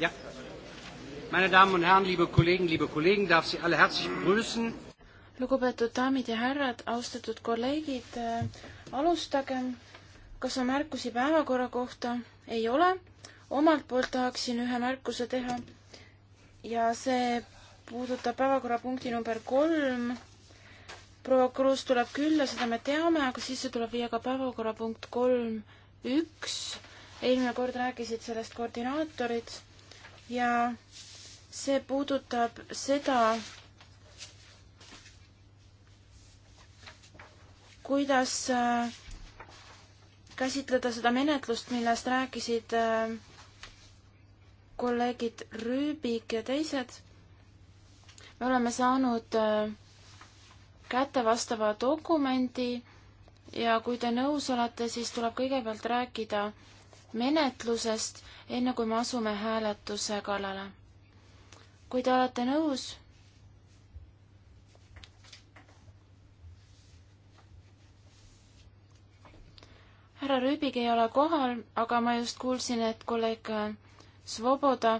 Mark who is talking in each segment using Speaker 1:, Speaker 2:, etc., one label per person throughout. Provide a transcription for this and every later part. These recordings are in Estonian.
Speaker 1: Ja. Meine Damen und Herren, liebe Kollegen, liebe Kollegen, darf Sie alle herzlich begrüßen.
Speaker 2: lugupeetud daamid ja härrad, austatud kolleegid, äh, alustagem. kas on märkusi päevakorra kohta? ei ole. omalt poolt tahaksin ühe märkuse teha ja see puudutab päevakorrapunkti number kolm. proua Kruus tuleb külla, seda me teame, aga sisse tuleb viia ka päevakorrapunkt kolm, üks. eelmine kord rääkisid sellest koordinaatorid ja see puudutab seda, kuidas äh, käsitleda seda menetlust, millest rääkisid äh, kolleegid Rüübik ja teised. me oleme saanud äh, kätte vastava dokumendi ja kui te nõus olete, siis tuleb kõigepealt rääkida menetlusest, enne kui me asume hääletuse kallale. kui te olete nõus, härra Rüübik ei ole kohal, aga ma just kuulsin, et kolleeg Svoboda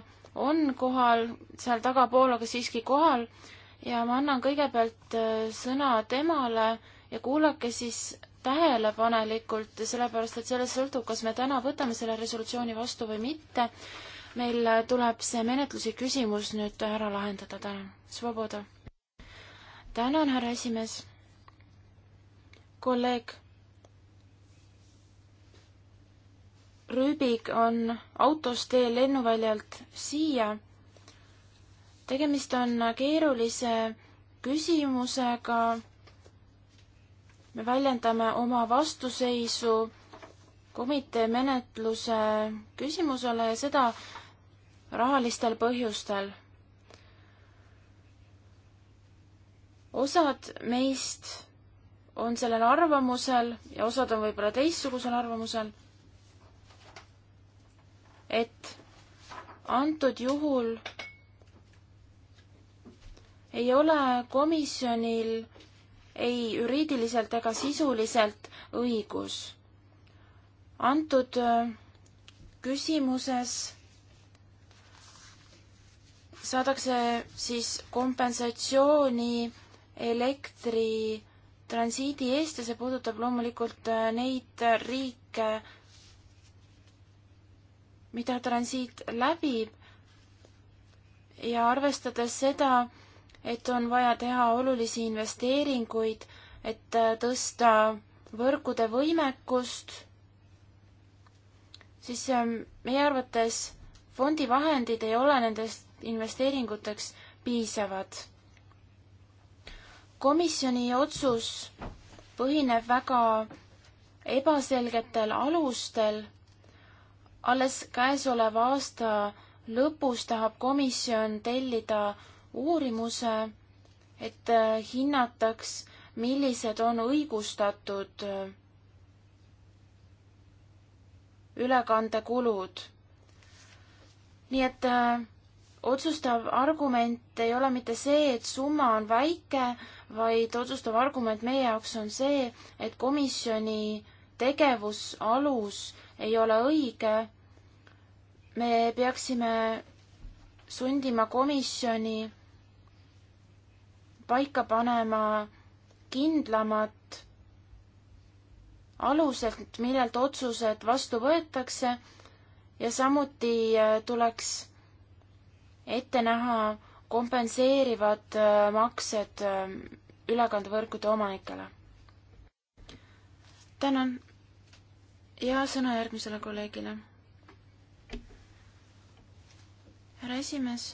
Speaker 2: on kohal, seal tagapool, aga siiski kohal ja ma annan kõigepealt äh, sõna temale ja kuulake siis tähelepanelikult, sellepärast et sellest sõltub, kas me täna võtame selle resolutsiooni vastu või mitte. meil tuleb see menetluse küsimus nüüd ära lahendada, tänan. Svoboda. tänan, härra esimees. kolleeg Rüübik on autos teel lennuväljalt siia. tegemist on keerulise küsimusega me väljendame oma vastuseisu komitee menetluse küsimusele ja seda rahalistel põhjustel. osad meist on sellel arvamusel ja osad on võib-olla teistsugusel arvamusel, et antud juhul ei ole komisjonil ei juriidiliselt ega sisuliselt õigus. antud äh, küsimuses saadakse siis kompensatsiooni elektri transiidi eest ja see puudutab loomulikult äh, neid riike, mida transiit läbib ja arvestades seda, et on vaja teha olulisi investeeringuid, et äh, tõsta võrkude võimekust, siis ähm, meie arvates fondi vahendid ei ole nendest investeeringuteks piisavad. komisjoni otsus põhineb väga ebaselgetel alustel. alles käesoleva aasta lõpus tahab komisjon tellida uurimuse, et äh, hinnataks, millised on õigustatud äh, ülekandekulud. nii et äh, otsustav argument ei ole mitte see, et summa on väike, vaid otsustav argument meie jaoks on see, et komisjoni tegevusalus ei ole õige. me peaksime sundima komisjoni paika panema kindlamad alused, millelt otsused vastu võetakse ja samuti äh, tuleks ette näha kompenseerivad äh, maksed äh, ülekandevõrkude omanikele. tänan ja sõna järgmisele kolleegile. härra esimees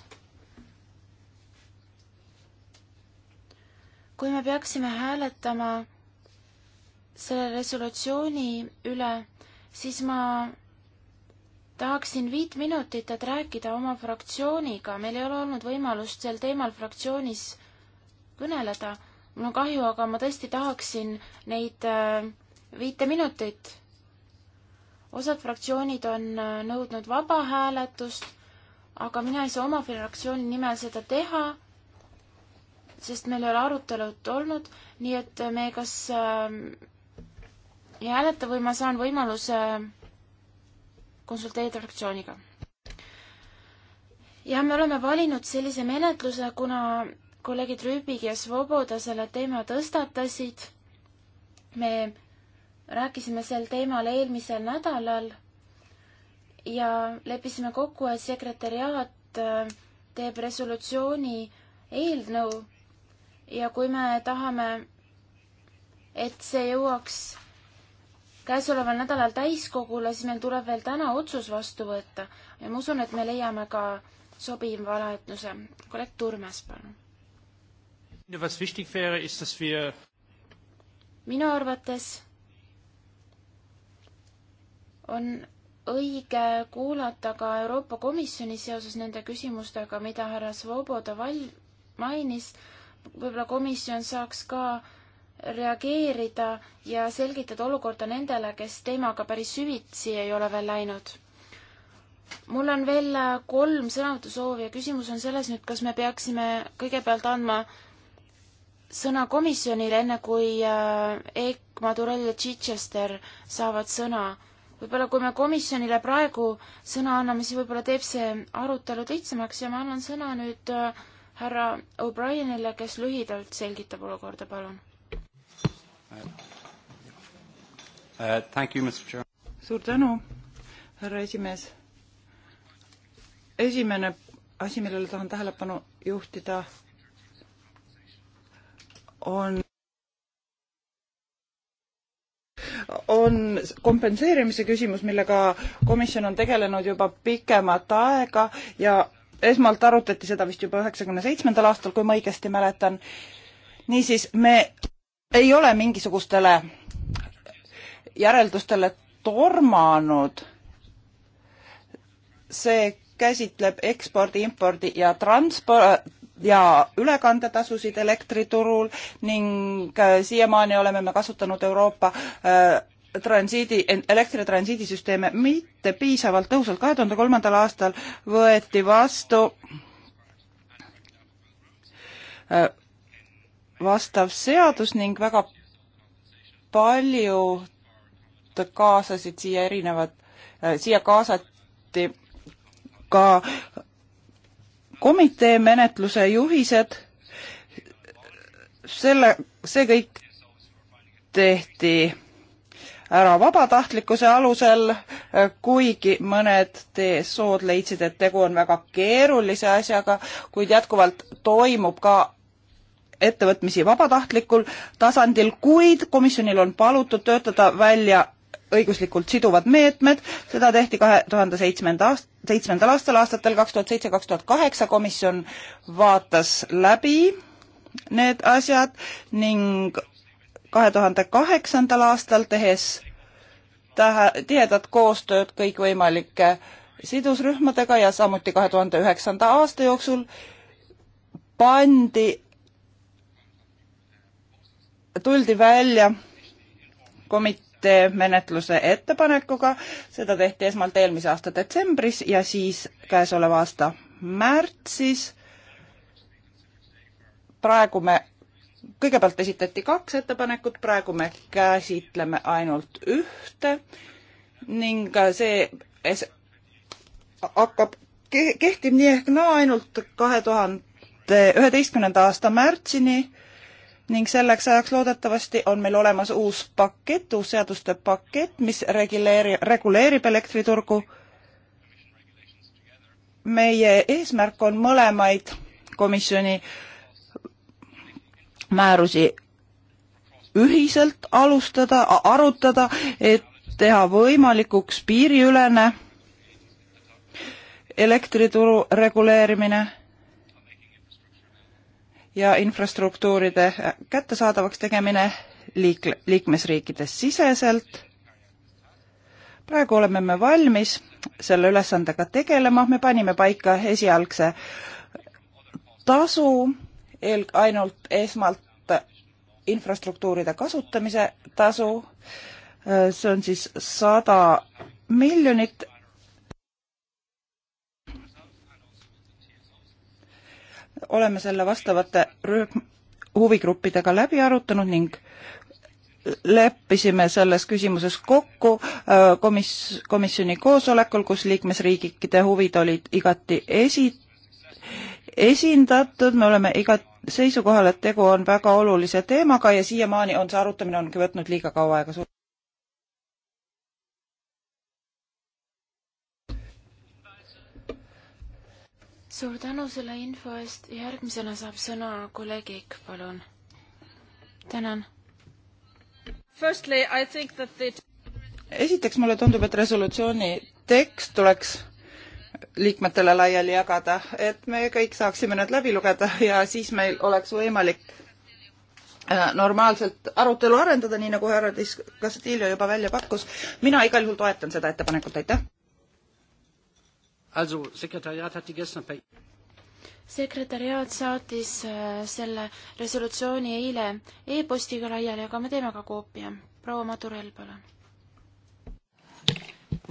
Speaker 2: kui me peaksime hääletama selle resolutsiooni üle, siis ma tahaksin viit minutit, et rääkida oma fraktsiooniga, meil ei ole olnud võimalust sel teemal fraktsioonis kõneleda. mul on kahju, aga ma tõesti tahaksin neid äh, viite minutit. osad fraktsioonid on äh, nõudnud vaba hääletust, aga mina ei saa oma fraktsiooni nimel seda teha sest meil ei ole arutelut olnud, nii et me kas äh, ei hääleta või ma saan võimaluse ähm, konsulteerida fraktsiooniga. jah, me oleme valinud sellise menetluse, kuna kolleegid Rüübik ja Svoboda selle teema tõstatasid. me rääkisime sel teemal eelmisel nädalal ja leppisime kokku, et sekretäriaat äh, teeb resolutsiooni eelnõu ja kui me tahame, et see jõuaks käesoleval nädalal täiskogule, siis meil tuleb veel täna otsus vastu võtta ja ma usun, et me leiame ka sobiva lahenduse. kolleeg Turmes, palun. minu arvates on õige kuulata ka Euroopa Komisjoni seoses nende küsimustega, mida härra Svoboda val-, mainis võib-olla komisjon saaks ka reageerida ja selgitada olukorda nendele, kes teemaga päris süvitsi ei ole veel läinud. mul on veel kolm sõnavõtusoovi ja küsimus on selles nüüd, kas me peaksime kõigepealt andma sõna komisjonile, enne kui Eek äh, Madurell ja Chichester saavad sõna. võib-olla kui me komisjonile praegu sõna anname, siis võib-olla teeb see arutelu lihtsamaks ja ma annan sõna nüüd äh, härra O'Brienile, kes lühidalt selgitab olukorda, palun.
Speaker 3: Uh,
Speaker 1: suur tänu, härra esimees. esimene asi, millele tahan tähelepanu juhtida, on on kompenseerimise küsimus, millega komisjon on tegelenud juba pikemat aega ja esmalt arutati seda vist juba üheksakümne seitsmendal aastal, kui ma õigesti mäletan. niisiis, me ei ole mingisugustele järeldustele tormanud. see käsitleb ekspordi, impordi ja transport ja ülekandetasusid elektriturul ning äh, siiamaani oleme me kasutanud Euroopa äh, transiidi, elektritransiidisüsteeme mitte piisavalt tõhusalt. kahe tuhande kolmandal aastal võeti vastu äh, vastav seadus ning väga paljud kaasasid siia erinevad, äh, siia kaasati ka komitee menetluse juhised, selle, see kõik tehti ära vabatahtlikkuse alusel, kuigi mõned TSO-d leidsid, et tegu on väga keerulise asjaga, kuid jätkuvalt toimub ka ettevõtmisi vabatahtlikul tasandil, kuid komisjonil on palutud töötada välja õiguslikult siduvad meetmed, seda tehti kahe tuhande seitsmenda aast-, seitsmendal aastal, aastatel kaks tuhat seitse, kaks tuhat kaheksa komisjon vaatas läbi need asjad ning kahe tuhande kaheksandal aastal, tehes tähe, tihedat koostööd kõikvõimalike sidusrühmadega ja samuti kahe tuhande üheksanda aasta jooksul pandi, tuldi välja komitee menetluse ettepanekuga, seda tehti esmalt eelmise aasta detsembris ja siis käesoleva aasta märtsis. praegu me kõigepealt esitati kaks ettepanekut, praegu me käsitleme ainult ühte ning see hakkab, kehtib nii ehk naa no, ainult kahe tuhande üheteistkümnenda aasta märtsini ning selleks ajaks loodetavasti on meil olemas uus pakett, uus seaduste pakett, mis reguleeri-, reguleerib elektriturgu. meie eesmärk on mõlemaid komisjoni äh, määrusi ühiselt alustada, arutada, et teha võimalikuks piiriülene elektrituru reguleerimine ja infrastruktuuride kättesaadavaks tegemine liik-, liikmesriikides siseselt. praegu oleme me valmis selle ülesandega tegelema, me panime paika esialgse tasu eel-, ainult esmalt infrastruktuuride kasutamise tasu, see on siis sada miljonit. oleme selle vastavate rühm-, huvigruppidega läbi arutanud ning leppisime selles küsimuses kokku äh, komis-, komisjoni koosolekul, kus liikmesriikide huvid olid igati esi-, esindatud, me oleme iga seisukohal, et tegu on väga olulise teemaga ja siiamaani on see arutamine ongi võtnud liiga kaua aega.
Speaker 2: suur tänu selle info eest, järgmisena saab sõna kolleeg Eik, palun. tänan.
Speaker 1: esiteks mulle tundub, et resolutsiooni tekst tuleks liikmetele laiali jagada, et me kõik saaksime need läbi lugeda ja siis meil oleks võimalik äh, normaalselt arutelu arendada, nii nagu härra Castillo juba välja pakkus. mina igal juhul toetan seda ettepanekut, aitäh.
Speaker 2: sekretäriaat saatis äh, selle resolutsiooni eile e-postiga laiali, aga me teeme ka koopia. proua Madurell, palun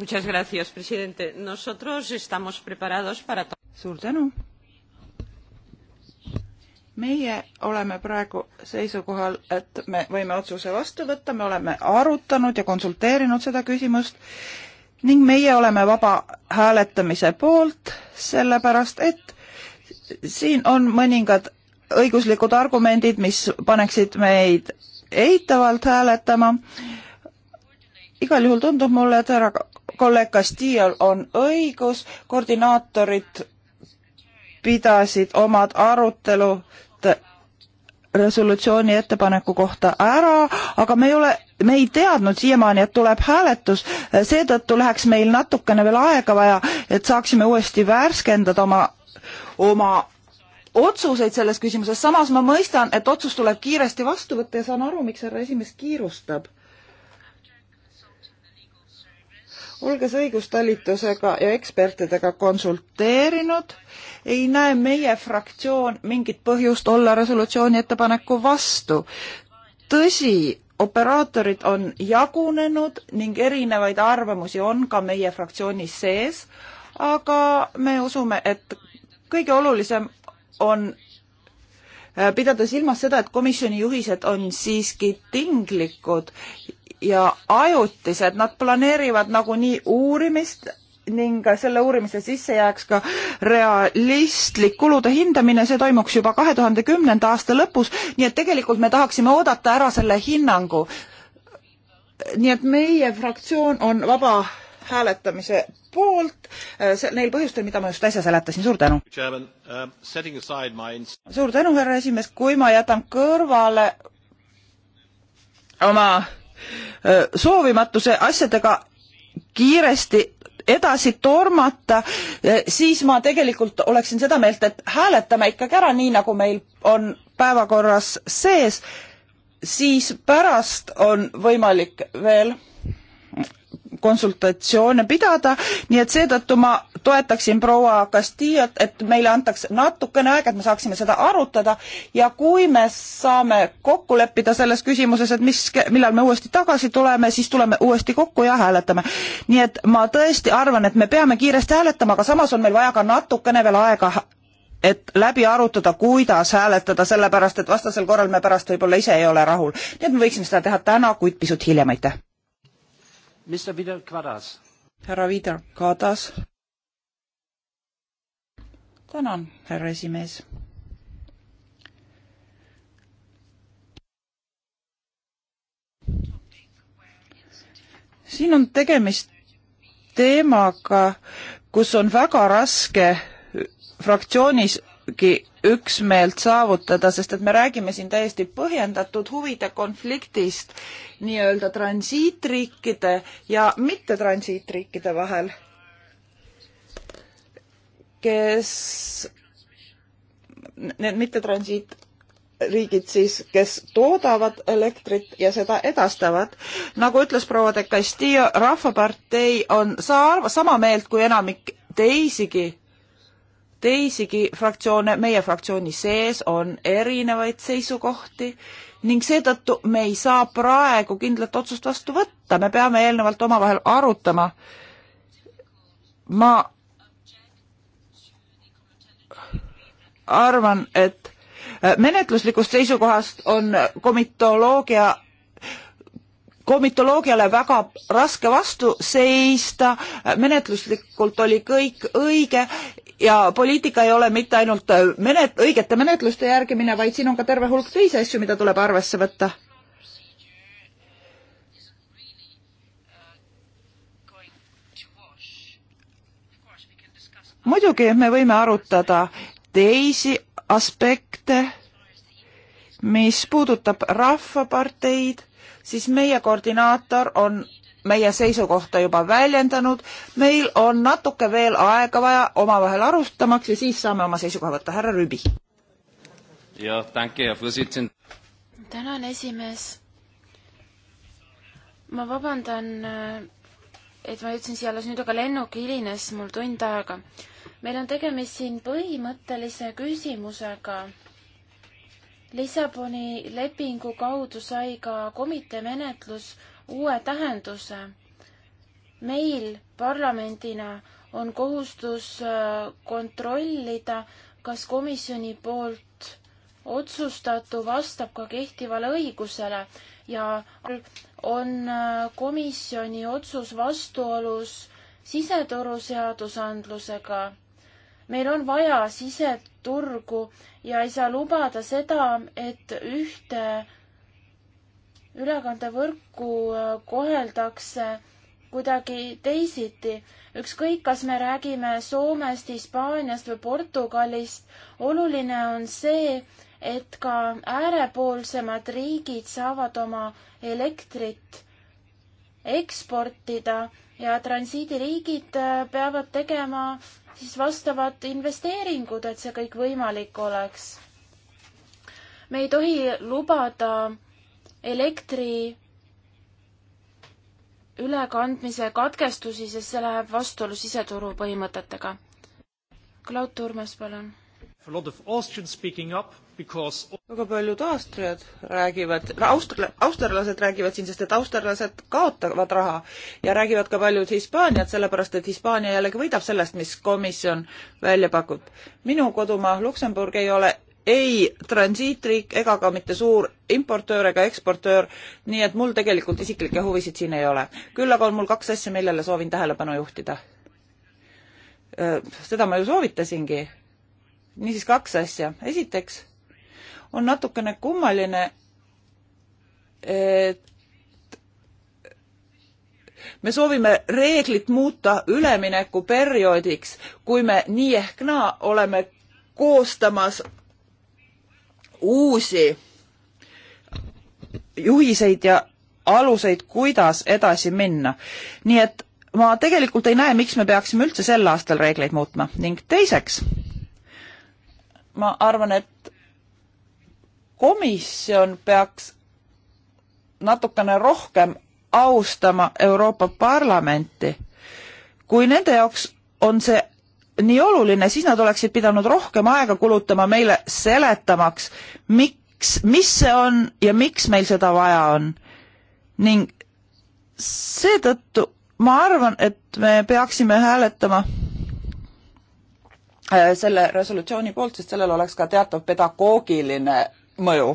Speaker 2: Muchas gracias, presidente. Nosotros estamos preparados para... suur tänu.
Speaker 1: meie oleme praegu seisukohal, et me võime otsuse vastu võtta, me oleme arutanud ja konsulteerinud seda küsimust ning meie oleme vaba hääletamise poolt, sellepärast et siin on mõningad õiguslikud argumendid, mis paneksid meid eitavalt hääletama igal juhul tundub mulle, et härra kolleeg Castillol on õigus, koordinaatorid pidasid omad arutelud resolutsiooni ettepaneku kohta ära, aga me ei ole, me ei teadnud siiamaani, et tuleb hääletus, seetõttu läheks meil natukene veel aega vaja, et saaksime uuesti värskendada oma, oma otsuseid selles küsimuses, samas ma mõistan, et otsus tuleb kiiresti vastu võtta ja saan aru, miks härra esimees kiirustab olles õigustalitusega ja ekspertidega konsulteerinud, ei näe meie fraktsioon mingit põhjust olla resolutsiooni ettepaneku vastu. tõsi, operaatorid on jagunenud ning erinevaid arvamusi on ka meie fraktsiooni sees, aga me usume, et kõige olulisem on äh, pidada silmas seda, et komisjoni juhised on siiski tinglikud ja ajutised, nad planeerivad nagunii uurimist ning selle uurimise sisse jääks ka realistlik kulude hindamine, see toimuks juba kahe tuhande kümnenda aasta lõpus, nii et tegelikult me tahaksime oodata ära selle hinnangu. nii et meie fraktsioon on vaba hääletamise poolt äh, neil põhjustel, mida ma just äsja seletasin, suur tänu. Um, suur tänu, härra esimees, kui ma jätan kõrvale oma soovimatuse asjadega kiiresti edasi tormata, siis ma tegelikult oleksin seda meelt, et hääletame ikkagi ära, nii nagu meil on päevakorras sees, siis pärast on võimalik veel konsultatsioone pidada, nii et seetõttu ma toetaksin proua Castillo't, et meile antaks natukene aega, et me saaksime seda arutada ja kui me saame kokku leppida selles küsimuses, et mis, millal me uuesti tagasi tuleme, siis tuleme uuesti kokku ja hääletame. nii et ma tõesti arvan, et me peame kiiresti hääletama, aga samas on meil vaja ka natukene veel aega et läbi arutada, kuidas hääletada, sellepärast et vastasel korral me pärast võib-olla ise ei ole rahul. nii et me võiksime seda teha täna, kuid pisut hiljem, aitäh! Mr Vidal Quadras. härra Vidal Quadras. tänan, härra esimees. siin on tegemist teemaga, kus on väga raske fraktsiooniski üksmeelt saavutada, sest et me räägime siin täiesti põhjendatud huvide konfliktist nii-öelda transiitriikide ja mittetransiitriikide vahel, kes, need mittetransiitriigid siis, kes toodavad elektrit ja seda edastavad. nagu ütles proua de Castillo, Rahvapartei on saa-, sama meelt kui enamik teisigi teisigi fraktsioone, meie fraktsiooni sees on erinevaid seisukohti ning seetõttu me ei saa praegu kindlat otsust vastu võtta, me peame eelnevalt omavahel arutama. ma arvan, et menetluslikust seisukohast on komitoloogia komitoloogiale väga raske vastu seista, menetluslikult oli kõik õige ja poliitika ei ole mitte ainult menet-, õigete menetluste järgimine, vaid siin on ka terve hulk teisi asju, mida tuleb arvesse võtta. muidugi me võime arutada teisi aspekte, mis puudutab rahvaparteid siis meie koordinaator on meie seisukohta juba väljendanud, meil on natuke veel aega vaja omavahel arutamaks ja siis saame oma seisukoha võtta, härra Rübi.
Speaker 2: jah, tänan, esimees. ma vabandan, äh, et ma jõudsin siia alles nüüd, aga lennuk hilines mul tund aega. meil on tegemist siin põhimõttelise küsimusega Lissaboni lepingu kaudu sai ka komitee menetlus uue tähenduse. meil parlamendina on kohustus äh, kontrollida, kas komisjoni poolt otsustatu vastab ka kehtivale õigusele ja on äh, komisjoni otsus vastuolus siseturu seadusandlusega. meil on vaja siset-, turgu ja ei saa lubada seda, et ühte ülekandevõrku äh, koheldakse kuidagi teisiti. ükskõik, kas me räägime Soomest, Hispaaniast või Portugalist, oluline on see, et ka äärepoolsemad riigid saavad oma elektrit eksportida ja transiidiriigid äh, peavad tegema siis vastavad investeeringud, et see kõik võimalik oleks. me ei tohi lubada elektri ülekandmise katkestusi, sest see läheb vastuollu siseturu põhimõtetega. Klaud Turmas, palun
Speaker 1: väga paljud austriad räägivad, austra-, austerlased räägivad siin, sest et austerlased kaotavad raha ja räägivad ka paljud Hispaaniad, sellepärast et Hispaania jällegi võidab sellest, mis komisjon välja pakub. minu kodumaa Luksemburg ei ole ei transiitriik ega ka mitte suur importöör ega eksportöör, nii et mul tegelikult isiklikke huvisid siin ei ole. küll aga on mul kaks asja, millele soovin tähelepanu juhtida. seda ma ju soovitasingi niisiis kaks asja. esiteks on natukene kummaline, et me soovime reeglit muuta üleminekuperioodiks, kui me nii ehk naa oleme koostamas uusi juhiseid ja aluseid, kuidas edasi minna. nii et ma tegelikult ei näe, miks me peaksime üldse sel aastal reegleid muutma ning teiseks ma arvan, et komisjon peaks natukene rohkem austama Euroopa Parlamenti. kui nende jaoks on see nii oluline, siis nad oleksid pidanud rohkem aega kulutama meile seletamaks, miks, mis see on ja miks meil seda vaja on. ning seetõttu ma arvan, et me peaksime hääletama Äh, selle resolutsiooni poolt, sest sellel oleks ka teatav pedagoogiline mõju.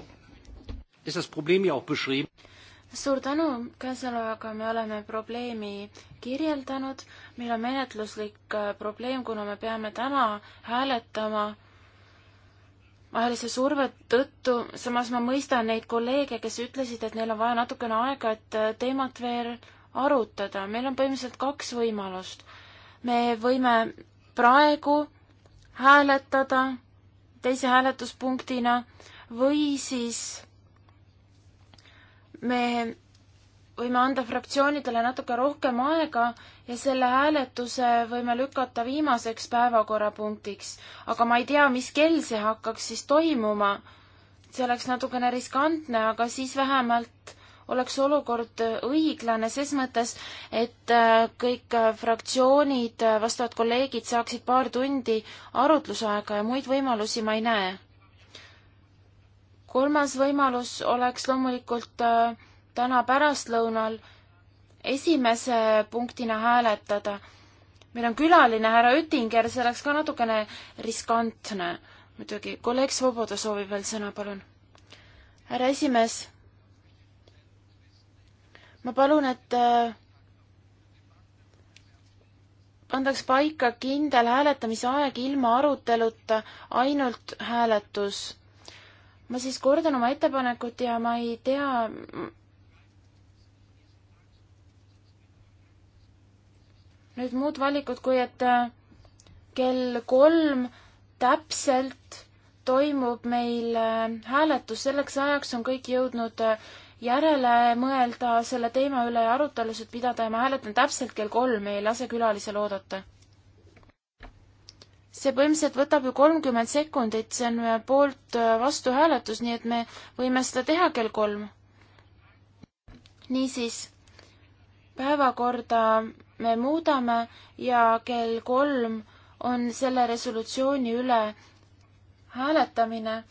Speaker 2: suur tänu, käesolevaga me oleme probleemi kirjeldanud, meil on menetluslik äh, probleem, kuna me peame täna hääletama ajalise surve tõttu, samas ma mõistan neid kolleege, kes ütlesid, et neil on vaja natukene aega, et äh, teemat veel arutada, meil on põhimõtteliselt kaks võimalust. me võime praegu hääletada teise hääletuspunktina või siis me võime anda fraktsioonidele natuke rohkem aega ja selle hääletuse võime lükata viimaseks päevakorrapunktiks. aga ma ei tea, mis kell see hakkaks siis toimuma. see oleks natukene riskantne, aga siis vähemalt oleks olukord õiglane ses mõttes, et äh, kõik äh, fraktsioonid, äh, vastavad kolleegid saaksid paar tundi arutlusaega ja muid võimalusi ma ei näe. kolmas võimalus oleks loomulikult täna pärastlõunal esimese punktina hääletada. meil on külaline härra Oettinger, see oleks ka natukene riskantne muidugi. kolleeg Svoboda soovib veel sõna, palun. härra esimees ma palun, et äh, pandaks paika kindel hääletamise aeg ilma aruteluta, ainult hääletus. ma siis kordan oma ettepanekut ja ma ei tea, nüüd muud valikut, kui et äh, kell kolm täpselt toimub meil äh, hääletus, selleks ajaks on kõik jõudnud järele mõelda selle teema üle ja arutelusid pidada ja ma hääletan täpselt kell kolm, ei lase külalisel oodata. see põhimõtteliselt võtab ju kolmkümmend sekundit, see on poolt äh, vastu hääletus, nii et me võime seda teha kell kolm. niisiis, päevakorda me muudame ja kell kolm on selle resolutsiooni üle hääletamine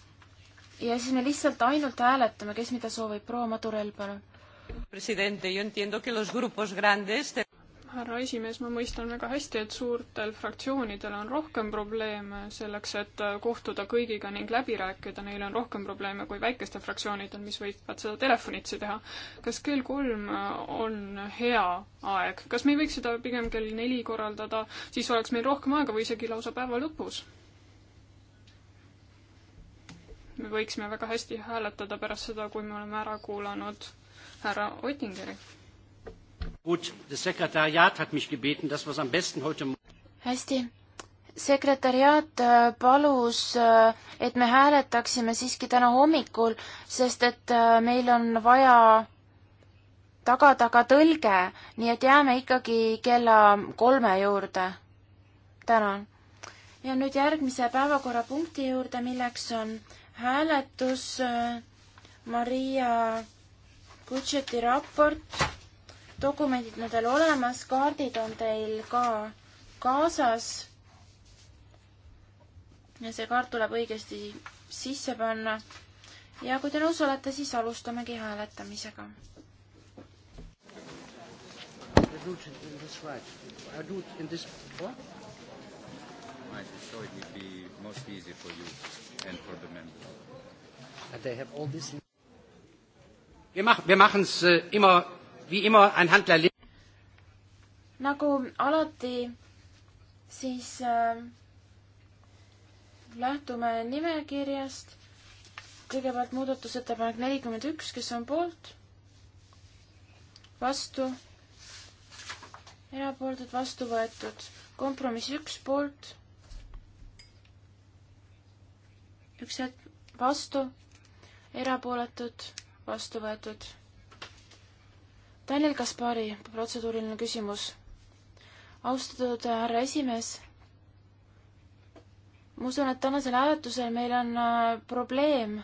Speaker 2: ja siis me lihtsalt ainult hääletame, kes mida soovib. proua Madurell, palun.
Speaker 3: härra esimees, ma mõistan väga hästi, et suurtel fraktsioonidel on rohkem probleeme selleks, et äh, kohtuda kõigiga ning läbi rääkida. Neil on rohkem probleeme kui väikestel fraktsioonidel, mis võivad seda telefonitsi teha. kas kell kolm äh, on hea aeg? kas me ei võiks seda pigem kell neli korraldada, siis oleks meil rohkem aega või isegi lausa päeva lõpus? me võiksime väga hästi hääletada pärast seda, kui me oleme ära kuulanud härra Ottingeri.
Speaker 2: hästi, sekretäriaat äh, palus, äh, et me hääletaksime siiski täna hommikul, sest et äh, meil on vaja tagada ka tõlge, nii et jääme ikkagi kella kolme juurde. tänan. ja nüüd järgmise päevakorrapunkti juurde, milleks on hääletus äh, Maria Kutšeti raport, dokumendid on teil olemas, kaardid on teil ka kaasas. ja see kaart tuleb õigesti sisse panna. ja kui te nõus olete, siis alustamegi hääletamisega.
Speaker 1: I do it in this right. I do it in this what?
Speaker 3: Might, so it would be most easy for you and for the members.
Speaker 1: And they have all this in wir, mach, wir machen es äh, immer,
Speaker 2: wie immer, ein Handler. nagu alati, siis äh, lähtume nimekirjast. kõigepealt muudatusettepanek nelikümmend üks, kes on poolt, vastu, erapooletud, vastu võetud, kompromiss üks poolt üks hetk, vastu, erapooletud, vastu võetud. Daniel Kaspari, protseduuriline küsimus. austatud härra esimees, ma usun, et tänasel hääletusel meil on äh, probleem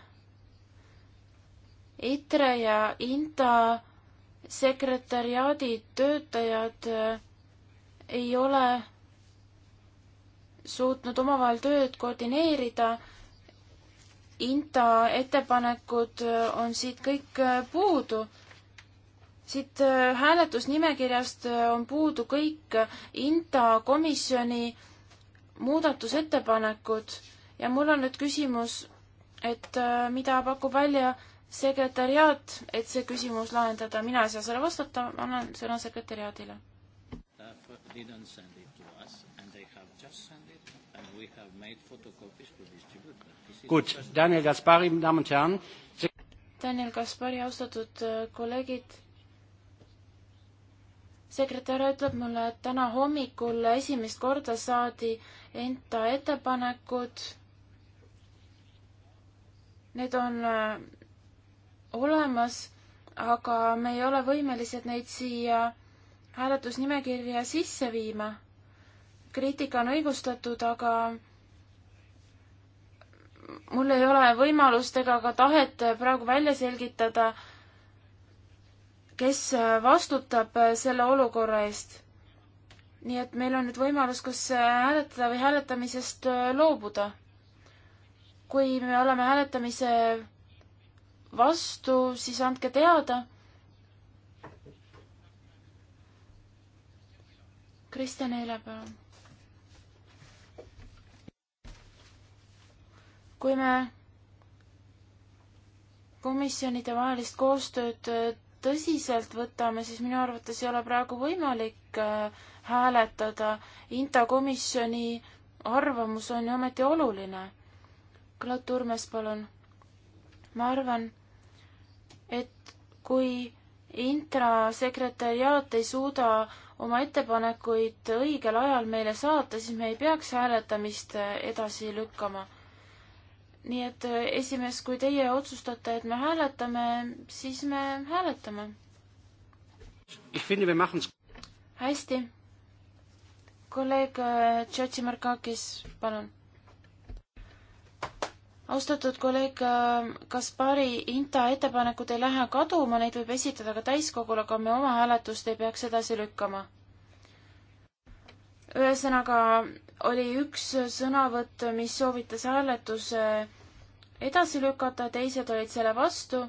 Speaker 2: ITRE ja INTA sekretäriaadi töötajad äh, ei ole suutnud omavahel tööd koordineerida INTA ettepanekud äh, on siit kõik äh, puudu. siit äh, hääletusnimekirjast on puudu kõik INTA komisjoni muudatusettepanekud ja mul on nüüd küsimus, et mida pakub välja sekretäriaat, et see küsimus lahendada, mina ei saa sellele vastata, annan sõna sekretäriaadile.
Speaker 3: Didn't send it to us and they have just sent it and we have made photocopies Gut,
Speaker 2: Daniel Gaspari, Damen und Herren. Daniel Gaspari, austatud äh, kolleegid. sekretär ütleb mulle, et täna hommikul esimest korda saadi enda ettepanekud. Need on äh, olemas, aga me ei ole võimelised neid siia hääletusnimekirja sisse viima. kriitika on õigustatud, aga mul ei ole võimalust ega ka tahet praegu välja selgitada, kes vastutab selle olukorra eest. nii et meil on nüüd võimalus kas hääletada või hääletamisest loobuda. kui me oleme hääletamise vastu, siis andke teada. Kristjan Eile, palun kui me komisjonide vahelist koostööd äh, tõsiselt võtame, siis minu arvates ei ole praegu võimalik äh, hääletada. Inta komisjoni arvamus on ju ometi oluline. Claude Turmes, palun. ma arvan, et kui Intra sekretäriaat ei suuda oma ettepanekuid õigel ajal meile saata, siis me ei peaks hääletamist äh, edasi lükkama nii et äh, esimees, kui teie otsustate, et me hääletame, siis me hääletame. hästi. kolleeg äh, Tšotši Markakis, palun. austatud kolleeg äh, Kaspari, INTA ettepanekud ei lähe kaduma, neid võib esitada ka täiskogul, aga me oma hääletust ei peaks edasi lükkama. ühesõnaga oli üks sõnavõtt, mis soovitas hääletuse edasi lükata, teised olid selle vastu.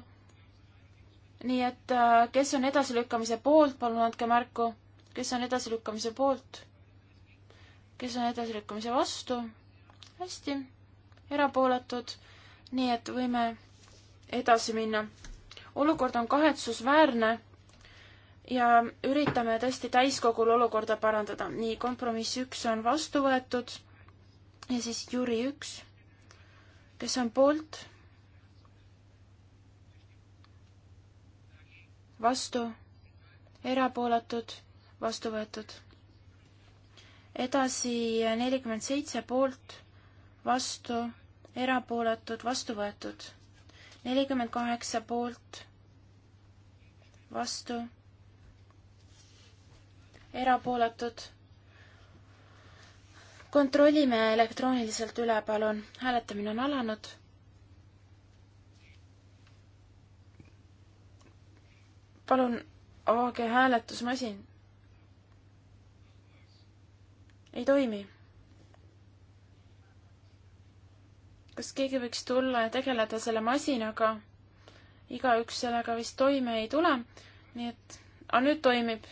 Speaker 2: nii et äh, kes on edasilükkamise poolt, palun andke märku, kes on edasilükkamise poolt, kes on edasilükkamise vastu. hästi, erapooletud, nii et võime edasi minna. olukord on kahetsusväärne ja üritame tõesti täiskogul olukorda parandada. nii, kompromiss üks on vastu võetud ja siis Jüri üks, kes on poolt, vastu, erapooletud, vastu võetud. edasi nelikümmend seitse poolt, vastu, erapooletud, vastu võetud. nelikümmend kaheksa poolt, vastu erapooletud. kontrollime elektrooniliselt üle, palun. hääletamine on alanud. palun avage hääletusmasin. ei toimi. kas keegi võiks tulla ja tegeleda selle masinaga? igaüks sellega vist toime ei tule, nii et, aga nüüd toimib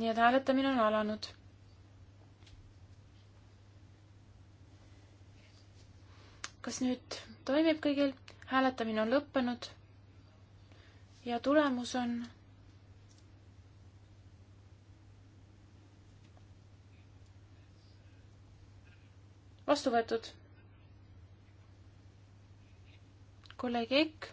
Speaker 2: nii et hääletamine on alanud. kas nüüd toimib kõigil? hääletamine on lõppenud ja tulemus on vastu võetud. kolleeg Ekk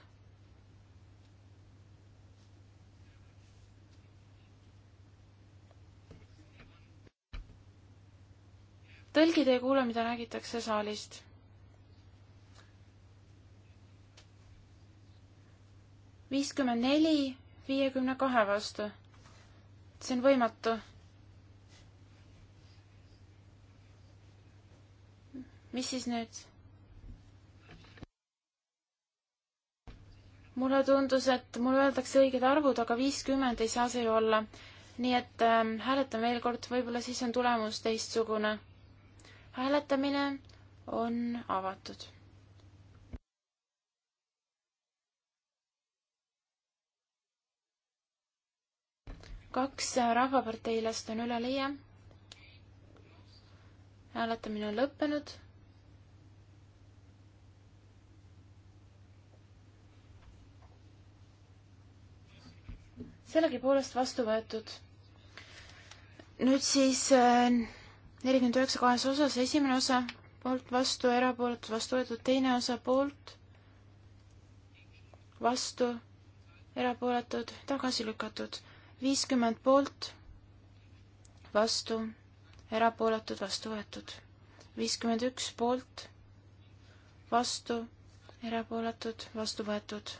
Speaker 2: tõlgid ei kuule, mida räägitakse saalist. viiskümmend neli viiekümne kahe vastu. see on võimatu. mis siis nüüd? mulle tundus, et mulle öeldakse õiged arvud, aga viiskümmend ei saa see ju olla. nii et ähm, hääletan veel kord, võib-olla siis on tulemus teistsugune hääletamine on avatud. kaks rahvaparteilast on üle leia. hääletamine on lõppenud. sellegipoolest vastu võetud. nüüd siis äh, nelikümmend üheksa kahes osas, esimene osa poolt, vastu, erapooletud, vastu võetud, teine osa poolt, vastu, erapooletud, tagasi lükatud, viiskümmend poolt, vastu, erapooletud, vastu võetud, viiskümmend üks poolt, vastu, erapooletud, vastu võetud,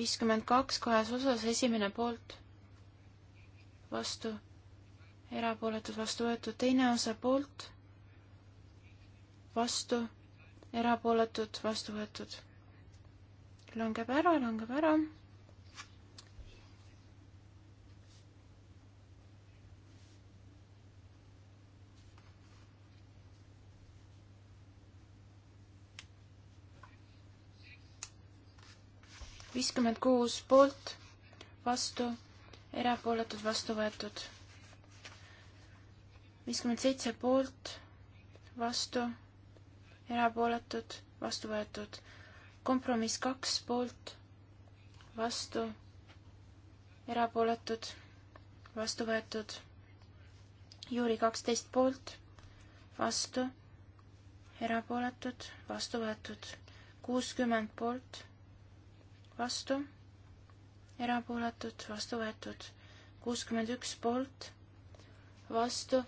Speaker 2: viiskümmend kaks kahes osas, esimene poolt, vastu erapooletud, vastu võetud, teine osa poolt, vastu, erapooletud, vastu võetud. langeb ära, langeb ära. viiskümmend kuus poolt, vastu, erapooletud, vastu võetud viiskümmend seitse poolt, vastu, erapooletud, vastu võetud. kompromiss kaks poolt, vastu, erapooletud, vastu võetud. Jüri kaksteist poolt, vastu, erapooletud, vastu võetud. kuuskümmend poolt, vastu, erapooletud, vastu võetud. kuuskümmend üks poolt, vastu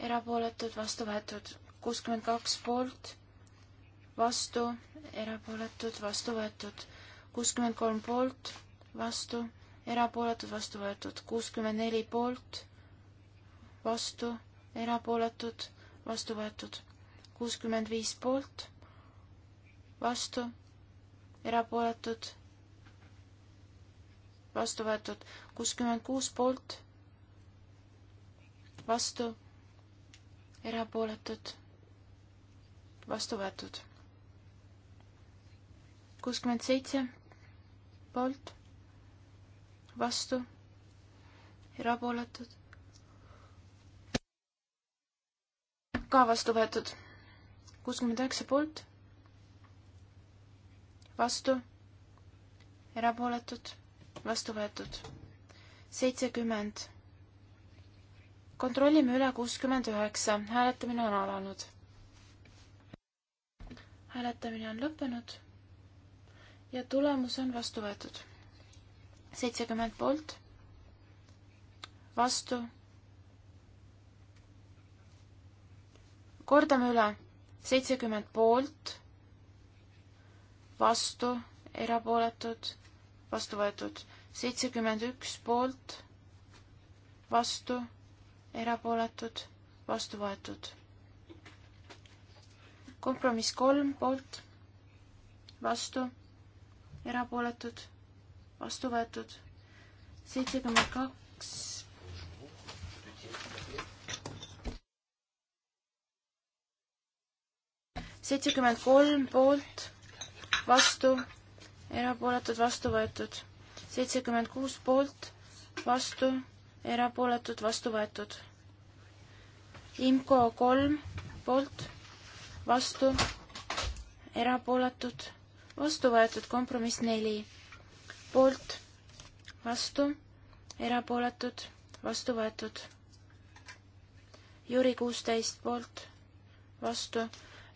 Speaker 2: erapooletud, vastu võetud. kuuskümmend kaks poolt, vastu, erapooletud, vastu võetud. kuuskümmend kolm poolt, vastu, erapooletud, vastu võetud. kuuskümmend neli poolt, vastu, erapooletud, vastu võetud. kuuskümmend viis poolt, vastu, erapooletud, vastu võetud. kuuskümmend kuus poolt, vastu erapooletud, vastu võetud. kuuskümmend seitse poolt, vastu, erapooletud, ka vastu võetud. kuuskümmend üheksa poolt, vastu, erapooletud, vastu võetud. seitsekümmend kontrollime üle kuuskümmend üheksa, hääletamine on alanud. hääletamine on lõppenud ja tulemus on vastu võetud. seitsekümmend poolt, vastu. kordame üle, seitsekümmend poolt, vastu, erapooletud, vastu võetud, seitsekümmend üks poolt, vastu erapooletud, vastu võetud. kompromiss kolm poolt, vastu, erapooletud, vastu võetud, seitsekümmend kaks seitsekümmend kolm poolt, vastu, erapooletud, vastu võetud. seitsekümmend kuus poolt, vastu, erapooletud, vastu võetud. IMCO kolm poolt, vastu, erapooletud, vastu võetud, kompromiss neli poolt, vastu, erapooletud, vastu võetud. Jüri kuusteist poolt, vastu,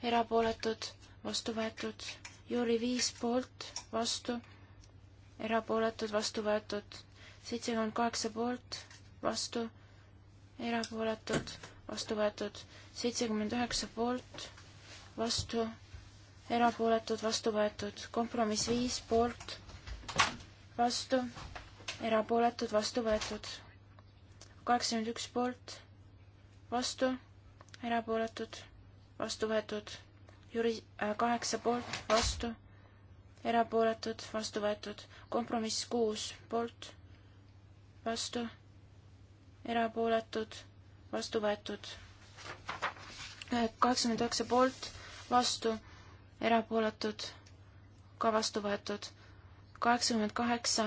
Speaker 2: erapooletud, vastu võetud. Jüri viis poolt, vastu, erapooletud, vastu võetud. seitsekümmend kaheksa poolt, vastu, erapooletud, vastu võetud seitsekümmend üheksa poolt, vastu, erapooletud, vastu võetud, kompromiss viis poolt, vastu, erapooletud, vastu võetud, kaheksakümmend üks poolt, vastu, erapooletud, vastu võetud, juri- äh,, kaheksa poolt, vastu erapooletud, vastu võetud, kompromiss kuus poolt, vastu, erapooletud, vastu võetud. kaheksakümmend üheksa poolt, vastu, erapooletud, ka vastu võetud. kaheksakümmend kaheksa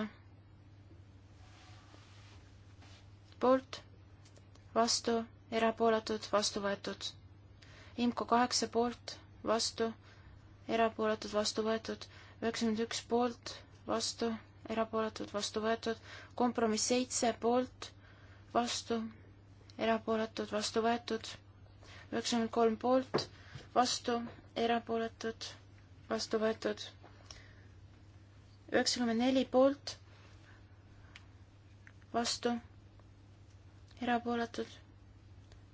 Speaker 2: poolt, vastu, erapooletud, vastu võetud. IMCO kaheksa poolt, vastu, erapooletud, vastu võetud. üheksakümmend üks poolt, vastu, erapooletud, vastu võetud. kompromiss seitse poolt vastu, erapooletud, vastu võetud, üheksakümmend kolm poolt, vastu, erapooletud, vastu võetud, üheksakümmend neli poolt, vastu, erapooletud,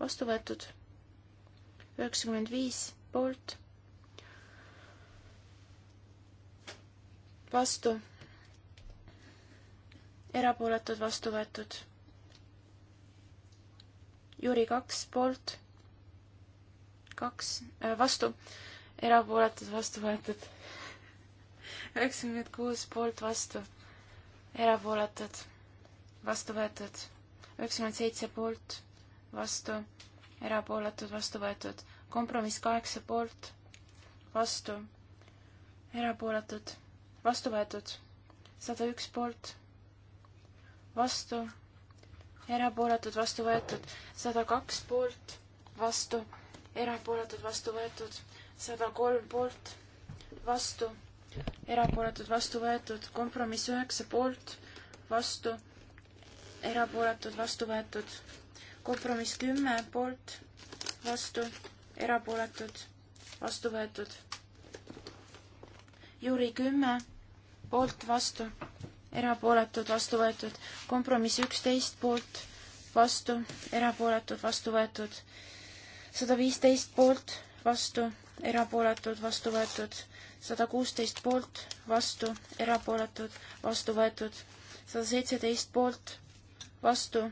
Speaker 2: vastu võetud, üheksakümmend viis poolt, vastu, erapooletud, vastu võetud Jüri kaks poolt, kaks äh, vastu, erapooletud, vastu võetud. üheksakümmend kuus poolt vastu, erapooletud, vastu võetud. üheksakümmend seitse poolt vastu, erapooletud, vastu võetud. kompromiss kaheksa poolt, vastu, erapooletud, vastu võetud. sada üks poolt, vastu erapooletud, vastu võetud, sada kaks poolt, vastu, erapooletud, vastu võetud, sada kolm poolt, vastu, erapooletud, vastu võetud, kompromiss üheksa poolt, vastu, erapooletud, vastu võetud, kompromiss kümme poolt, vastu, erapooletud, vastu võetud. Jüri kümme, poolt, vastu, erapooletud, vastu võetud. kompromiss üksteist poolt, vastu, erapooletud, vastu võetud. sada viisteist poolt, vastu, erapooletud, vastu võetud. sada kuusteist poolt, vastu, erapooletud, vastu võetud. sada seitseteist poolt, vastu.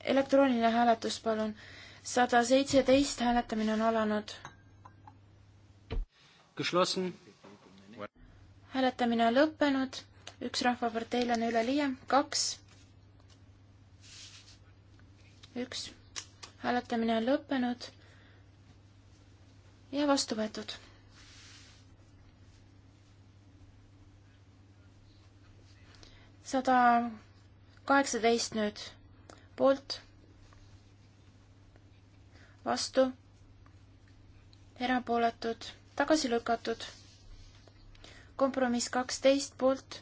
Speaker 2: elektrooniline hääletus, palun. sada seitseteist hääletamine on alanud. Geschlossen hääletamine on lõppenud, üks rahvaparteilane üleliia, kaks, üks, hääletamine on lõppenud ja vastu võetud. sada kaheksateist nüüd poolt, vastu, erapooletud, tagasi lükatud kompromiss kaksteist poolt.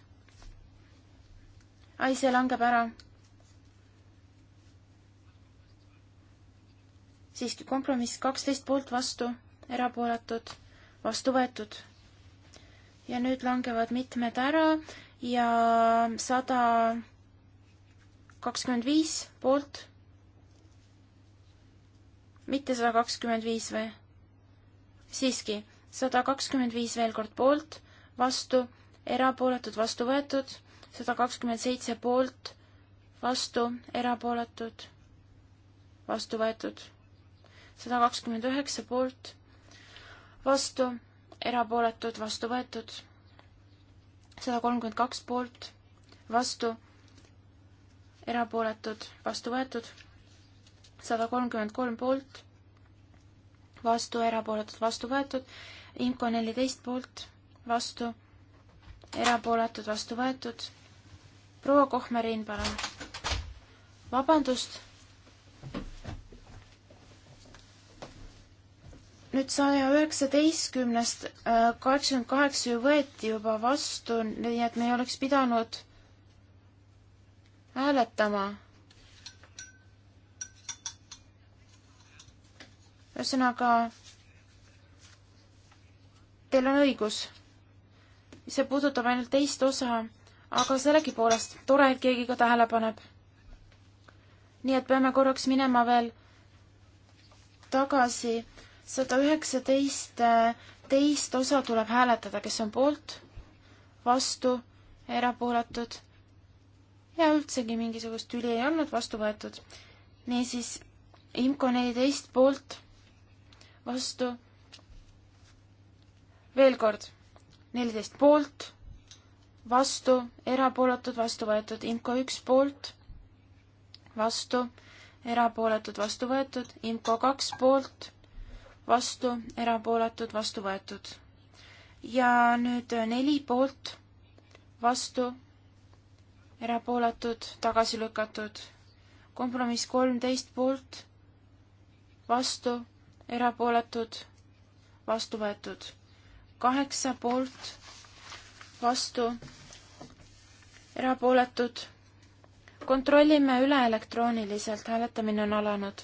Speaker 2: ai, see langeb ära. siiski kompromiss kaksteist poolt vastu, erapooletud, vastu võetud. ja nüüd langevad mitmed ära ja sada kakskümmend viis poolt. mitte sada kakskümmend viis või? siiski, sada kakskümmend viis veel kord poolt vastu, erapooletud, vastu võetud, sada kakskümmend seitse poolt, vastu, erapooletud, vastu võetud, sada kakskümmend üheksa poolt, vastu, erapooletud, vastu võetud, sada kolmkümmend kaks poolt, vastu, erapooletud, vastu võetud, sada kolmkümmend kolm poolt, vastu, erapooletud, vastu võetud, IMCO neliteist poolt vastu, erapooletud, vastu võetud. proua Kohmeriin, palun. vabandust. nüüd saja üheksateistkümnest äh, kaheksakümmend kaheksa ju võeti juba vastu, nii et me ei oleks pidanud hääletama ühesõnaga, teil on õigus see puudutab ainult teist osa, aga sellegipoolest tore, et keegi ka tähele paneb. nii et peame korraks minema veel tagasi. sada üheksateist, eh, teist osa tuleb hääletada, kes on poolt, vastu, erapooletud ja üldsegi mingisugust tüli ei olnud vastu võetud. niisiis, IMCO neliteist poolt, vastu. veel kord neliteist poolt, vastu, erapooletud, vastu võetud, IMCO üks poolt, vastu, erapooletud, vastu võetud, IMCO kaks poolt, vastu, erapooletud, vastu võetud. ja nüüd neli poolt, vastu, erapooletud, tagasi lükatud. kompromiss kolmteist poolt, vastu, erapooletud, vastu võetud kaheksa poolt, vastu, erapooletud. kontrollime üle elektrooniliselt, hääletamine on alanud.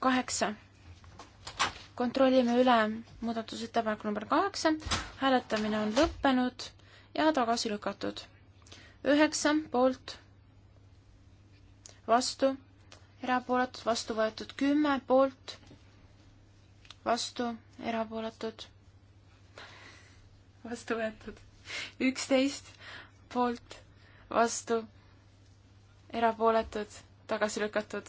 Speaker 2: kaheksa. kontrollime üle muudatusettepanek number kaheksa, hääletamine on lõppenud ja tagasi lükatud. üheksa poolt, vastu, erapooletud, vastu võetud kümme poolt vastu, erapooletud, vastu võetud. üksteist poolt, vastu, erapooletud, tagasi lükatud.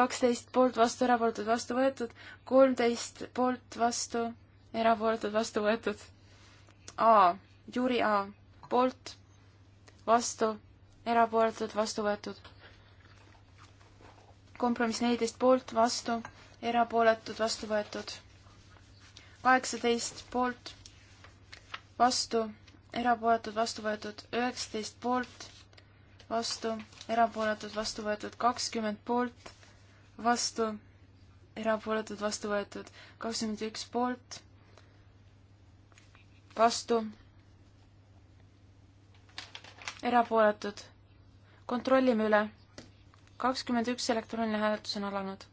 Speaker 2: kaksteist poolt, vastu, erapooletud, vastu võetud. kolmteist poolt, vastu, erapooletud, vastu võetud. A, Jüri A, poolt, vastu, erapooletud, vastu võetud kompromiss neliteist poolt, vastu, erapooletud, vastu võetud. kaheksateist poolt, vastu, erapooletud, vastu võetud, üheksateist poolt, vastu, erapooletud, vastu võetud, kakskümmend poolt, vastu, erapooletud, vastu võetud, kakskümmend üks poolt, vastu, erapooletud. kontrollime üle kakskümmend üks elektrooniline hääletus on alanud.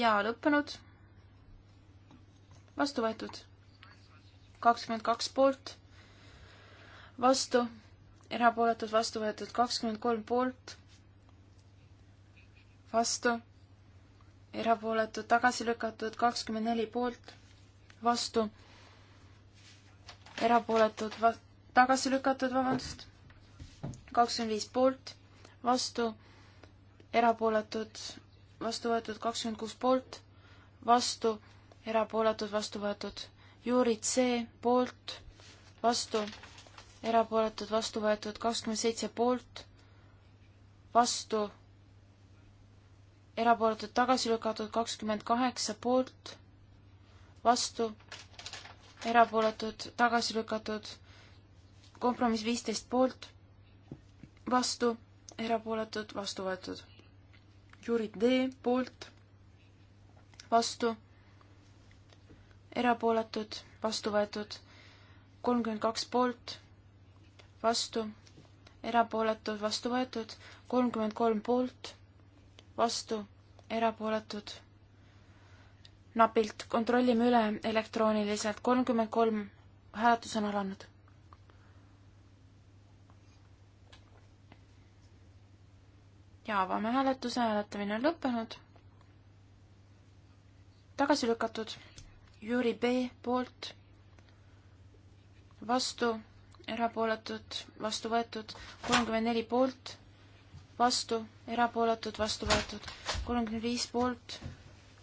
Speaker 2: ja lõppenud. vastu võetud. kakskümmend kaks poolt, vastu, erapooletud, vastu võetud, kakskümmend kolm poolt, vastu, erapooletud, tagasi lükatud, kakskümmend neli poolt, vastu, erapooletud, vastu tagasi lükatud, vabandust. kakskümmend viis poolt, vastu, erapooletud, vastu võetud, kakskümmend kuus poolt, vastu, erapooletud, vastu võetud. juurid C poolt, vastu, erapooletud, vastu võetud, kakskümmend seitse poolt, vastu, erapooletud, tagasi lükatud, kakskümmend kaheksa poolt, vastu, erapooletud, tagasi lükatud kompromiss viisteist poolt, vastu, erapooletud, vastu võetud. Jüri D poolt, vastu, erapooletud, vastu võetud, kolmkümmend kaks poolt, vastu, erapooletud, vastu võetud, kolmkümmend kolm poolt, vastu, erapooletud. napilt kontrollime üle elektrooniliselt, kolmkümmend kolm, hääletus on alanud. ja avame hääletuse, hääletamine on lõppenud. tagasi lükatud Jüri B poolt, vastu, erapooletud, vastu võetud, kolmkümmend neli poolt, vastu, erapooletud, vastu võetud, kolmkümmend viis poolt,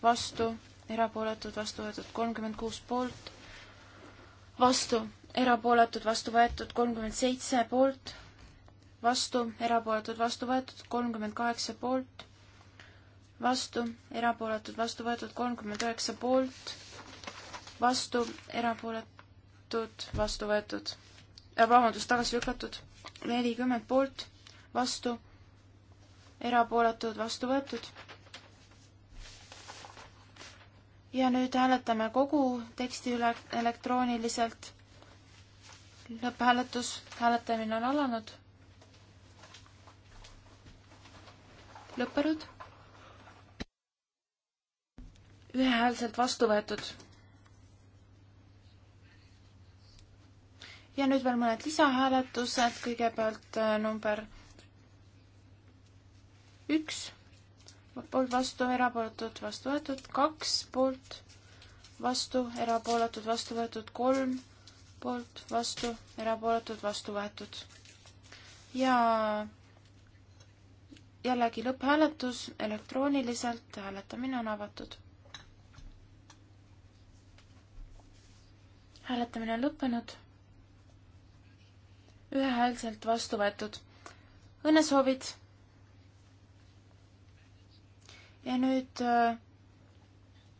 Speaker 2: vastu, erapooletud, vastu võetud, kolmkümmend kuus poolt, vastu, erapooletud, vastu võetud, kolmkümmend seitse poolt vastu, erapooletud, vastu võetud, kolmkümmend kaheksa poolt, vastu, erapooletud, vastu võetud, kolmkümmend üheksa poolt, vastu, erapooletud, vastu võetud äh,, vabandust, tagasi lükatud, nelikümmend poolt, vastu, erapooletud, vastu võetud. ja nüüd hääletame kogu teksti üle elektrooniliselt. lõpphääletus, hääletamine on alanud lõppenud. ühehäälselt vastu võetud. ja nüüd veel mõned lisahääletused, kõigepealt äh, number üks, poolt vastu, erapooletud, vastu võetud, kaks poolt vastu, erapooletud, vastu võetud, kolm poolt vastu, erapooletud, vastu võetud. ja jällegi lõpphääletus elektrooniliselt, hääletamine on avatud. hääletamine on lõppenud. ühehäälselt vastu võetud. õnnesoovid. ja nüüd äh,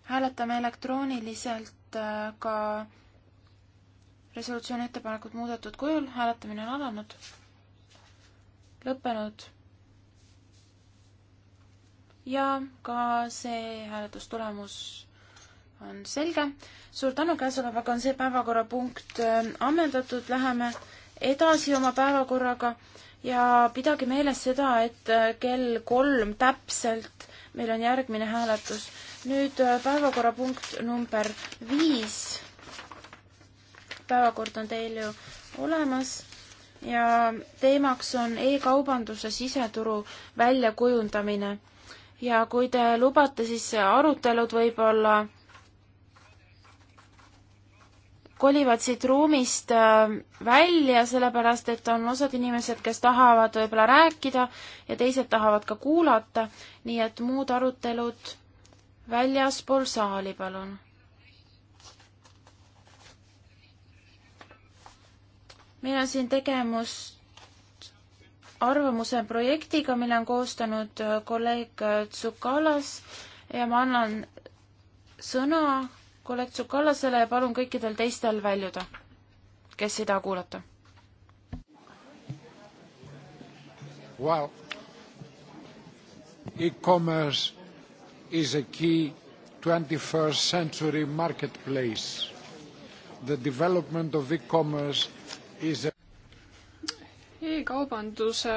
Speaker 2: hääletame elektrooniliselt äh, ka resolutsiooni ettepanekut muudetud kujul, hääletamine on alanud, lõppenud ja ka see hääletustulemus on selge. suur tänu, käesolevaga on see päevakorrapunkt äh, ammendatud, läheme edasi oma päevakorraga ja pidage meeles seda, et äh, kell kolm täpselt meil on järgmine hääletus. nüüd äh, päevakorrapunkt number viis. päevakord on teil ju olemas ja teemaks on e-kaubanduse siseturu väljakujundamine ja kui te lubate, siis arutelud võib-olla kolivad siit ruumist äh, välja, sellepärast et on osad inimesed, kes tahavad võib-olla rääkida ja teised tahavad ka kuulata, nii et muud arutelud väljaspool saali, palun. meil on siin tegemust arvamuse projektiga, mille on koostanud äh, kolleeg äh, Tsukalas ja ma annan sõna kolleeg Tsukalasele ja palun kõikidel teistel väljuda, kes ei taha kuulata
Speaker 3: wow.. E-commerce is a key twenty-first century marketplace. The development of e-commerce is a e-kaubanduse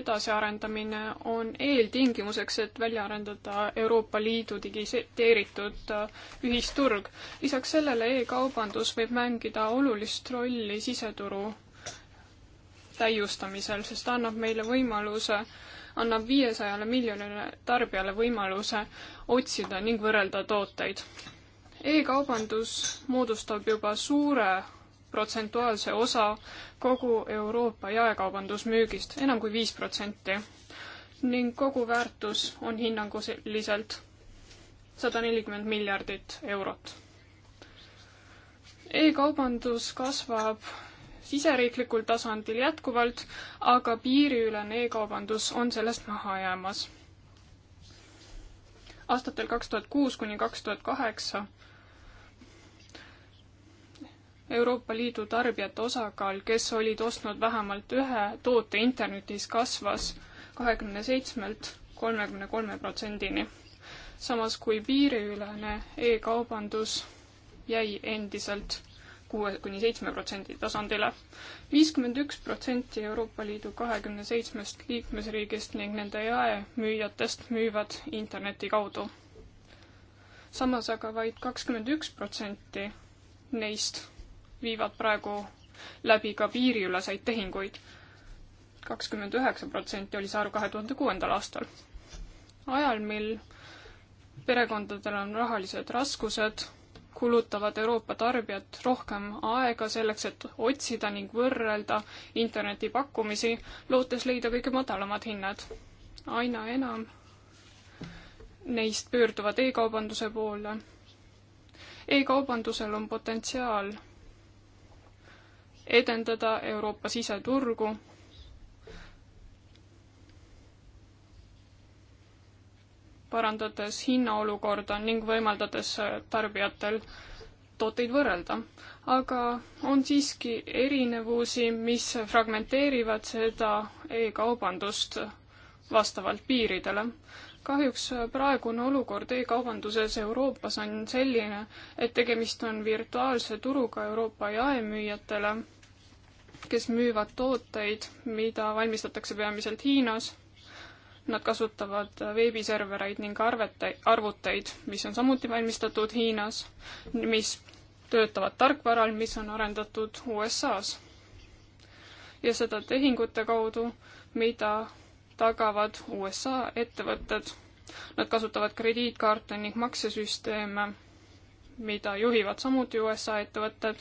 Speaker 3: edasiarendamine on eeltingimuseks, et välja arendada Euroopa Liidu digiteeritud äh, ühisturg. lisaks sellele e-kaubandus võib mängida olulist rolli siseturu täiustamisel, sest ta annab meile võimaluse, annab viiesajale miljonile tarbijale võimaluse otsida ning võrrelda tooteid e. e-kaubandus moodustab juba suure protsentuaalse osa kogu Euroopa jaekaubandusmüügist, enam kui viis protsenti. ning kogu väärtus on hinnanguliselt sada nelikümmend miljardit eurot e. e-kaubandus kasvab siseriiklikul tasandil jätkuvalt, aga piiriülene e-kaubandus on sellest maha jäämas. aastatel kaks tuhat kuus kuni kaks tuhat kaheksa Euroopa Liidu tarbijate osakaal, kes olid ostnud vähemalt ühe toote internetis, kasvas kahekümne seitsmelt kolmekümne kolme protsendini. samas kui piiriülene e-kaubandus jäi endiselt kuue kuni seitsme protsendi tasandile. viiskümmend üks protsenti Euroopa Liidu kahekümne seitsmest liikmesriigist ning nende jaemüüjatest müüvad interneti kaudu. samas aga vaid kakskümmend üks protsenti neist viivad praegu läbi ka piiriüleseid tehinguid. kakskümmend üheksa protsenti oli see arv kahe tuhande kuuendal aastal. ajal, mil perekondadel on rahalised raskused, kulutavad Euroopa tarbijad rohkem aega selleks, et otsida ning võrrelda internetipakkumisi, lootes leida kõige madalamad hinnad. aina enam neist pöörduvad e-kaubanduse poole e. e-kaubandusel on potentsiaal edendada Euroopa siseturgu. parandades hinnaolukorda ning võimaldades tarbijatel tooteid võrrelda. aga on siiski erinevusi, mis fragmenteerivad seda e-kaubandust vastavalt piiridele. kahjuks praegune olukord e-kaubanduses Euroopas on selline, et tegemist on virtuaalse turuga Euroopa jaemüüjatele kes müüvad tooteid, mida valmistatakse peamiselt Hiinas. Nad kasutavad veebiservereid ning arvete, arvuteid, mis on samuti valmistatud Hiinas, mis töötavad tarkvaral, mis on arendatud USA-s. ja seda tehingute kaudu, mida tagavad USA ettevõtted. Nad kasutavad krediitkaarte ning maksesüsteeme, mida juhivad samuti USA ettevõtted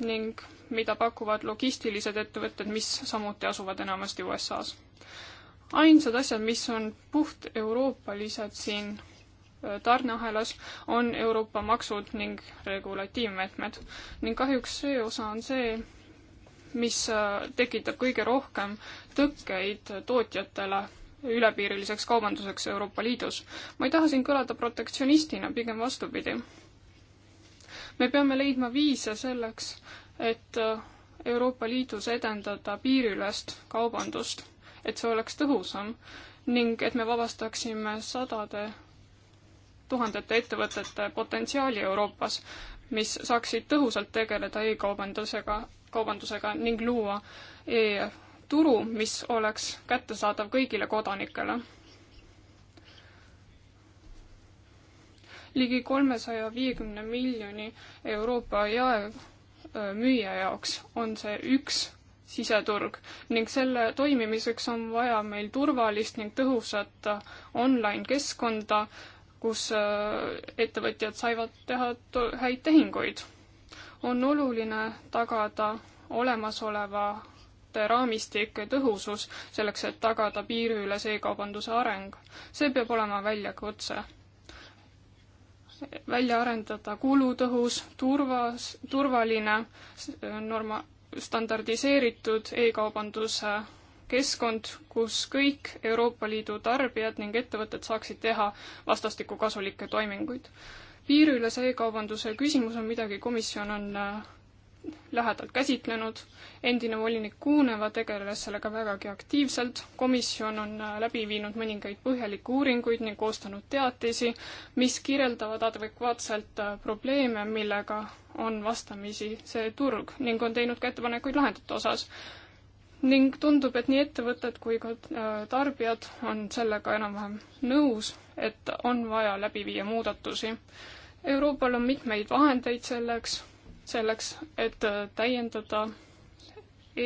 Speaker 3: ning mida pakuvad logistilised ettevõtted, mis samuti asuvad enamasti USA-s. ainsad asjad, mis on puht euroopalised siin äh, tarneahelas, on Euroopa maksud ning regulatiivmeetmed. ning kahjuks see osa on see, mis äh, tekitab kõige rohkem tõkkeid tootjatele ülepiiriliseks kaubanduseks Euroopa Liidus. ma ei taha siin kõlada protektsionistina, pigem vastupidi me peame leidma viise selleks, et äh, Euroopa Liidus edendada piiriülest kaubandust, et see oleks tõhusam ning et me vabastaksime sadade tuhandete ettevõtete potentsiaali Euroopas, mis saaksid tõhusalt tegeleda e-kaubandusega, kaubandusega ning luua e-turu, mis oleks kättesaadav kõigile kodanikele ligi kolmesaja viiekümne miljoni Euroopa jaemüüja jaoks on see üks siseturg ning selle toimimiseks on vaja meil turvalist ning tõhusat online keskkonda, kus äh, ettevõtjad saavad teha häid tehinguid. on oluline tagada olemasolevate raamistike tõhusus selleks, et tagada piiriülese e-kaubanduse areng. see peab olema väljakutse välja arendada kulutõhus, turvas, turvaline, norma-, standardiseeritud e-kaubanduse keskkond, kus kõik Euroopa Liidu tarbijad ning ettevõtted saaksid teha vastastikku kasulikke toiminguid. piiriülese e-kaubanduse küsimus on midagi, komisjon on äh, lähedalt käsitlenud. endine volinik Kuuneva tegeles sellega vägagi aktiivselt. komisjon on äh, läbi viinud mõningaid põhjalikke uuringuid ning koostanud teatisi, mis kirjeldavad adekvaatselt äh, probleeme, millega on vastamisi see turg ning on teinud ka ettepanekuid lahendite osas. ning tundub, et nii ettevõtted kui ka äh, tarbijad on sellega enam-vähem nõus, et on vaja läbi viia muudatusi Euroopal on mitmeid vahendeid selleks, selleks, et täiendada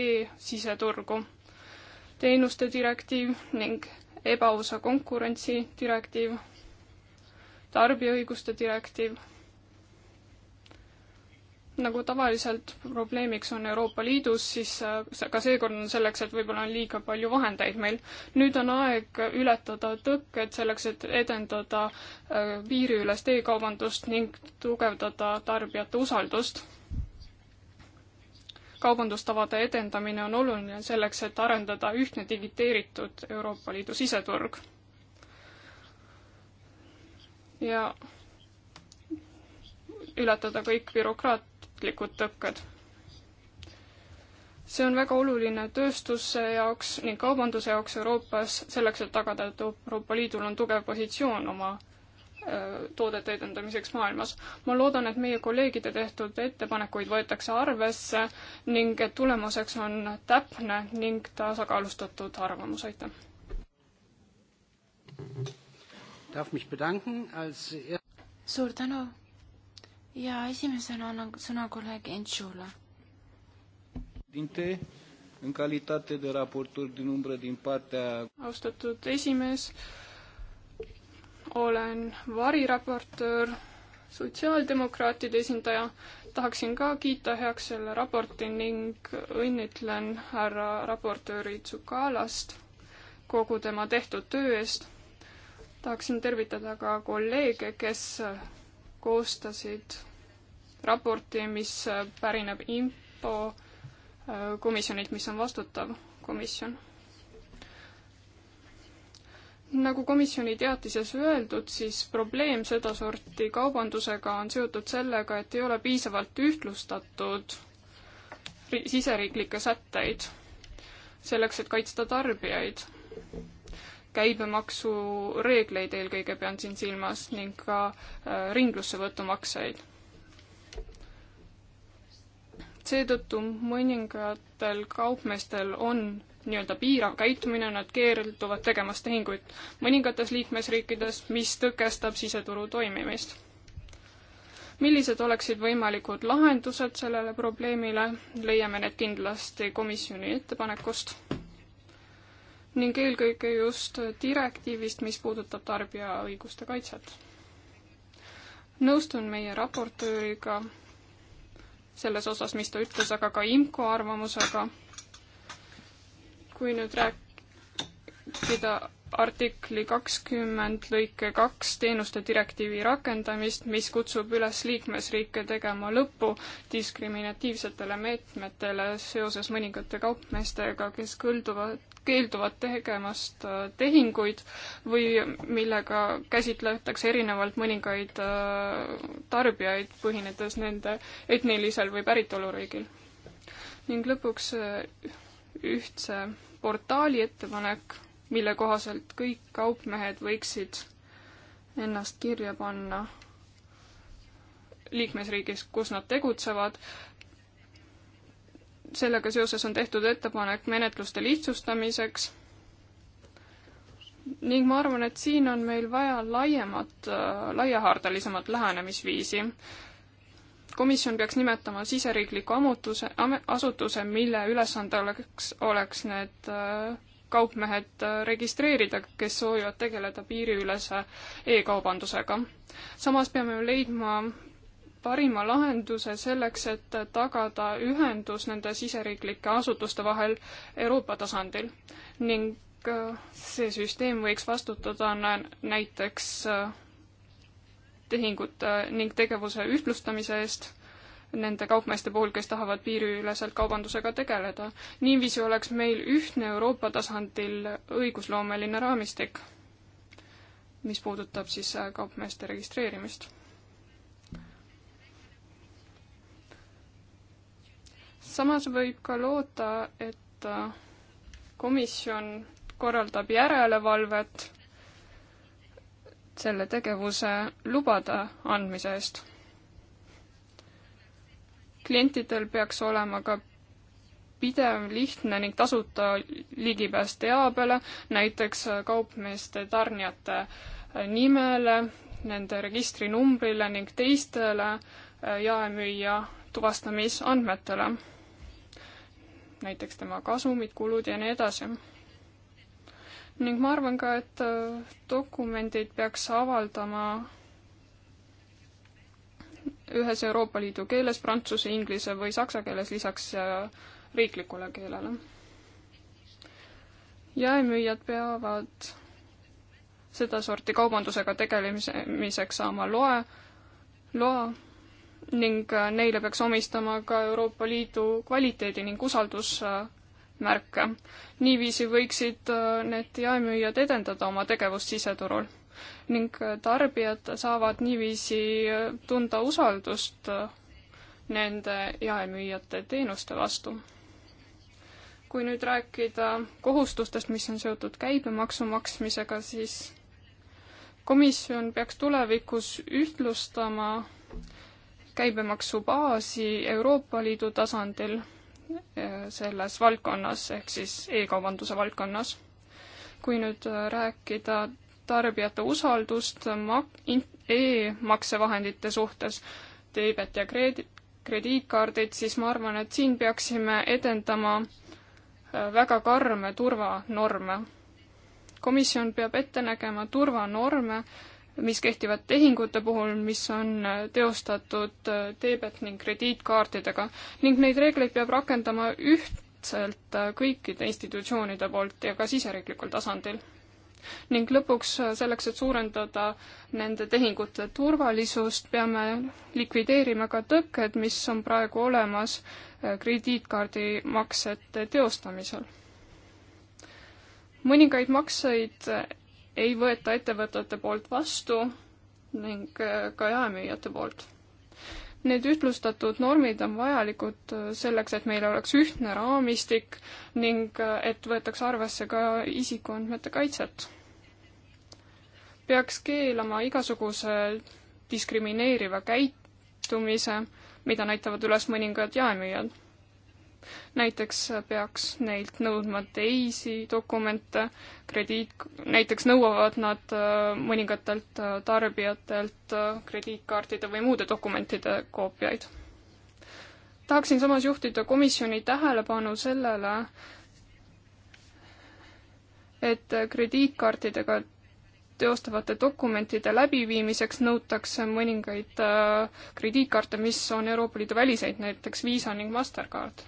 Speaker 3: e-siseturgu. teenuste direktiiv ning ebaausa konkurentsi direktiiv, tarbijaõiguste direktiiv nagu tavaliselt probleemiks on Euroopa Liidus, siis äh, ka seekord on selleks, et võib-olla on liiga palju vahendeid meil. nüüd on aeg ületada tõkked selleks, et edendada äh, piiriülest e-kaubandust ning tugevdada tarbijate usaldust. kaubandustavade edendamine on oluline selleks, et arendada ühtne digiteeritud Euroopa Liidu siseturg. ja ületada kõik bürokraat-, riiklikud tõkked. see on väga oluline tööstuse jaoks ning kaubanduse jaoks Euroopas, selleks et tagada, et Euroopa Liidul on tugev positsioon oma toodete edendamiseks maailmas. ma loodan, et meie kolleegide tehtud ettepanekuid võetakse arvesse ning et tulemuseks on täpne ning tasakaalustatud arvamus, aitäh!
Speaker 1: Er-
Speaker 3: suur tänu!
Speaker 2: ja esimesena annan sõna kolleeg Entšule.
Speaker 3: austatud esimees, olen variraportöör, sotsiaaldemokraatide esindaja, tahaksin ka kiita heaks selle raporti ning õnnitlen härra raportööri Tsukalast kogu tema tehtud töö eest. tahaksin tervitada ka kolleege, kes koostasid raporti, mis pärineb info äh, komisjonilt, mis on vastutav komisjon. nagu komisjoni teatises öeldud, siis probleem sedasorti kaubandusega on seotud sellega, et ei ole piisavalt ühtlustatud siseriiklikke sätteid selleks, et kaitsta tarbijaid käibemaksureegleid eelkõige pean siin silmas ning ka äh, ringlussevõtumakseid. seetõttu mõningatel kaupmeestel on nii-öelda piirav käitumine, nad keelduvad tegemast tehinguid mõningates liikmesriikides, mis tõkestab siseturu toimimist. millised oleksid võimalikud lahendused sellele probleemile, leiame need kindlasti komisjoni ettepanekust ning eelkõige just direktiivist, mis puudutab tarbija õiguste kaitset. nõustun meie raportööriga selles osas, mis ta ütles, aga ka IMCO arvamusega. kui nüüd rääkida artikli kakskümmend lõike kaks teenuste direktiivi rakendamist, mis kutsub üles liikmesriike tegema lõppu diskriminatiivsetele meetmetele seoses mõningate kaupmeestega, kes kõlduvad keelduvad tegemast äh, tehinguid või millega käsitletakse erinevalt mõningaid äh, tarbijaid, põhinedes nende etnilisel või päritoluriigil. ning lõpuks äh, ühtse portaali ettepanek, mille kohaselt kõik kaupmehed võiksid ennast kirja panna liikmesriigis, kus nad tegutsevad sellega seoses on tehtud ettepanek menetluste lihtsustamiseks ning ma arvan, et siin on meil vaja laiemat, äh, laiahaardelisemat lähenemisviisi. komisjon peaks nimetama siseriikliku ammutuse, asutuse, mille ülesande oleks, oleks need äh, kaupmehed äh, registreerida, kes soovivad tegeleda piiriülese e-kaubandusega. samas peame leidma parima lahenduse selleks, et tagada ühendus nende siseriiklike asutuste vahel Euroopa tasandil ning äh, see süsteem võiks vastutada näiteks äh, tehingute äh, ning tegevuse ühtlustamise eest nende kaupmeeste puhul, kes tahavad piiriüleselt kaubandusega tegeleda. niiviisi oleks meil ühtne Euroopa tasandil õigusloomeline raamistik, mis puudutab siis kaupmeeste registreerimist samas võib ka loota, et äh, komisjon korraldab järelevalvet selle tegevuse lubade andmise eest. klientidel peaks olema ka pidev, lihtne ning tasuta ligipääs teabele, näiteks äh, kaupmeeste tarnijate äh, nimele, nende registrinumbrile ning teistele jaemüüja tuvastamisandmetele näiteks tema kasumid, kulud ja nii edasi. ning ma arvan ka, et äh, dokumendid peaks avaldama ühes Euroopa Liidu keeles, prantsuse, inglise või saksa keeles lisaks äh, riiklikule keelele. jaemüüjad peavad sedasorti kaubandusega tegelemiseks saama loe, loa ning äh, neile peaks omistama ka Euroopa Liidu kvaliteedi ning usaldusmärke. niiviisi võiksid äh, need jaemüüjad edendada oma tegevust siseturul ning äh, tarbijad saavad niiviisi tunda usaldust nende jaemüüjate teenuste vastu. kui nüüd rääkida kohustustest, mis on seotud käibemaksu maksmisega, siis komisjon peaks tulevikus ühtlustama käibemaksubaasi Euroopa Liidu tasandil eh, selles valdkonnas ehk siis e-kaubanduse valdkonnas. kui nüüd eh, rääkida tarbijate usaldust mak-, e-maksevahendite suhtes, teibet ja kreedi-, krediitkaardid, siis ma arvan, et siin peaksime edendama eh, väga karme turvanorme. komisjon peab ette nägema turvanorme, mis kehtivad tehingute puhul, mis on teostatud teebet äh, e ning krediitkaartidega ning neid reegleid peab rakendama ühtselt äh, kõikide institutsioonide poolt ja ka siseriiklikul tasandil. ning lõpuks äh, selleks, et suurendada nende tehingute turvalisust, peame likvideerima ka tõkked, mis on praegu olemas krediitkaardimaksete teostamisel mõningaid makseid ei võeta ettevõtete poolt vastu ning äh, ka jaemüüjate poolt. Need ühtlustatud normid on vajalikud äh, selleks, et meil oleks ühtne raamistik ning äh, et võetaks arvesse ka isikuandmete kaitset. peaks keelama igasuguse diskrimineeriva käitumise, mida näitavad üles mõningad jaemüüjad näiteks peaks neilt nõudma teisi dokumente, krediit, näiteks nõuavad nad äh, mõningatelt äh, tarbijatelt äh, krediitkaartide või muude dokumentide koopiaid. tahaksin samas juhtida komisjoni tähelepanu sellele, et krediitkaartidega teostavate dokumentide läbiviimiseks nõutakse mõningaid krediitkaarte, mis on Euroopa Liidu väliseid, näiteks Visa ning Mastercard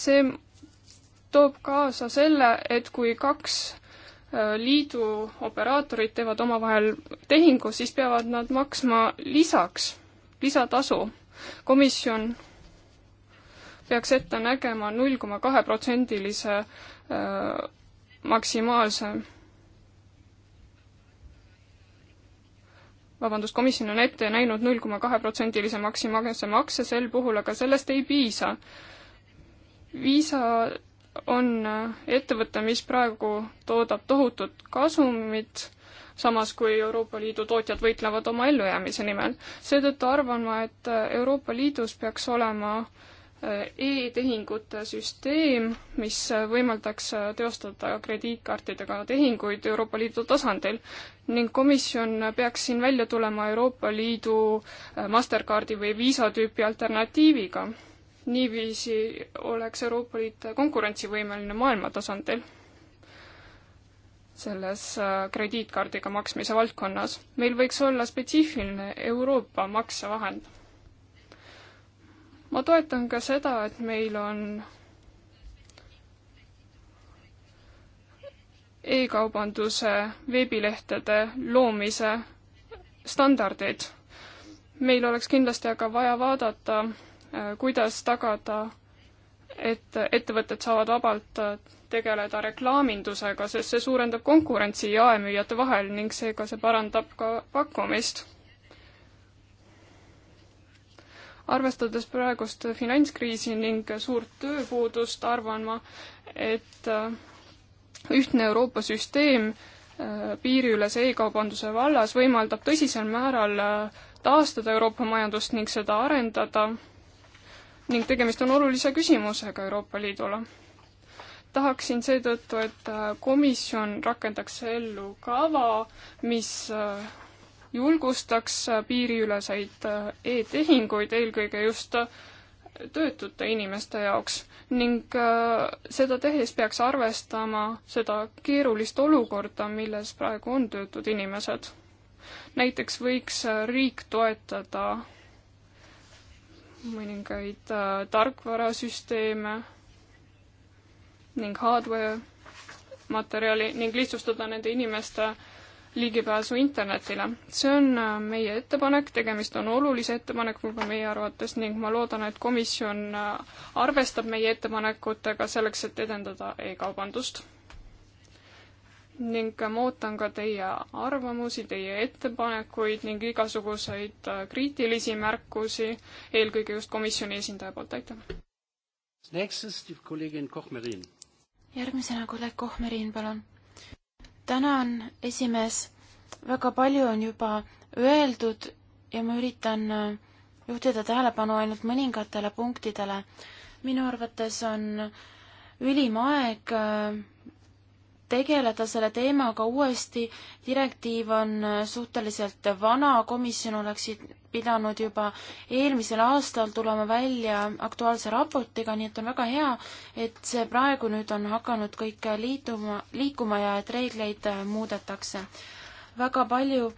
Speaker 3: see toob kaasa selle, et kui kaks äh, liidu operaatorid teevad omavahel tehingu, siis peavad nad maksma lisaks, lisatasu. komisjon peaks ette nägema null koma kahe protsendilise äh, maksimaalse vabandust, komisjon on ette näinud null koma kahe protsendilise maksimaalse makse sel puhul, aga sellest ei piisa Visa on ettevõte, mis praegu toodab tohutut kasumit, samas kui Euroopa Liidu tootjad võitlevad oma ellujäämise nimel. seetõttu arvan ma, et Euroopa Liidus peaks olema äh, e-tehingute süsteem, mis võimaldaks äh, teostada krediitkaartidega tehinguid Euroopa Liidu tasandil ning komisjon peaks siin välja tulema Euroopa Liidu äh, Mastercardi või Visa tüüpi alternatiiviga niiviisi oleks Euroopa Liit konkurentsivõimeline maailma tasandil selles äh, krediitkaardiga maksmise valdkonnas. meil võiks olla spetsiifiline Euroopa maksevahend. ma toetan ka seda, et meil on e-kaubanduse veebilehtede loomise standardid. meil oleks kindlasti aga vaja vaadata Äh, kuidas tagada, et ettevõtted saavad vabalt äh, tegeleda reklaamindusega, sest see suurendab konkurentsi jaemüüjate vahel ning seega see parandab ka pakkumist. arvestades praegust finantskriisi ning suurt tööpuudust, arvan ma, et äh, ühtne Euroopa süsteem piiriülese e-kaubanduse vallas võimaldab tõsisel määral taastada Euroopa majandust ning seda arendada ning tegemist on olulise küsimusega Euroopa Liidule. tahaksin seetõttu, et äh, komisjon rakendaks ellu kava, mis äh, julgustaks äh, piiriüleseid e-tehinguid eelkõige just töötute inimeste jaoks ning seda tehes peaks arvestama seda keerulist olukorda, milles praegu on töötud inimesed. näiteks võiks riik toetada mõningaid äh, tarkvarasüsteeme ning hardware materjali ning lihtsustada nende inimeste ligipääsu internetile. see on äh, meie ettepanek, tegemist on olulise ettepanekuga meie arvates ning ma loodan, et komisjon äh, arvestab meie ettepanekutega selleks, et edendada e-kaubandust ning ma ootan ka teie arvamusi, teie ettepanekuid ning igasuguseid äh, kriitilisi märkusi, eelkõige just komisjoni esindaja poolt, aitäh!
Speaker 2: järgmisena kolleeg Kohmerin, palun! tänan, esimees! väga palju on juba öeldud ja ma üritan äh, juhtida tähelepanu ainult mõningatele punktidele. minu arvates on ülim aeg äh, tegeleda selle teemaga uuesti. direktiiv on äh, suhteliselt vana, komisjon oleks pidanud juba eelmisel aastal tulema välja aktuaalse raportiga, nii et on väga hea, et see praegu nüüd on hakanud kõik liituma, liikuma ja et reegleid äh, muudetakse. väga palju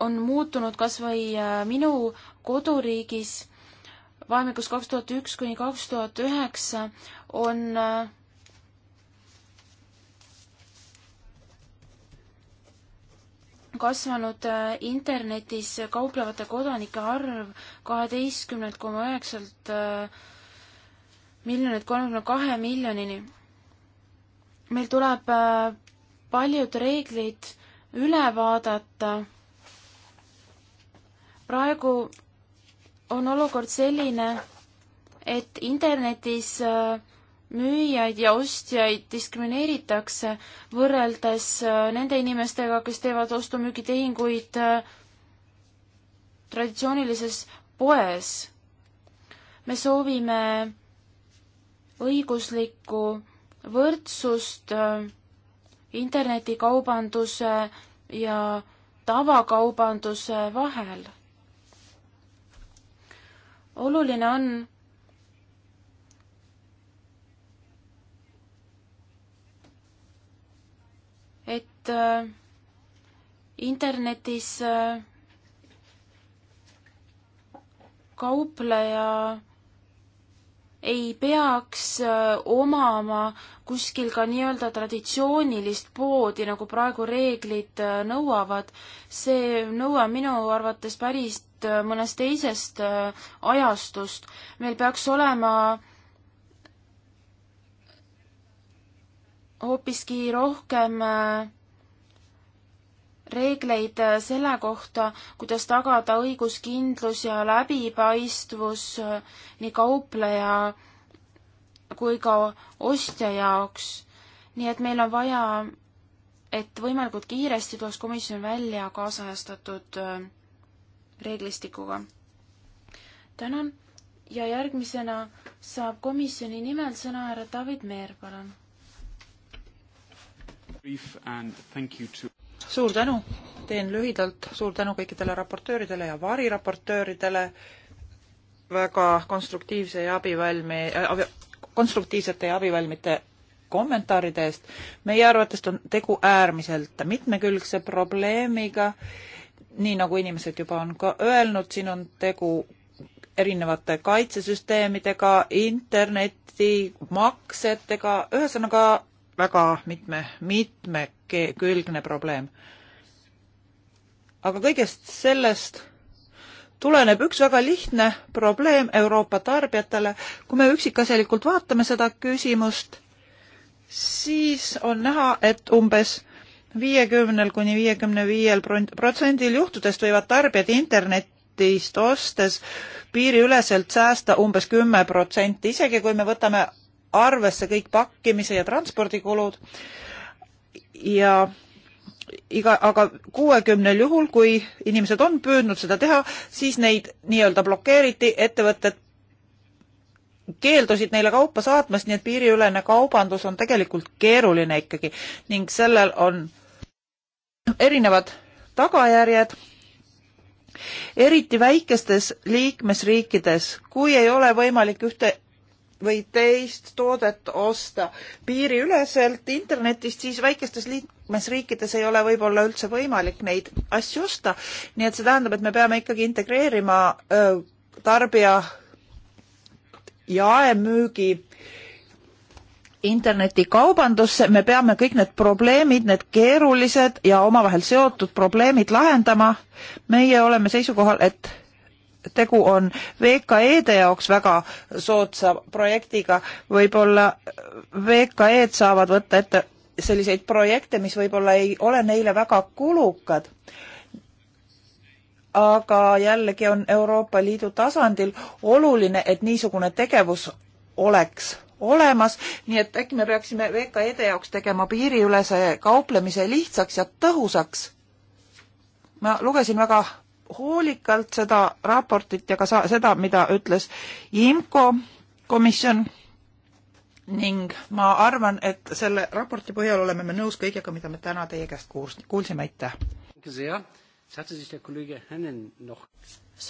Speaker 2: on muutunud kas või äh, minu koduriigis, vahemikus kaks tuhat üks kuni kaks tuhat üheksa on äh, kasvanud äh, internetis kauplevate kodanike arv kaheteistkümnelt koma üheksalt äh, miljonilt kolmekümne kahe miljonini. meil tuleb äh, paljud reeglid üle vaadata. praegu on olukord selline, et internetis äh, müüjaid ja ostjaid diskrimineeritakse võrreldes äh, nende inimestega, kes teevad ostu-müügitehinguid äh, traditsioonilises poes. me soovime õiguslikku võrdsust äh, internetikaubanduse ja tavakaubanduse vahel. oluline on et äh, internetis äh, kaupleja ei peaks äh, omama kuskil ka nii-öelda traditsioonilist poodi, nagu praegu reeglid nõuavad. see nõue on minu arvates päris mõnest teisest ajastust. meil peaks olema hoopiski rohkem äh, reegleid äh, selle kohta, kuidas tagada õiguskindlus ja läbipaistvus äh, nii kaupleja kui ka ostja jaoks. nii et meil on vaja, et võimalikult kiiresti tuleks komisjon välja kaasajastatud äh, reeglistikuga. tänan ja järgmisena saab komisjoni nimel sõna härra David Meer, palun.
Speaker 3: Brief and thank you to
Speaker 1: suur tänu, teen lühidalt, suur tänu kõikidele raportööridele ja variraportööridele väga konstruktiivse ja abivalmi äh,, konstruktiivsete ja abivalmite kommentaaride eest. meie arvates on tegu äärmiselt mitmekülgse probleemiga, nii nagu inimesed juba on ka öelnud, siin on tegu erinevate kaitsesüsteemidega, interneti, maksetega, ühesõnaga väga mitme, mitmekülgne probleem. aga kõigest sellest tuleneb üks väga lihtne probleem Euroopa tarbijatele. kui me üksikasjalikult vaatame seda küsimust, siis on näha, et umbes viiekümnel kuni viiekümne viiel protsendil juhtudest võivad tarbijad internetist ostes piiriüleselt säästa umbes kümme protsenti, isegi kui me võtame arvesse kõik pakkimise ja transpordikulud ja iga, aga kuuekümnel juhul, kui inimesed on püüdnud seda teha, siis neid nii-öelda blokeeriti, ettevõtted keeldusid neile kaupa saatmast, nii et piiriülene kaubandus on tegelikult keeruline ikkagi ning sellel on erinevad tagajärjed, eriti väikestes liikmesriikides, kui ei ole võimalik ühte või teist toodet osta piiriüleselt internetist, siis väikestes liikmesriikides ei ole võib-olla üldse võimalik neid asju osta. nii et see tähendab, et me peame ikkagi integreerima tarbija jaemüügi internetikaubandusse, me peame kõik need probleemid, need keerulised ja omavahel seotud probleemid lahendama. meie oleme seisukohal, et tegu on VKE-de jaoks väga soodsa projektiga, võib-olla VKE-d saavad võtta ette selliseid projekte, mis võib-olla ei ole neile väga kulukad. aga jällegi on Euroopa Liidu tasandil oluline, et niisugune tegevus oleks olemas, nii et äkki me peaksime VKE-de jaoks tegema piiriülese kauplemise lihtsaks ja tõhusaks. ma lugesin väga hoolikalt seda raportit ja ka seda, mida ütles IMCO komisjon ning ma arvan, et selle raporti põhjal oleme me nõus kõigega, mida me täna teie käest kuuls-, kuulsime, aitäh!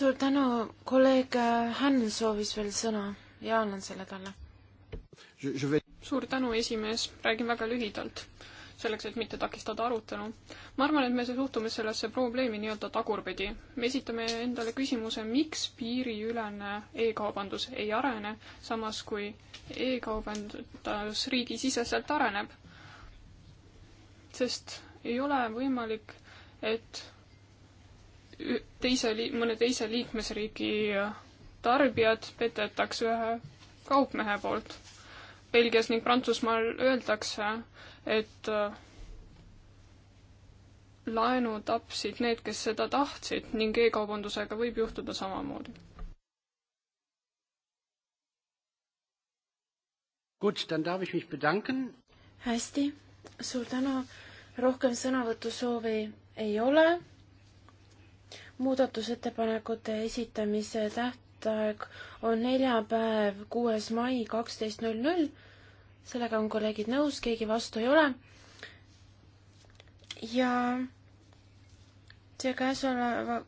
Speaker 2: suur tänu, kolleeg äh, Hännen soovis
Speaker 3: veel sõna ja annan selle talle. suur tänu, esimees, räägin väga lühidalt selleks, et mitte takistada arutelu. ma arvan, et me suhtume sellesse probleemi nii-öelda tagurpidi. me esitame endale küsimuse, miks piiriülene e-kaubandus ei arene, samas kui e-kaubandus riigisiseselt areneb. sest ei ole võimalik, et teise, mõne teise liikmesriigi tarbijad petetakse ühe kaupmehe poolt. Belgias ning Prantsusmaal öeldakse, et äh, laenu tapsid need, kes seda tahtsid ning e-kaubandusega võib juhtuda samamoodi.
Speaker 2: hästi, suur tänu. rohkem sõnavõtusoove ei ole. muudatusettepanekute esitamise tähtaeg on neljapäev, kuues mai kaksteist null null sellega on kolleegid nõus, keegi vastu ei ole. ja see käesoleva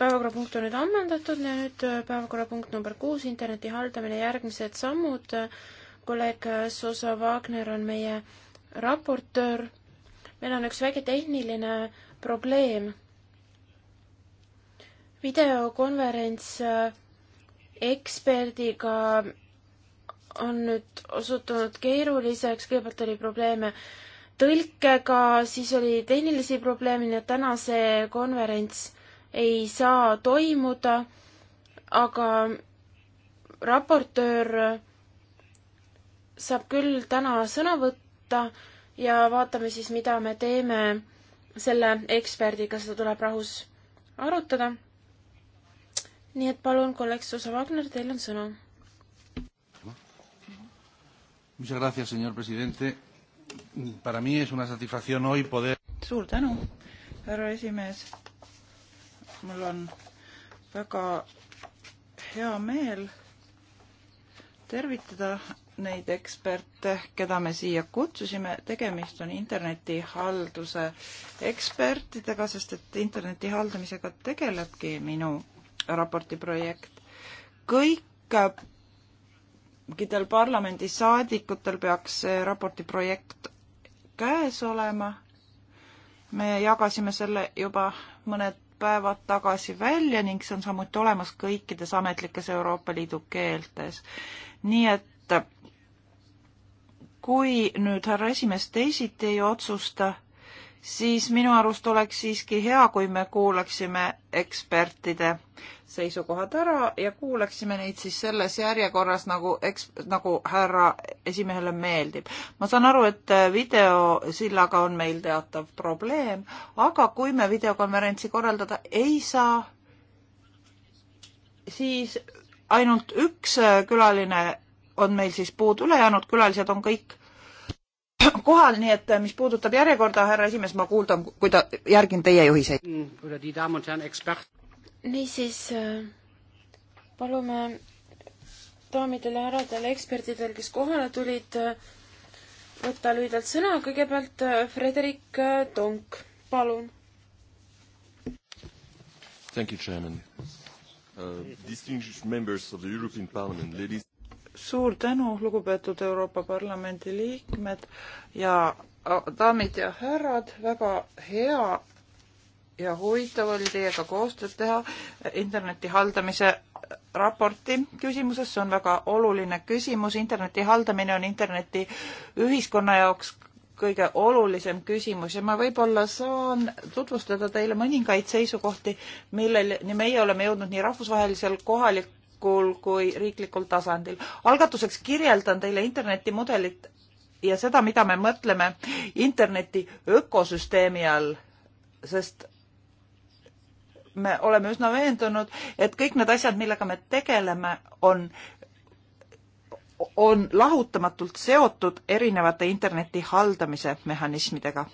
Speaker 2: päevakorrapunkt on nüüd ammendatud, nüüd äh, päevakorrapunkt number kuus, interneti haldamine, järgmised sammud. kolleeg Zosa äh, Wagner on meie raportöör. meil on üks väike tehniline probleem. videokonverents äh, eksperdiga on nüüd osutunud keeruliseks, kõigepealt oli probleeme tõlkega, siis oli tehnilisi probleeme, nii et täna see konverents ei saa toimuda, aga raportöör saab küll täna sõna võtta ja vaatame siis, mida me teeme selle eksperdiga, seda tuleb rahus arutada. nii et palun, kolleeg Susa Wagner, teil on sõna
Speaker 1: Muchas gracias, señor presidente. Para mí es una satisfacción hoy poder... Suur tänu, härra esimees. Mul on väga hea meel tervitada neid eksperte, keda me siia kutsusime. tegemist on internetihalduse ekspertidega, sest et interneti haldamisega tegelebki minu raporti projekt. kõik kõikidel parlamendisaadikutel peaks see raporti projekt käes olema. me jagasime selle juba mõned päevad tagasi välja ning see on samuti olemas kõikides ametlikes Euroopa Liidu keeltes. nii et kui nüüd härra esimees teisiti ei otsusta, siis minu arust oleks siiski hea, kui me kuulaksime ekspertide seisukohad ära ja kuulaksime neid siis selles järjekorras, nagu eks, nagu härra esimehele meeldib. ma saan aru, et videosillaga on meil teatav probleem, aga kui me videokonverentsi korraldada ei saa, siis ainult üks külaline on meil siis puudu, ülejäänud külalised on kõik kohal, nii et mis puudutab järjekorda, härra esimees, ma kuuldan, kui ta, järgin teie juhiseid.
Speaker 2: niisiis, palume daamidel ja härradel ekspertidel, kes kohale tulid, võtta lühidalt sõna, kõigepealt Frederik Tonk, palun.
Speaker 1: Thank you, chairman uh,. Distinguished members of the European Parliament, ladies suur tänu, lugupeetud Euroopa Parlamendi liikmed ja daamid ja härrad, väga hea ja huvitav oli teiega koostööd teha interneti haldamise raporti küsimuses, see on väga oluline küsimus, interneti haldamine on interneti ühiskonna jaoks kõige olulisem küsimus ja ma võib-olla saan tutvustada teile mõningaid seisukohti, milleni meie oleme jõudnud nii rahvusvahelisel, kohalik, kohalikul kui riiklikul tasandil. algatuseks kirjeldan teile internetimudelit ja seda, mida me mõtleme interneti ökosüsteemi all, sest me oleme üsna veendunud, et kõik need asjad, millega me tegeleme, on, on lahutamatult seotud erinevate interneti haldamise mehhanismidega.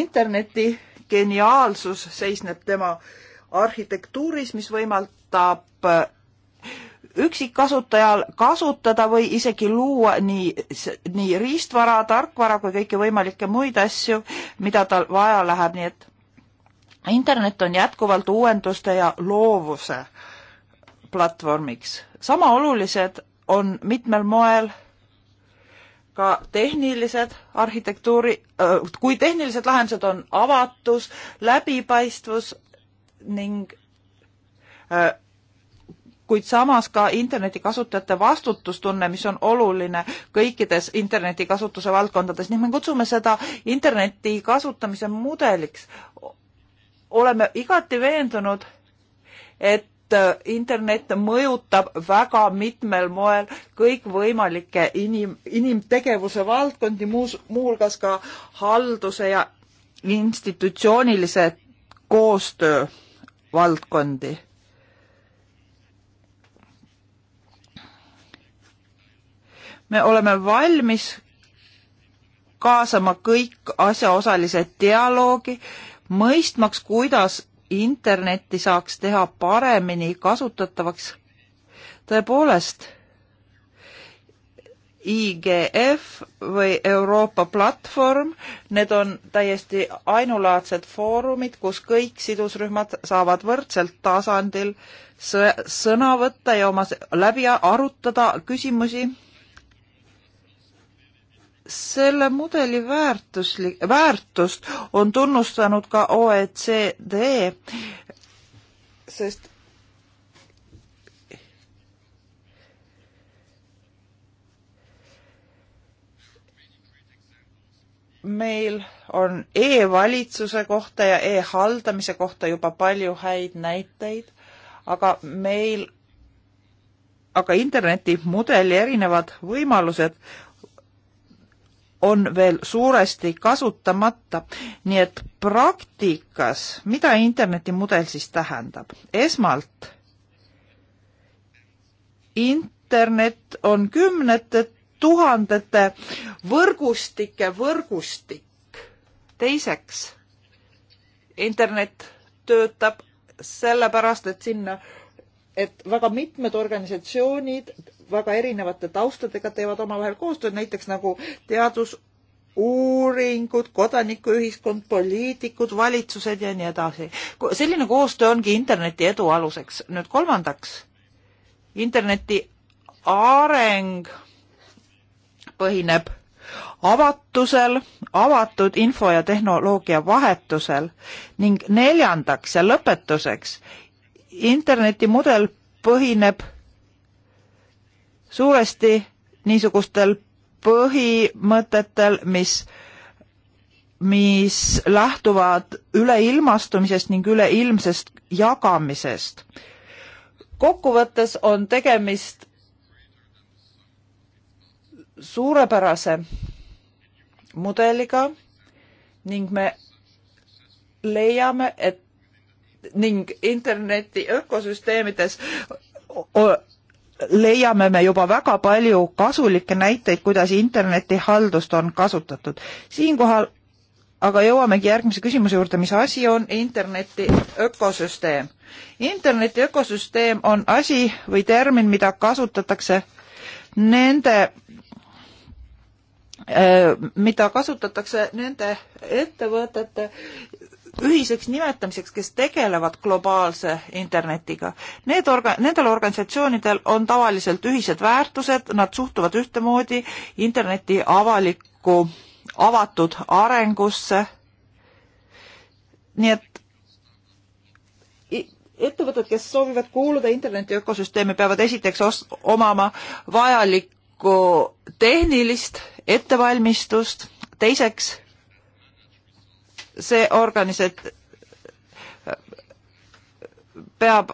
Speaker 1: interneti geniaalsus seisneb tema arhitektuuris, mis võimalt-, võimaldab äh, üksikasutajal kasutada või isegi luua nii, nii riistvara, tarkvara kui kõiki võimalikke muid asju, mida tal vaja läheb, nii et internet on jätkuvalt uuenduste ja loovuse platvormiks. sama olulised on mitmel moel ka tehnilised arhitektuuri, äh, kui tehnilised lahendused on avatus, läbipaistvus ning äh, kuid samas ka internetikasutajate vastutustunne, mis on oluline kõikides internetikasutuse valdkondades ning me kutsume seda interneti kasutamise mudeliks. oleme igati veendunud, et internet mõjutab väga mitmel moel kõikvõimalikke inim, inimtegevuse valdkondi, muus, muuhulgas ka halduse ja institutsioonilise koostöö valdkondi me oleme valmis kaasama kõik asjaosalised dialoogi, mõistmaks, kuidas internetti saaks teha paremini kasutatavaks. tõepoolest, IGF või Euroopa platvorm, need on täiesti ainulaadsed foorumid, kus kõik sidusrühmad saavad võrdselt tasandil sõna võtta ja oma läbi arutada küsimusi selle mudeli väärtuslik, väärtust on tunnustanud ka OECD, sest meil on e-valitsuse kohta ja e-haldamise kohta juba palju häid näiteid, aga meil, aga interneti mudeli erinevad võimalused on veel suuresti kasutamata. nii et praktikas, mida internetimudel siis tähendab? esmalt internet on kümnete tuhandete võrgustike võrgustik. teiseks, internet töötab sellepärast, et sinna, et väga mitmed organisatsioonid väga erinevate taustadega teevad omavahel koostööd, näiteks nagu teadusuuringud, kodanikuühiskond, poliitikud, valitsused ja nii edasi. selline koostöö ongi interneti edu aluseks. nüüd kolmandaks, interneti areng põhineb avatusel, avatud info ja tehnoloogia vahetusel ning neljandaks ja lõpetuseks, interneti mudel põhineb suuresti niisugustel põhimõtetel, mis mis lähtuvad üleilmastumisest ning üleilmsest jagamisest. kokkuvõttes on tegemist suurepärase mudeliga ning me leiame, et ning interneti ökosüsteemides leiame me juba väga palju kasulikke näiteid, kuidas internetihaldust on kasutatud. siinkohal aga jõuamegi järgmise küsimuse juurde, mis asi on interneti ökosüsteem? interneti ökosüsteem on asi või termin, mida kasutatakse nende, äh, mida kasutatakse nende ettevõtete ühiseks nimetamiseks, kes tegelevad globaalse internetiga. Need orga-, nendel organisatsioonidel on tavaliselt ühised väärtused, nad suhtuvad ühtemoodi interneti avalikku, avatud arengusse. nii et ettevõtted, kes soovivad kuuluda interneti ökosüsteemi, peavad esiteks os-, omama vajalikku tehnilist ettevalmistust, teiseks see organisat- peab,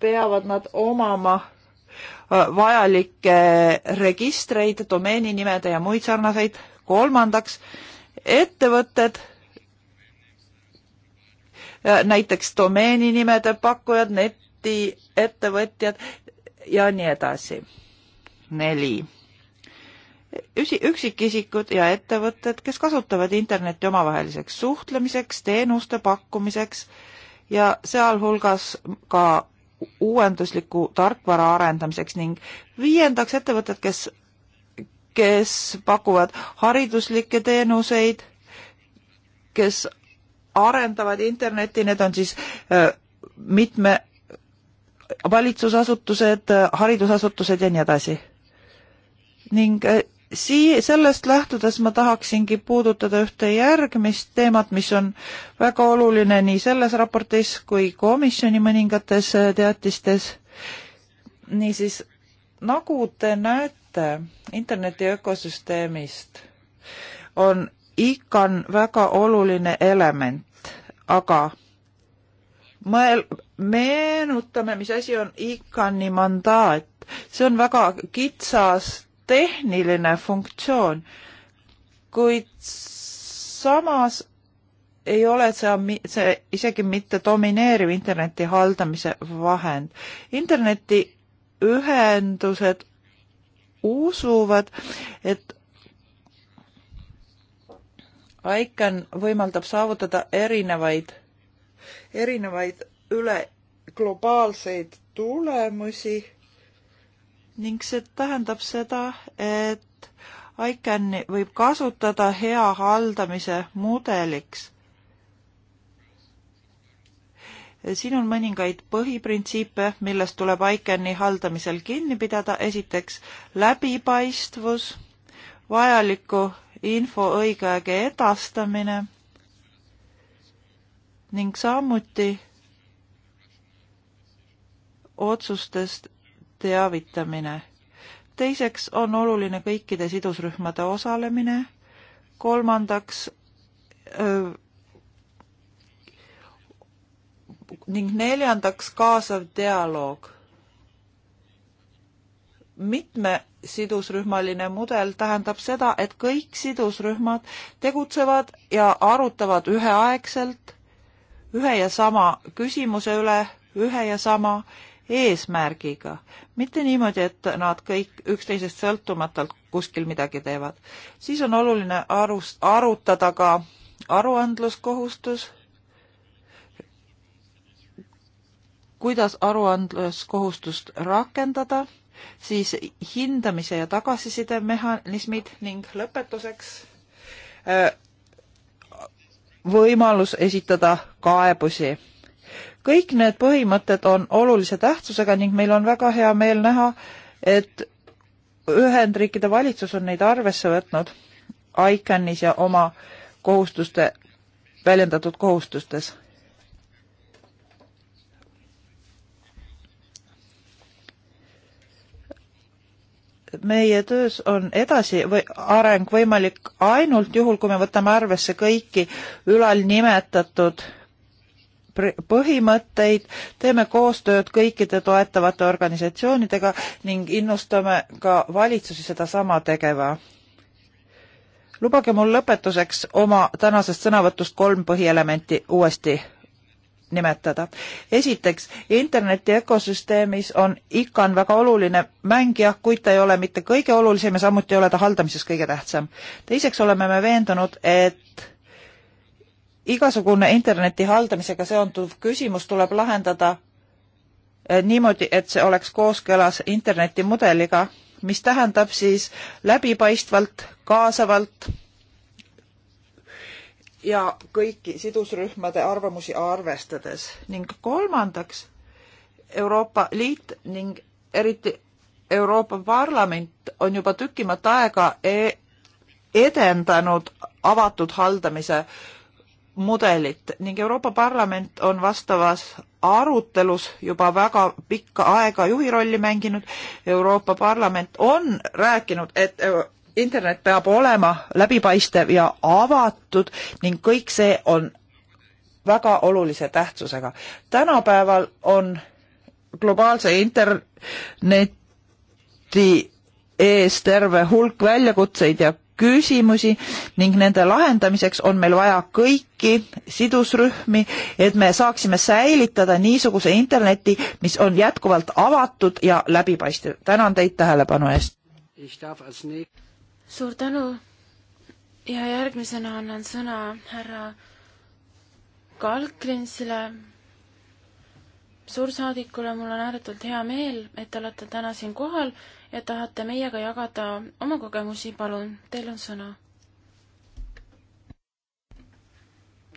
Speaker 1: peavad nad omama äh, vajalikke registreid, domeeninimede ja muid sarnaseid. kolmandaks, ettevõtted, äh, näiteks domeeninimede pakkujad, netiettevõtjad ja nii edasi. neli üsi-, üksikisikud ja ettevõtted, kes kasutavad Internetti omavaheliseks suhtlemiseks, teenuste pakkumiseks ja sealhulgas ka uuendusliku tarkvara arendamiseks ning viiendaks ettevõtted, kes, kes pakuvad hariduslikke teenuseid, kes arendavad Internetti, need on siis äh, mitme valitsusasutused, haridusasutused ja nii edasi. ning äh, sii-, sellest lähtudes ma tahaksingi puudutada ühte järgmist teemat, mis on väga oluline nii selles raportis kui komisjoni mõningates äh, teatistes. niisiis, nagu te näete, interneti ökosüsteemist on ikan väga oluline element, aga mõel-, meenutame, mis asi on ikani mandaat. see on väga kitsas tehniline funktsioon, kuid samas ei ole see, see isegi mitte domineeriv interneti haldamise vahend. internetiühendused usuvad, et ICAN võimaldab saavutada erinevaid, erinevaid üle globaalseid tulemusi ning see tähendab seda, et ICAN-i võib kasutada hea haldamise mudeliks. siin on mõningaid põhiprintsiipe, millest tuleb ICAN-i haldamisel kinni pidada. esiteks läbipaistvus, vajaliku info õigeaegne edastamine ning samuti otsustest teavitamine. teiseks on oluline kõikide sidusrühmade osalemine. kolmandaks öö, ning neljandaks kaasav dialoog. mitme sidusrühmaline mudel tähendab seda, et kõik sidusrühmad tegutsevad ja arutavad üheaegselt ühe ja sama küsimuse üle, ühe ja sama eesmärgiga, mitte niimoodi, et nad kõik üksteisest sõltumatult kuskil midagi teevad. siis on oluline arust, arutada ka aruandluskohustus, kuidas aruandluskohustust rakendada, siis hindamise ja tagasiside mehhanismid ning lõpetuseks äh, võimalus esitada kaebusi kõik need põhimõtted on olulise tähtsusega ning meil on väga hea meel näha, et Ühendriikide valitsus on neid arvesse võtnud ICANis ja oma kohustuste, väljendatud kohustustes. meie töös on edasi või areng võimalik ainult juhul, kui me võtame arvesse kõiki ülalnimetatud põhimõtteid, teeme koostööd kõikide toetavate organisatsioonidega ning innustame ka valitsusi sedasama tegema. lubage mul lõpetuseks oma tänasest sõnavõtust kolm põhielementi uuesti nimetada. esiteks, interneti ökosüsteemis on ICAN väga oluline mängija, kuid ta ei ole mitte kõige olulisem ja samuti ei ole ta haldamises kõige tähtsam. teiseks oleme me veendunud, et igasugune interneti haldamisega seonduv küsimus tuleb lahendada eh, niimoodi, et see oleks kooskõlas interneti mudeliga, mis tähendab siis läbipaistvalt, kaasavalt ja kõiki sidusrühmade arvamusi arvestades ning kolmandaks Euroopa Liit ning eriti Euroopa Parlament on juba tükimat aega e-, edendanud avatud haldamise mudelit ning Euroopa Parlament on vastavas arutelus juba väga pikka aega juhi rolli mänginud. Euroopa Parlament on rääkinud, et internet peab olema läbipaistev ja avatud ning kõik see on väga olulise tähtsusega. tänapäeval on globaalse interneti ees terve hulk väljakutseid ja küsimusi ning nende lahendamiseks on meil vaja kõiki sidusrühmi, et me saaksime säilitada niisuguse interneti, mis on jätkuvalt avatud ja läbipaistev. tänan teid tähelepanu eest.
Speaker 2: suur tänu ja järgmisena annan sõna härra Kalkrinsile, suursaadikule, mul on ääretult hea meel, et te olete täna siin kohal ja tahate meiega jagada oma kogemusi, palun, teil on sõna.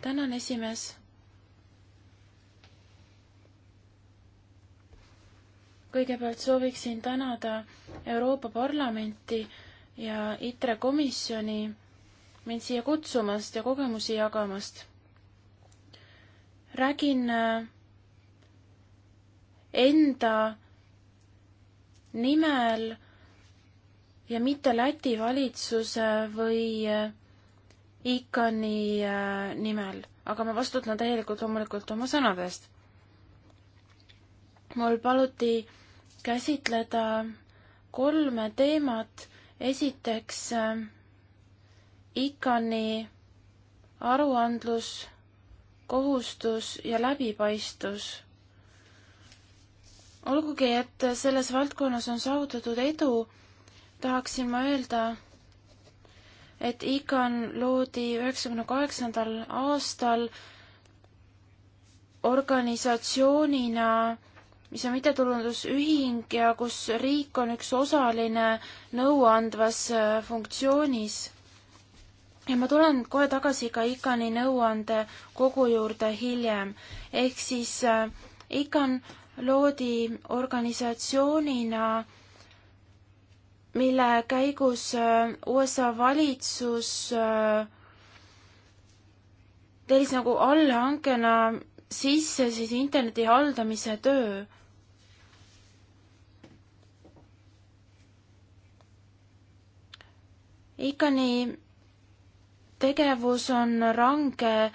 Speaker 2: tänan, esimees. kõigepealt sooviksin tänada Euroopa Parlamenti ja ITRE komisjoni mind siia kutsumast ja kogemusi jagamast. räägin äh, enda nimel ja mitte Läti valitsuse või äh, ICAN-i äh, nimel, aga ma vastutan täielikult loomulikult oma sõnadest. mul paluti käsitleda kolme teemat. esiteks äh, ICAN-i aruandlus, kohustus ja läbipaistvus olgugi, et selles valdkonnas on saavutatud edu, tahaksin ma öelda, et ICAN loodi üheksakümne kaheksandal aastal organisatsioonina, mis on mittetulundusühing ja kus riik on üks osaline nõuandvas äh, funktsioonis. ja ma tulen kohe tagasi ka ICAN-i nõuandekogu juurde hiljem, ehk siis äh, ICAN loodi organisatsioonina, mille käigus äh, USA valitsus tellis äh, nagu allhankena sisse siis interneti haldamise töö. ICAN-i tegevus on range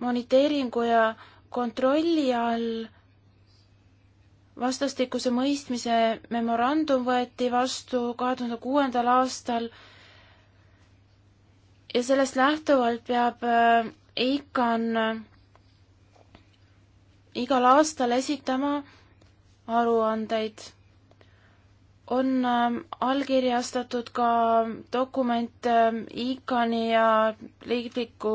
Speaker 2: moniteeringu ja kontrolli all vastastikuse mõistmise memorandum võeti vastu kahe tuhande kuuendal aastal ja sellest lähtuvalt peab EIKAN äh, äh, igal aastal esitama aruandeid. on ähm, allkirjastatud ka dokument ähm, ICAN-i ja riikliku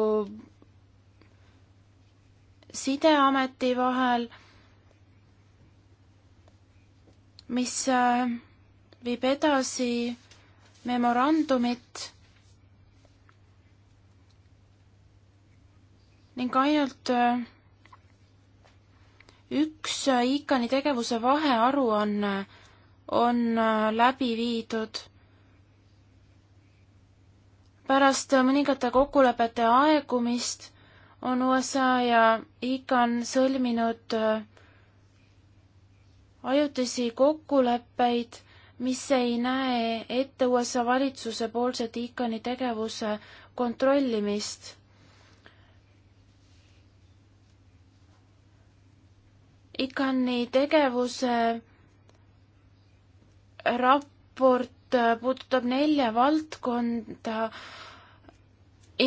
Speaker 2: sideameti vahel mis äh, viib edasi memorandumit ning ainult äh, üks äh, ICAN-i tegevuse vahearuanne on, on läbi viidud. pärast mõningate kokkulepete aegumist on USA ja ICAN sõlminud äh, ajutisi kokkuleppeid, mis ei näe ette USA valitsuse poolse Tiikani tegevuse kontrollimist. Ikani tegevuse raport puudutab nelja valdkonda,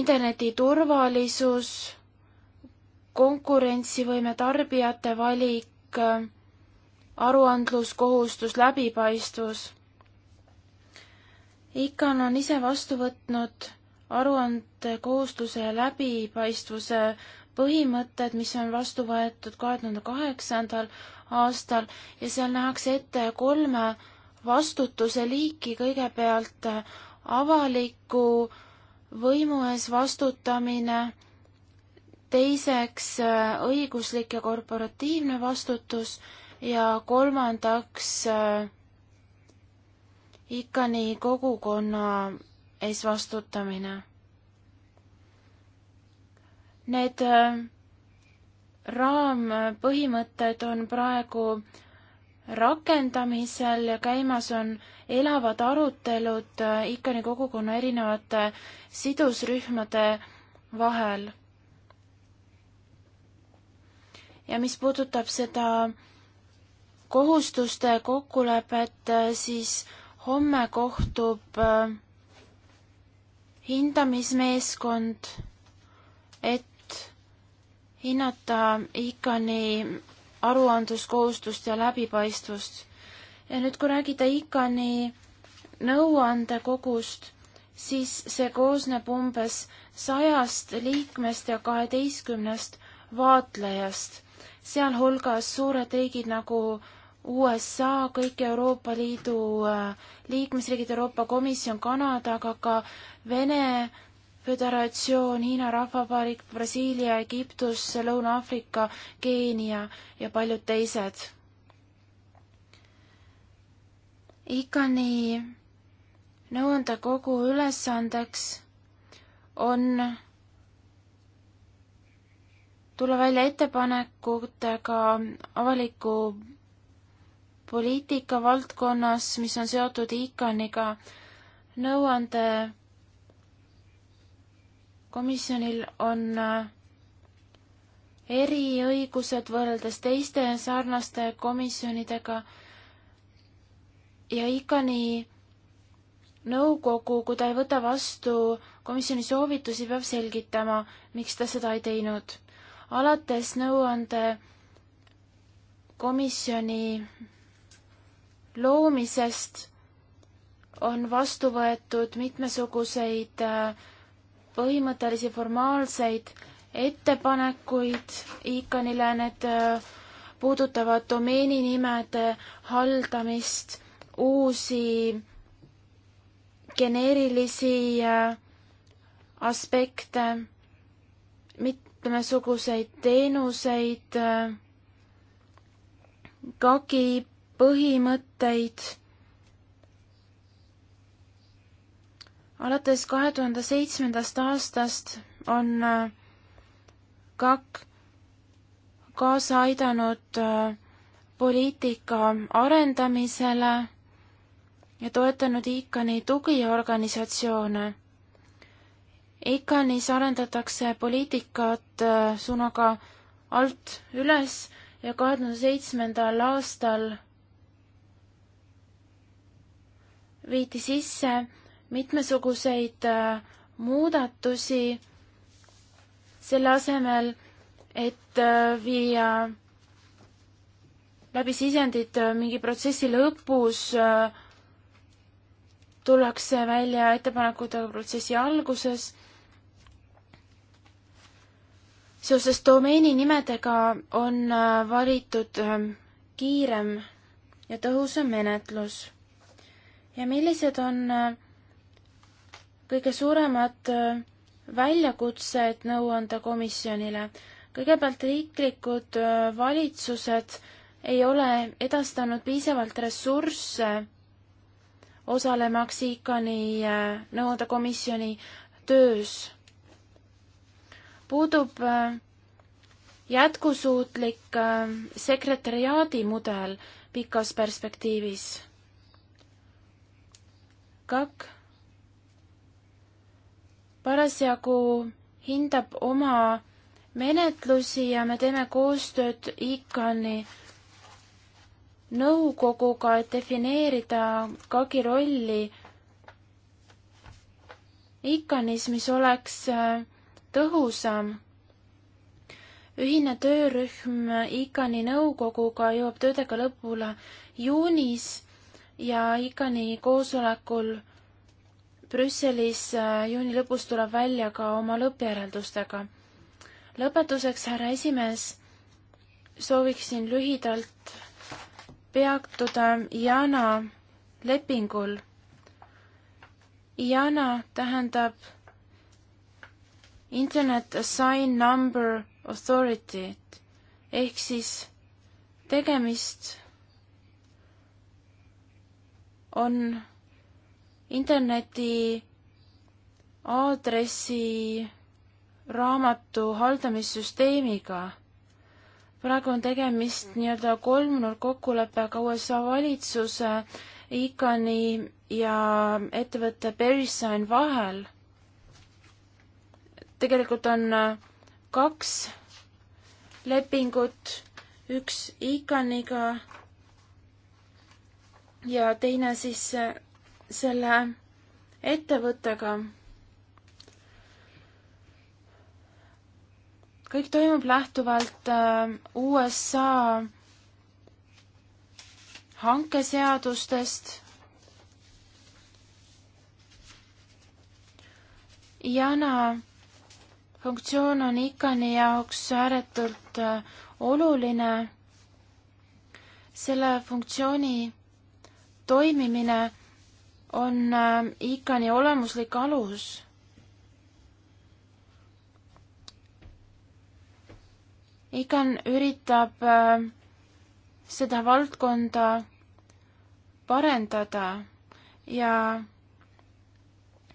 Speaker 2: interneti turvalisus, konkurentsivõime tarbijate valik, aruandluskohustus, läbipaistvus. ICAN on ise vastu võtnud aruandekohustuse ja läbipaistvuse põhimõtted, mis on vastu võetud kahe tuhande kaheksandal aastal ja seal nähakse ette kolme vastutuse liiki, kõigepealt avaliku võimu ees vastutamine, teiseks õiguslik ja korporatiivne vastutus ja kolmandaks äh, Ikani kogukonna ees vastutamine. Need äh, raampõhimõtted on praegu rakendamisel ja käimas on elavad arutelud äh, Ikani kogukonna erinevate sidusrühmade vahel. ja mis puudutab seda kohustuste kokkulepet, siis homme kohtub äh, hindamismeeskond, et hinnata ICAN-i aruandluskohustust ja läbipaistvust. ja nüüd, kui räägida ICAN-i nõuandekogust, siis see koosneb umbes sajast liikmest ja kaheteistkümnest vaatlejast, sealhulgas suured riigid nagu USA, kõik Euroopa Liidu äh, liikmesriigid, Euroopa Komisjon, Kanada, aga ka Vene Föderatsioon, Hiina Rahvavabariik, Brasiilia, Egiptus, Lõuna-Aafrika, Keenia ja paljud teised. ICAN-i nõuandekogu ülesandeks on tulla välja ettepanekutega avaliku poliitika valdkonnas, mis on seotud ICAN-iga, nõuande komisjonil on äh, eriõigused võrreldes teiste sarnaste komisjonidega ja ICAN-i nõukogu, kui ta ei võta vastu komisjoni soovitusi, peab selgitama, miks ta seda ei teinud. alates nõuande komisjoni loomisest on vastu võetud mitmesuguseid äh, põhimõttelisi formaalseid ettepanekuid ICAN-ile, need äh, puudutavad domeeninimede äh, haldamist, uusi geneerilisi aspekte, mitmesuguseid teenuseid, KAGI põhimõtteid. alates kahe tuhande seitsmendast aastast on äh, KAK kaasa aidanud äh, poliitika arendamisele ja toetanud ICAN-i tugiorganisatsioone. ICAN-is arendatakse poliitikat äh, suunaga alt üles ja kahe tuhande seitsmendal aastal viidi sisse mitmesuguseid äh, muudatusi selle asemel, et äh, viia läbi sisendid äh, mingi protsessi lõpus, tullakse välja ettepanekutega protsessi alguses. seoses domeeni nimedega on valitud kiirem ja tõhusam menetlus ja millised on äh, kõige suuremad äh, väljakutsed nõuandekomisjonile? kõigepealt riiklikud äh, valitsused ei ole edastanud piisavalt ressursse osalemaks ICAN-i nõuandekomisjoni töös. puudub jätkusuutlik sekretäriaadi mudel pikas perspektiivis Kak parasjagu hindab oma menetlusi ja me teeme koostööd ICAN-i nõukoguga, et defineerida KAG-i rolli ICAN-is, mis oleks äh, tõhusam. ühine töörühm ICAN-i nõukoguga jõuab töödega lõpule juunis ja ICAN-i koosolekul Brüsselis äh, juuni lõpus tuleb välja ka oma lõppjäreldustega. lõpetuseks, härra esimees, sooviksin lühidalt peatuda Jana lepingul. Jana tähendab Internet Assign Number Authority ehk siis tegemist on interneti aadressi raamatu haldamissüsteemiga. praegu on tegemist nii-öelda kolmnurkkokkuleppega USA valitsuse, ICAN-i ja ettevõtte Verisign vahel. tegelikult on äh, kaks lepingut, üks ICAN-iga ja teine siis äh, selle ettevõttega. kõik toimub lähtuvalt äh, USA hankeseadustest. Jana funktsioon on ICAN-i jaoks ääretult äh, oluline. selle funktsiooni toimimine on äh, ICAN-i olemuslik alus. ICAN üritab äh, seda valdkonda parendada ja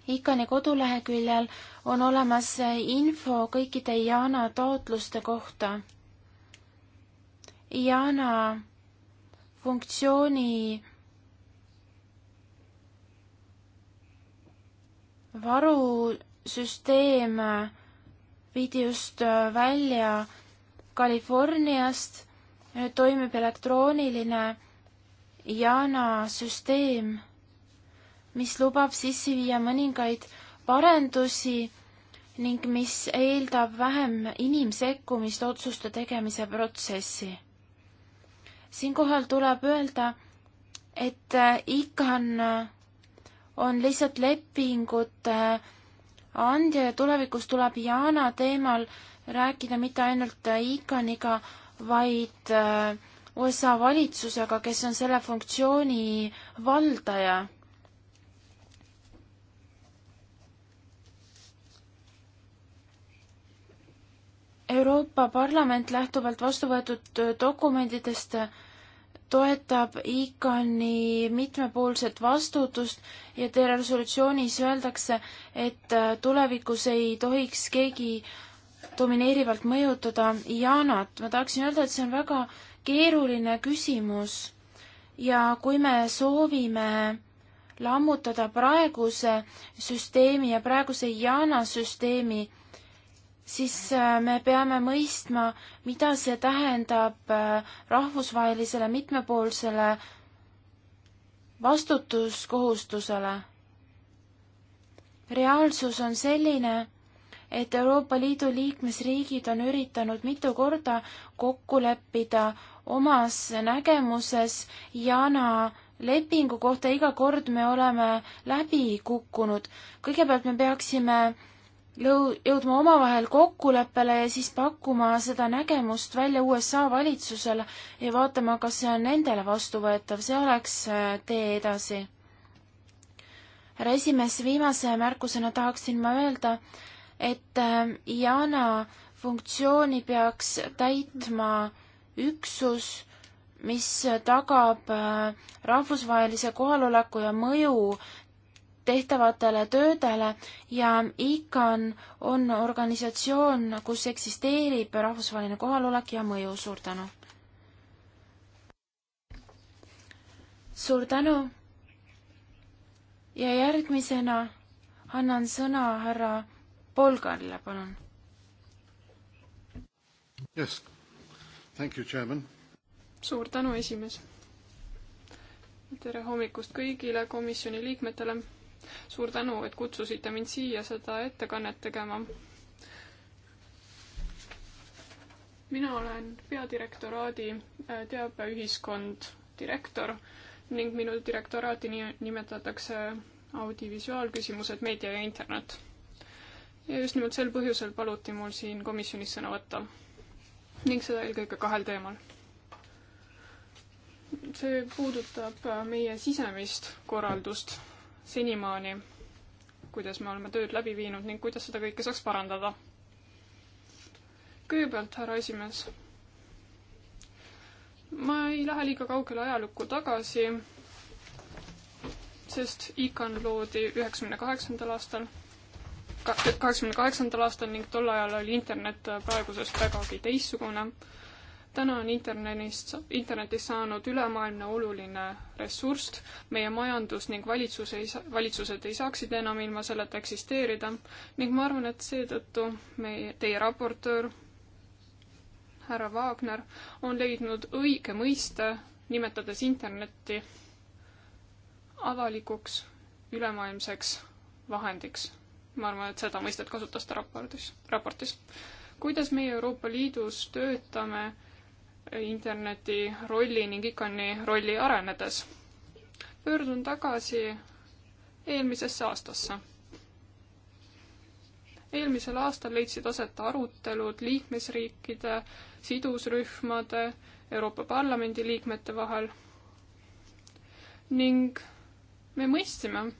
Speaker 2: ICAN-i koduleheküljel on olemas info kõikide IANA taotluste kohta. IANA funktsiooni varusüsteem viidi just äh, välja Californiast, nüüd toimib elektrooniline Jana süsteem, mis lubab sisse viia mõningaid parendusi ning mis eeldab vähem inimsekkumist otsuste tegemise protsessi. siinkohal tuleb öelda, et äh, ICAN on lihtsalt lepingute äh, andja ja tulevikus tuleb Yana teemal rääkida mitte ainult äh, ICAN-iga, vaid äh, USA valitsusega, kes on selle funktsiooni valdaja Euroopa Parlament lähtuvalt vastu võetud dokumentidest toetab ICAN-i mitmepoolset vastutust ja teie resolutsioonis öeldakse, et äh, tulevikus ei tohiks keegi domineerivalt mõjutada Janat. ma tahaksin öelda, et see on väga keeruline küsimus ja kui me soovime lammutada praeguse süsteemi ja praeguse Jana süsteemi, siis äh, me peame mõistma, mida see tähendab äh, rahvusvahelisele mitmepoolsele vastutuskohustusele. reaalsus on selline, et Euroopa Liidu liikmesriigid on üritanud mitu korda kokku leppida omas nägemuses Jana lepingu kohta, iga kord me oleme läbi kukkunud. kõigepealt me peaksime jõudma omavahel kokkuleppele ja siis pakkuma seda nägemust välja USA valitsusele ja vaatama, kas see on nendele vastuvõetav, see oleks äh, tee edasi. härra esimees, viimase märkusena tahaksin ma öelda, et äh, Jana funktsiooni peaks täitma üksus, mis tagab äh, rahvusvahelise kohaloleku ja mõju tehtavatele töödele ja ICAN on organisatsioon, kus eksisteerib rahvusvaheline kohalolek ja mõju. suur tänu! suur tänu! ja järgmisena annan sõna härra Polgarile, palun.
Speaker 1: Yes, thank you, chairman.
Speaker 3: suur tänu, esimees. tere hommikust kõigile komisjoni liikmetele suur tänu, et kutsusite mind siia seda ettekannet tegema. mina olen peadirektoraadi äh, teabeühiskond direktor ning minu direktoraati nimetatakse audivisuaalküsimused, meedia ja internet. ja just nimelt sel põhjusel paluti mul siin komisjonis sõna võtta. ning seda eelkõige kahel teemal. see puudutab äh, meie sisemist korraldust senimaani, kuidas me oleme tööd läbi viinud ning kuidas seda kõike saaks parandada. kõigepealt, härra esimees, ma ei lähe liiga kaugele ajalukku tagasi, sest ICAN loodi üheksakümne kaheksandal aastal, kaheksakümne kaheksandal aastal ning tol ajal oli internet praegusest vägagi teistsugune täna on internetist, internetist saanud ülemaailmne oluline ressurss, meie majandus ning valitsus ei saa, valitsused ei saaksid enam ilma selleta eksisteerida ning ma arvan, et seetõttu meie, teie raportöör härra Wagner on leidnud õige mõiste, nimetades internetti avalikuks ülemaailmseks vahendiks. ma arvan, et seda mõistet kasutas ta raportis, raportis. kuidas meie Euroopa Liidus töötame interneti rolli ning ikoni rolli arenedes. pöördun tagasi eelmisesse aastasse eelmisel aastal leidsid aset arutelud liikmesriikide, sidusrühmade, Euroopa Parlamendi liikmete vahel ning me mõistsime,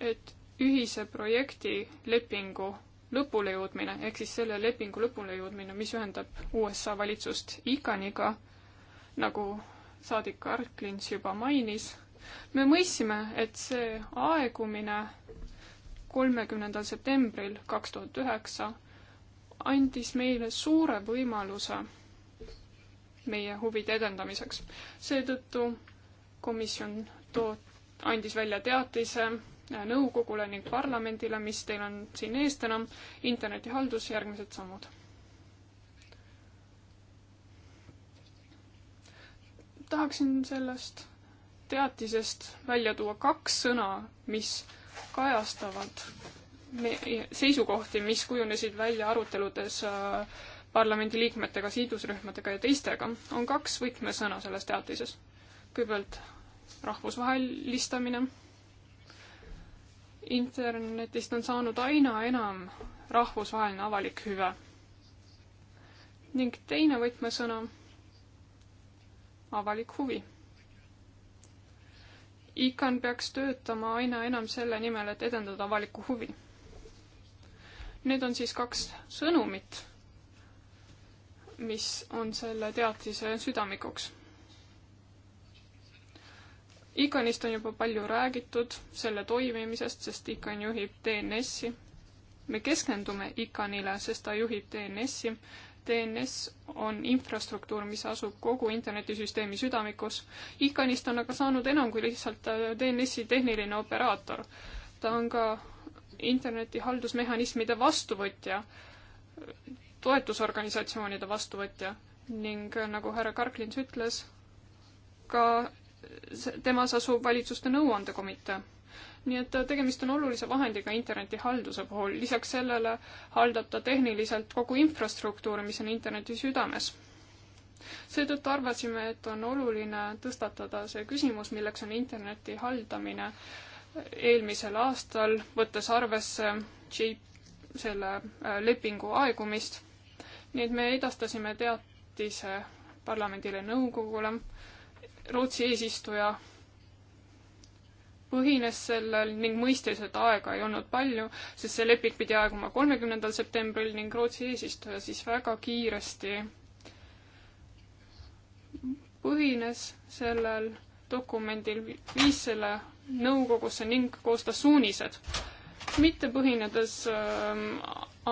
Speaker 3: et ühise projekti lepingu lõpulejõudmine, ehk siis selle lepingu lõpulejõudmine, mis ühendab USA valitsust Iganiga, nagu saadik Arklins juba mainis, me mõistsime, et see aegumine kolmekümnendal septembril kaks tuhat üheksa andis meile suure võimaluse meie huvide edendamiseks. seetõttu komisjon toot-, andis välja teatise nõukogule ning parlamendile, mis teil on siin ees täna, internetihaldus, järgmised sammud. tahaksin sellest teatisest välja tuua kaks sõna, mis kajastavad seisukohti, mis kujunesid välja aruteludes äh, parlamendiliikmetega, sidusrühmadega ja teistega, on kaks võtmesõna selles teatises. kõigepealt rahvusvahelistamine internetist on saanud aina enam rahvusvaheline avalik hüve. ning teine võtmesõna, avalik huvi. ICAN peaks töötama aina enam selle nimel, et edendada avalikku huvi. Need on siis kaks sõnumit, mis on selle teatise südamikuks Iconist on juba palju räägitud, selle toimimisest, sest Icon juhib DNS-i. me keskendume Iconile, sest ta juhib DNS-i. DNS on infrastruktuur, mis asub kogu internetisüsteemi südamikus. Iconist on aga saanud enam kui lihtsalt äh, DNS-i tehniline operaator. ta on ka interneti haldusmehhanismide vastuvõtja, toetusorganisatsioonide vastuvõtja ning äh, nagu härra Karklins ütles, ka temas asub valitsuste nõuandekomitee. nii et äh, tegemist on olulise vahendiga internetihalduse puhul, lisaks sellele haldab ta tehniliselt kogu infrastruktuuri, mis on interneti südames. seetõttu arvasime, et on oluline tõstatada see küsimus, milleks on interneti haldamine äh, eelmisel aastal, võttes arvesse selle äh, lepingu aegumist. nii et me edastasime teatise parlamendile, nõukogule Rootsi eesistuja põhines sellel ning mõistes, et aega ei olnud palju, sest see leping pidi aeguma kolmekümnendal septembril ning Rootsi eesistuja siis väga kiiresti põhines sellel dokumendil, viis selle nõukogusse ning koostas suunised, mitte põhinedes ähm,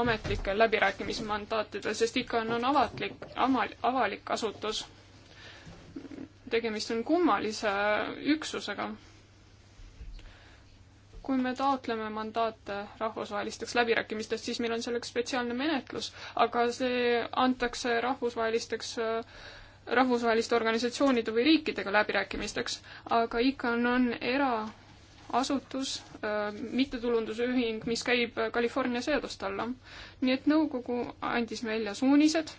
Speaker 3: ametlikel läbirääkimismandaatidel, sest ICAN on avatlik, avalik asutus tegemist on kummalise üksusega. kui me taotleme mandaate rahvusvahelisteks läbirääkimistest, siis meil on selleks spetsiaalne menetlus, aga see antakse rahvusvahelisteks rahvusvaheliste organisatsioonide või riikidega läbirääkimisteks, aga ICAN on eraasutus, mittetulundusühing, mis käib California seaduste alla. nii et nõukogu andis välja suunised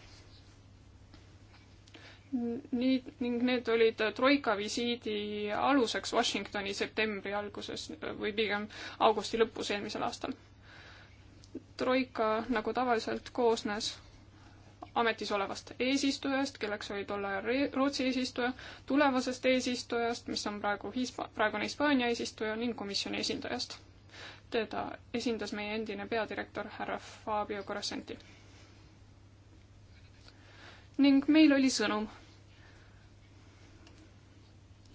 Speaker 3: nii, ning need olid Troika visiidi aluseks Washingtoni septembri alguses või pigem augusti lõpus eelmisel aastal. Troika, nagu tavaliselt, koosnes ametis olevast eesistujast, kelleks oli tol ajal Rootsi eesistuja, tulevasest eesistujast, mis on praegu Hispa-, praegune Hispaania eesistuja ning komisjoni esindajast. teda esindas meie endine peadirektor härra Fabio Corrascenti ning meil oli sõnum.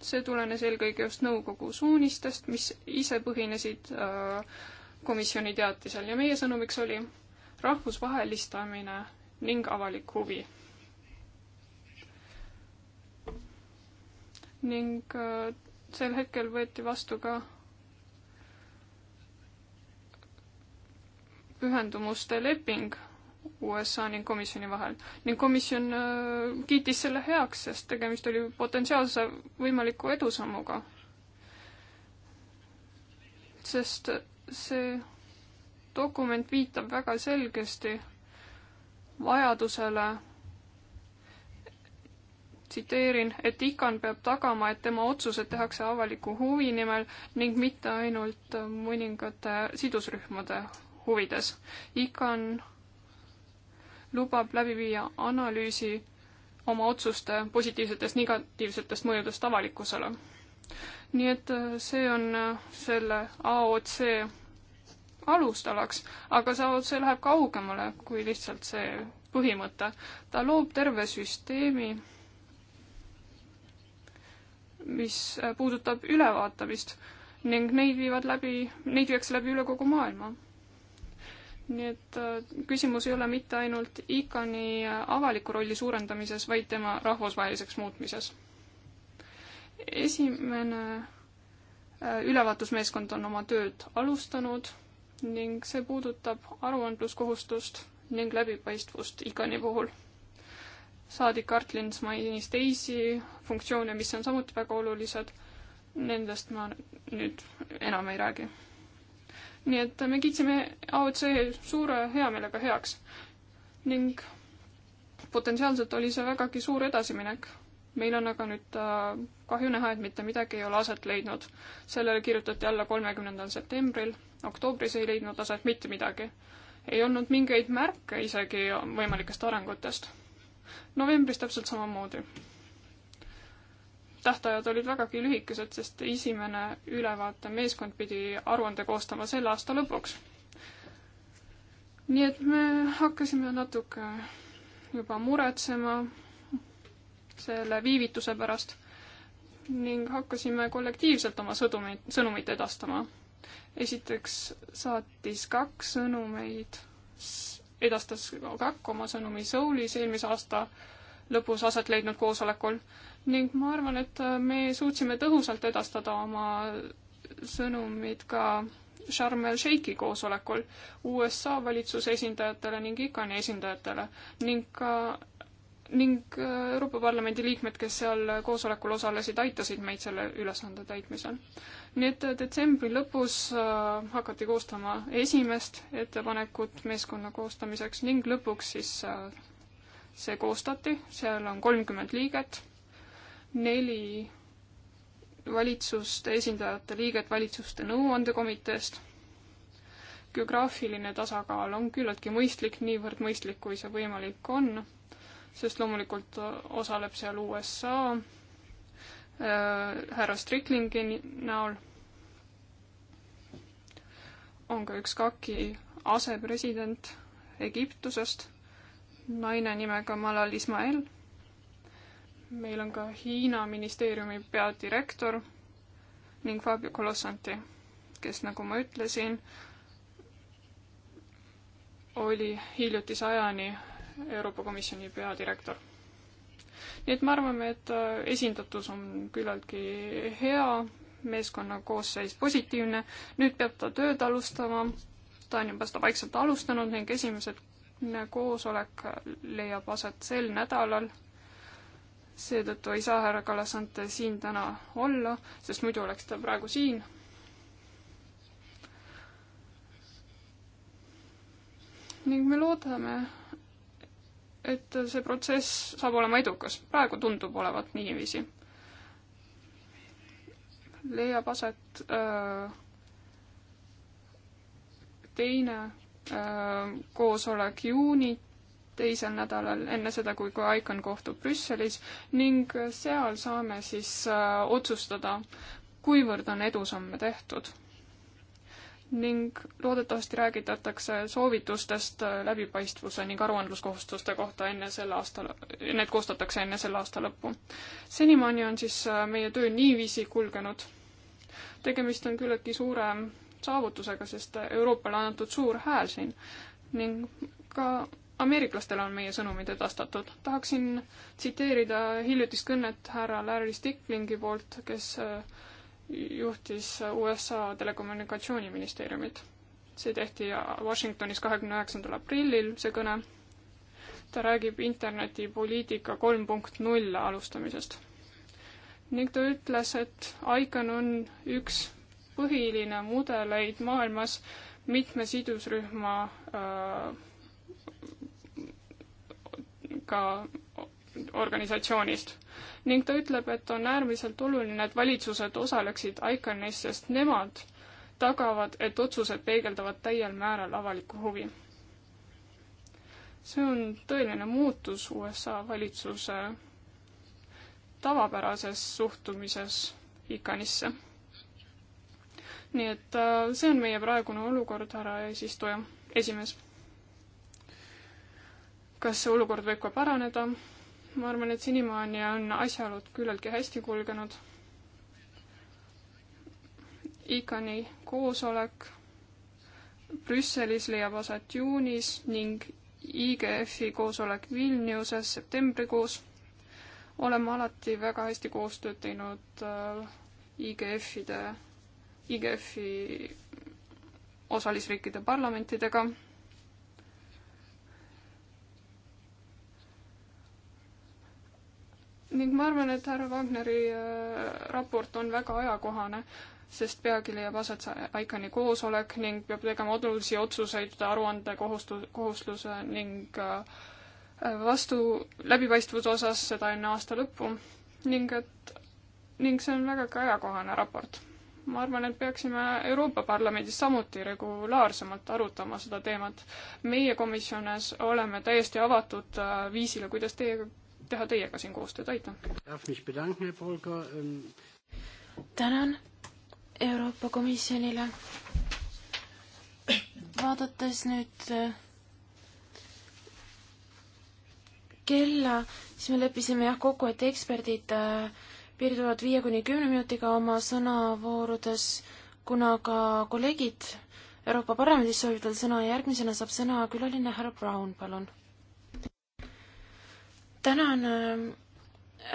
Speaker 3: see tulenes eelkõige just nõukogu suunistest, mis ise põhinesid äh, komisjoni teatisel ja meie sõnumiks oli rahvusvahelistamine ning avalik huvi. ning äh, sel hetkel võeti vastu ka pühendumuste leping USA ning komisjoni vahel. ning komisjon äh, kiitis selle heaks, sest tegemist oli potentsiaalse võimaliku edusammuga. sest see dokument viitab väga selgesti vajadusele, tsiteerin, et ICAN peab tagama, et tema otsused tehakse avaliku huvi nimel ning mitte ainult mõningate sidusrühmade huvides. ICAN lubab läbi viia analüüsi oma otsuste positiivsetest, negatiivsetest mõjudest avalikkusele. nii et äh, see on äh, selle AOC alustalaks, aga see AOC läheb kaugemale kui lihtsalt see põhimõte. ta loob terve süsteemi, mis äh, puudutab ülevaatamist ning neid viivad läbi, neid viiakse läbi üle kogu maailma nii et äh, küsimus ei ole mitte ainult ICAN-i äh, avaliku rolli suurendamises, vaid tema rahvusvaheliseks muutmises. esimene äh, ülevaatusmeeskond on oma tööd alustanud ning see puudutab aruandluskohustust ning läbipaistvust ICAN-i puhul. saadik Artlins mainis teisi funktsioone, mis on samuti väga olulised, nendest ma nüüd enam ei räägi nii et me kiitsime AOC suure heameelega heaks ning potentsiaalselt oli see vägagi suur edasiminek. meil on aga nüüd äh, kahju näha, et mitte midagi ei ole aset leidnud. sellele kirjutati alla kolmekümnendal septembril, oktoobris ei leidnud aset mitte midagi. ei olnud mingeid märke isegi võimalikest arengutest. novembris täpselt samamoodi tähtajad olid vägagi lühikesed, sest esimene ülevaate meeskond pidi aruande koostama selle aasta lõpuks. nii et me hakkasime natuke juba muretsema selle viivituse pärast ning hakkasime kollektiivselt oma sõdumeid, sõnumeid edastama. esiteks saatis kaks sõnumeid, edastas Kakk oma sõnumi Soulis eelmise aasta lõpus aset leidnud koosolekul ning ma arvan, et me suutsime tõhusalt edastada oma sõnumid ka Sharm el Sheikhi koosolekul USA valitsuse esindajatele ning ICAN-i esindajatele ning ka ning äh, Euroopa Parlamendi liikmed, kes seal koosolekul osalesid, aitasid meid selle ülesande täitmisel. nii et detsembri lõpus äh, hakati koostama esimest ettepanekut meeskonna koostamiseks ning lõpuks siis äh, see koostati, seal on kolmkümmend liiget neli valitsuste esindajate liiget valitsuste nõuandekomiteest. geograafiline tasakaal on küllaltki mõistlik, niivõrd mõistlik, kui see võimalik on, sest loomulikult osaleb seal USA äh, härra Stricklingi näol. on ka üks KAK-i asepresident Egiptusest, naine nimega Malal Ismael meil on ka Hiina ministeeriumi peadirektor ning Fabio Colossanti, kes, nagu ma ütlesin, oli hiljutise ajani Euroopa Komisjoni peadirektor. nii et me arvame, et äh, esindatus on küllaltki hea, meeskonna koosseis positiivne, nüüd peab ta tööd alustama, ta on juba seda vaikselt alustanud ning esimesed äh, koosolek leiab aset sel nädalal seetõttu ei saa härra Kalasante siin täna olla, sest muidu oleks ta praegu siin. ning me loodame, et see protsess saab olema edukas, praegu tundub olevat niiviisi. leiab aset öö, äh, teine öö, äh, koosolek juunit, teisel nädalal, enne seda, kui ka ICAN kohtub Brüsselis ning seal saame siis äh, otsustada, kuivõrd on edusamme tehtud. ning loodetavasti räägitakse soovitustest äh, läbipaistvuse ning aruandluskohustuste kohta enne selle aasta, need koostatakse enne selle aasta lõppu. senimaani on siis äh, meie töö niiviisi kulgenud. tegemist on küllaltki suure saavutusega, sest Euroopale on antud suur hääl siin ning ka ameeriklastele on meie sõnumid edastatud. tahaksin tsiteerida hiljutist kõnet härra Larry Sticklingi poolt, kes äh, juhtis USA telekommunikatsiooniministeeriumit. see tehti Washingtonis kahekümne üheksandal aprillil, see kõne. ta räägib internetipoliitika kolm punkt null alustamisest. ning ta ütles, et ICAN on üks põhiline mudeleid maailmas mitme sidusrühma öö, äh, ka organisatsioonist. ning ta ütleb, et on äärmiselt oluline, et valitsused osaleksid ICANN-is, sest nemad tagavad, et otsused peegeldavad täiel määral avalikku huvi. see on tõeline muutus USA valitsuse tavapärases suhtumises ICANN-isse. nii et äh, see on meie praegune olukord, härra eesistuja, esimees kas see olukord võib ka paraneda? ma arvan, et senimaani on asjaolud küllaltki hästi kulgenud. ICAN-i koosolek Brüsselis leiab aset juunis ning IGF-i koosolek Vilniuses septembrikuus. oleme alati väga hästi koostööd teinud äh, IGF-ide, IGF-i osalisriikide parlamentidega ning ma arvan, et härra Wagneri äh, raport on väga ajakohane, sest peagi leiab aset ICAN-i koosolek ning peab tegema olulisi otsuseid aruande kohustu-, kohustuse ning äh, vastu, läbipaistvuse osas seda enne aasta lõppu ning et, ning see on vägagi ajakohane raport. ma arvan, et peaksime Euroopa Parlamendis samuti regulaarsemalt arutama seda teemat. meie komisjonis oleme täiesti avatud äh, viisile, kuidas teiega teha teiega siin koostööd, aitäh!
Speaker 2: Ähm, tänan Euroopa Komisjonile. vaadates nüüd äh, kella, siis me leppisime jah kokku, et eksperdid äh, piirduvad viie kuni kümne minutiga oma sõnavoorudes, kuna ka kolleegid Euroopa Parlamendis soovivad veel sõna ja järgmisena saab sõna külaline härra Brown, palun tänan, äh,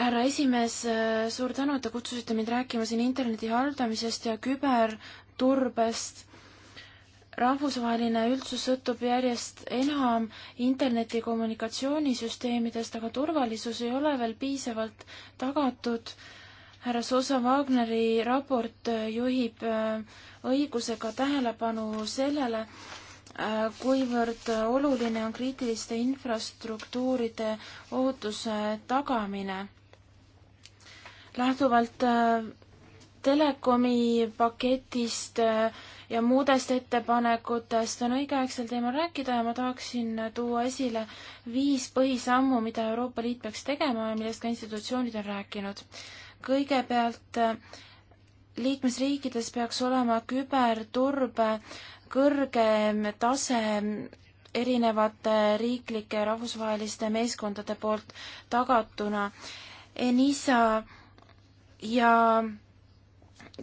Speaker 2: härra esimees, äh, suur tänu, et te kutsusite mind rääkima siin interneti haldamisest ja küberturbest rahvusvaheline üldsus sõltub järjest enam interneti kommunikatsioonisüsteemidest, aga turvalisus ei ole veel piisavalt tagatud. härra Zosa Wagneri raport äh, juhib õigusega tähelepanu sellele, Äh, kuivõrd oluline on kriitiliste infrastruktuuride ohutuse tagamine. lähtuvalt äh, telekomi paketist äh, ja muudest ettepanekutest on õigeaegsel teemal rääkida ja ma tahaksin tuua esile viis põhisammu, mida Euroopa Liit peaks tegema ja millest ka institutsioonid on rääkinud. kõigepealt liikmesriikides peaks olema küberturbe kõrgem tase erinevate riiklike ja rahvusvaheliste meeskondade poolt tagatuna. ENISA ja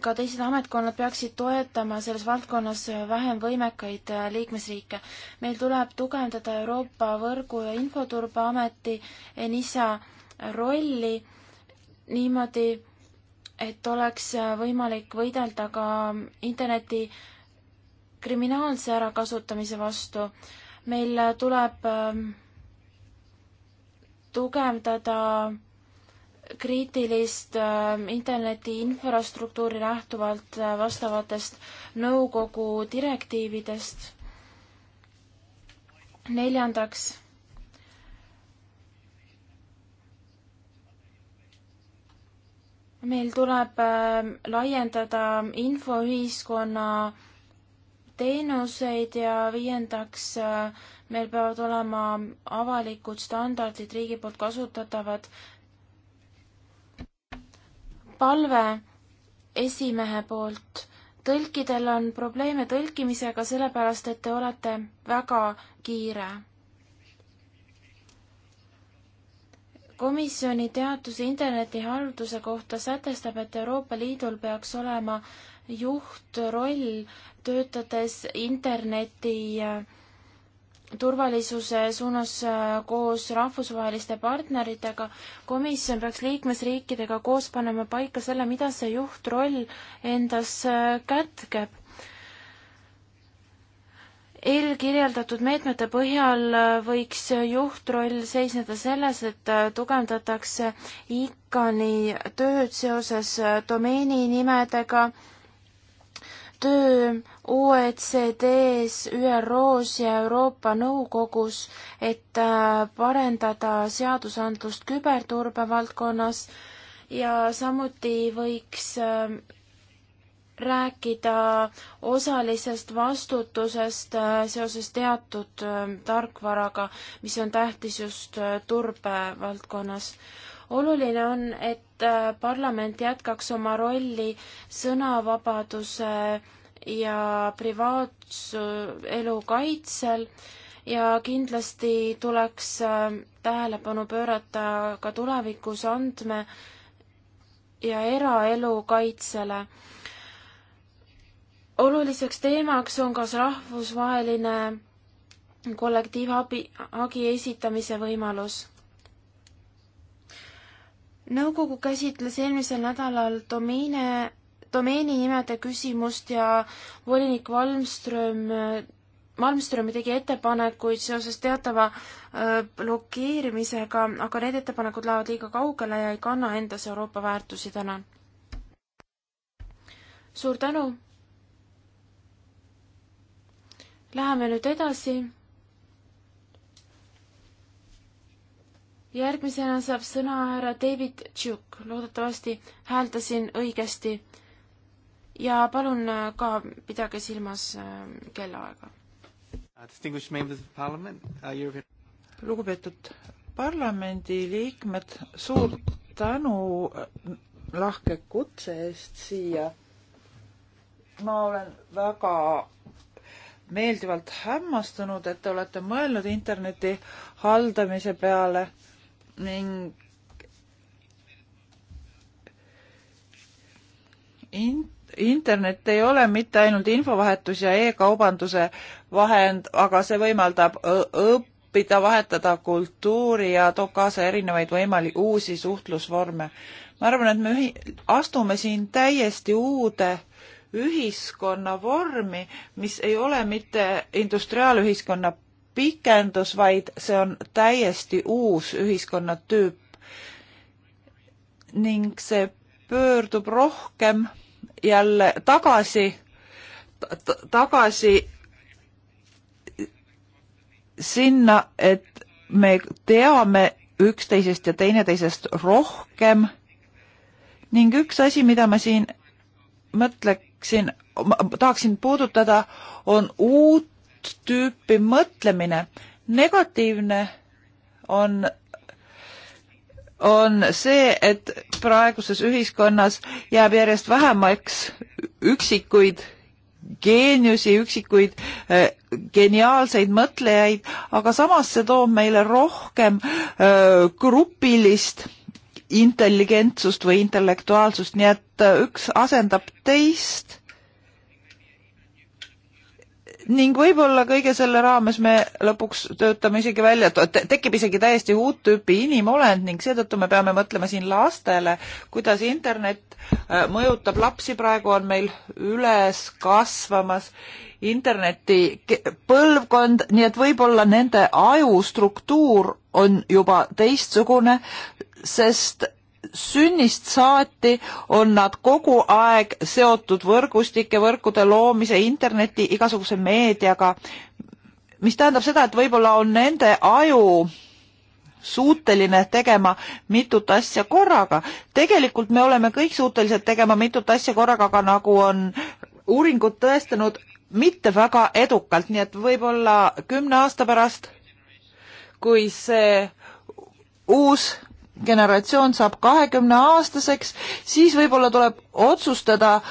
Speaker 2: ka teised ametkonnad peaksid toetama selles valdkonnas vähem võimekaid liikmesriike. meil tuleb tugevdada Euroopa Võrgu- ja Infoturbeameti ENISA rolli niimoodi, et oleks võimalik võidelda ka interneti kriminaalse ärakasutamise vastu. meil tuleb ähm, tugevdada kriitilist ähm, interneti infrastruktuuri lähtuvalt äh, vastavatest nõukogu direktiividest. neljandaks meil tuleb ähm, laiendada infoühiskonna teenuseid ja viiendaks, meil peavad olema avalikud standardid riigi poolt kasutatavad. palve esimehe poolt. tõlkidel on probleeme tõlkimisega, sellepärast et te olete väga kiire. komisjoni teatus internetihalduse kohta sätestab, et Euroopa Liidul peaks olema juhtroll töötades interneti turvalisuse suunas äh, koos rahvusvaheliste partneritega. komisjon peaks liikmesriikidega koos panema paika selle, mida see juhtroll endas äh, kätkeb. eelkirjeldatud meetmete põhjal äh, võiks juhtroll seisneda selles, et tugevdatakse ICAN-i tööd seoses domeeni nimedega töö OECD-s, ÜRO-s ja Euroopa Nõukogus, et äh, parendada seadusandlust küberturbe valdkonnas ja samuti võiks ähm, rääkida osalisest vastutusest äh, seoses teatud ähm, tarkvaraga, mis on tähtis just äh, turbe valdkonnas oluline on, et äh, parlament jätkaks oma rolli sõnavabaduse ja privaatelu kaitsel ja kindlasti tuleks äh, tähelepanu pöörata ka tulevikus andme ja eraelu kaitsele oluliseks teemaks on kas rahvusvaheline kollektiivhagi esitamise võimalus nõukogu käsitles eelmisel nädalal domeene, domeeninimede küsimust ja volinik Valmström, Malmström tegi ettepanekuid seoses teatava öö, blokeerimisega, aga need ettepanekud lähevad liiga kaugele ja ei kanna endas Euroopa väärtusi, tänan. suur tänu! Läheme nüüd edasi järgmisena saab sõna härra David Tšuk, loodetavasti hääldasin õigesti. ja palun äh, ka pidage silmas äh, kellaaega. lugupeetud parlamendiliikmed, suur tänu
Speaker 1: äh, lahke kutse eest siia. ma olen väga meeldivalt hämmastunud, et te olete mõelnud interneti haldamise peale ning int-, internet ei ole mitte ainult infovahetus ja e-kaubanduse vahend, aga see võimaldab õppida, vahetada kultuuri ja toob kaasa erinevaid võimali-, uusi suhtlusvorme. ma arvan, et me ühi-, astume siin täiesti uude ühiskonna vormi, mis ei ole mitte industriaalühiskonna pikendus, vaid see on täiesti uus ühiskonnatüüp. ning see pöördub rohkem jälle tagasi ta, tagasi sinna, et me teame üksteisest ja teineteisest rohkem ning üks asi, mida ma siin mõtleksin, tahaksin puudutada, on uut tüüpi mõtlemine. negatiivne on, on see, et praeguses ühiskonnas jääb järjest vähemaks üksikuid geeniusi, üksikuid äh, geniaalseid mõtlejaid, aga samas see toob meile rohkem äh, grupilist intelligentsust või intellektuaalsust, nii et äh, üks asendab teist ning võib-olla kõige selle raames me lõpuks töötame isegi välja, tekib isegi täiesti uut tüüpi inimolend ning seetõttu me peame mõtlema siin lastele, kuidas internet äh, mõjutab lapsi, praegu on meil üles kasvamas interneti põlvkond, nii et võib-olla nende ajustruktuur on juba teistsugune, sest sünnist saati on nad kogu aeg seotud võrgustike, võrkude loomise, interneti, igasuguse meediaga, mis tähendab seda, et võib-olla on nende aju suuteline tegema mitut asja korraga. tegelikult me oleme kõik suutelised tegema mitut asja korraga, aga nagu on uuringud tõestanud, mitte väga edukalt, nii et võib-olla kümne aasta pärast, kui see uus generatsioon saab kahekümne aastaseks, siis võib-olla tuleb otsustada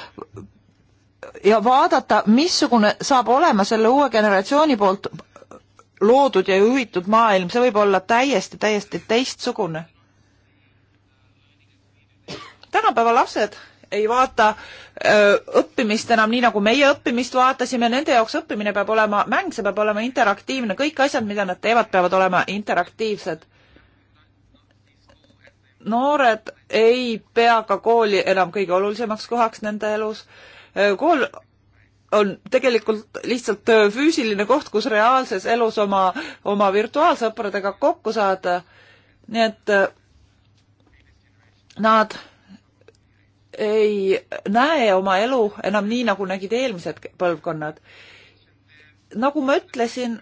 Speaker 1: ja vaadata, missugune saab olema selle uue generatsiooni poolt loodud ja juhitud maailm, see võib olla täiesti, täiesti teistsugune. tänapäeva lapsed ei vaata öö, õppimist enam nii, nagu meie õppimist vaatasime, nende jaoks õppimine peab olema mäng, see peab olema interaktiivne, kõik asjad, mida nad teevad, peavad olema interaktiivsed noored ei pea ka kooli enam kõige olulisemaks kohaks nende elus. kool on tegelikult lihtsalt äh, füüsiline koht, kus reaalses elus oma, oma virtuaalsõpradega kokku saada. nii et äh, nad ei näe oma elu enam nii, nagu nägid eelmised põlvkonnad. nagu ma ütlesin,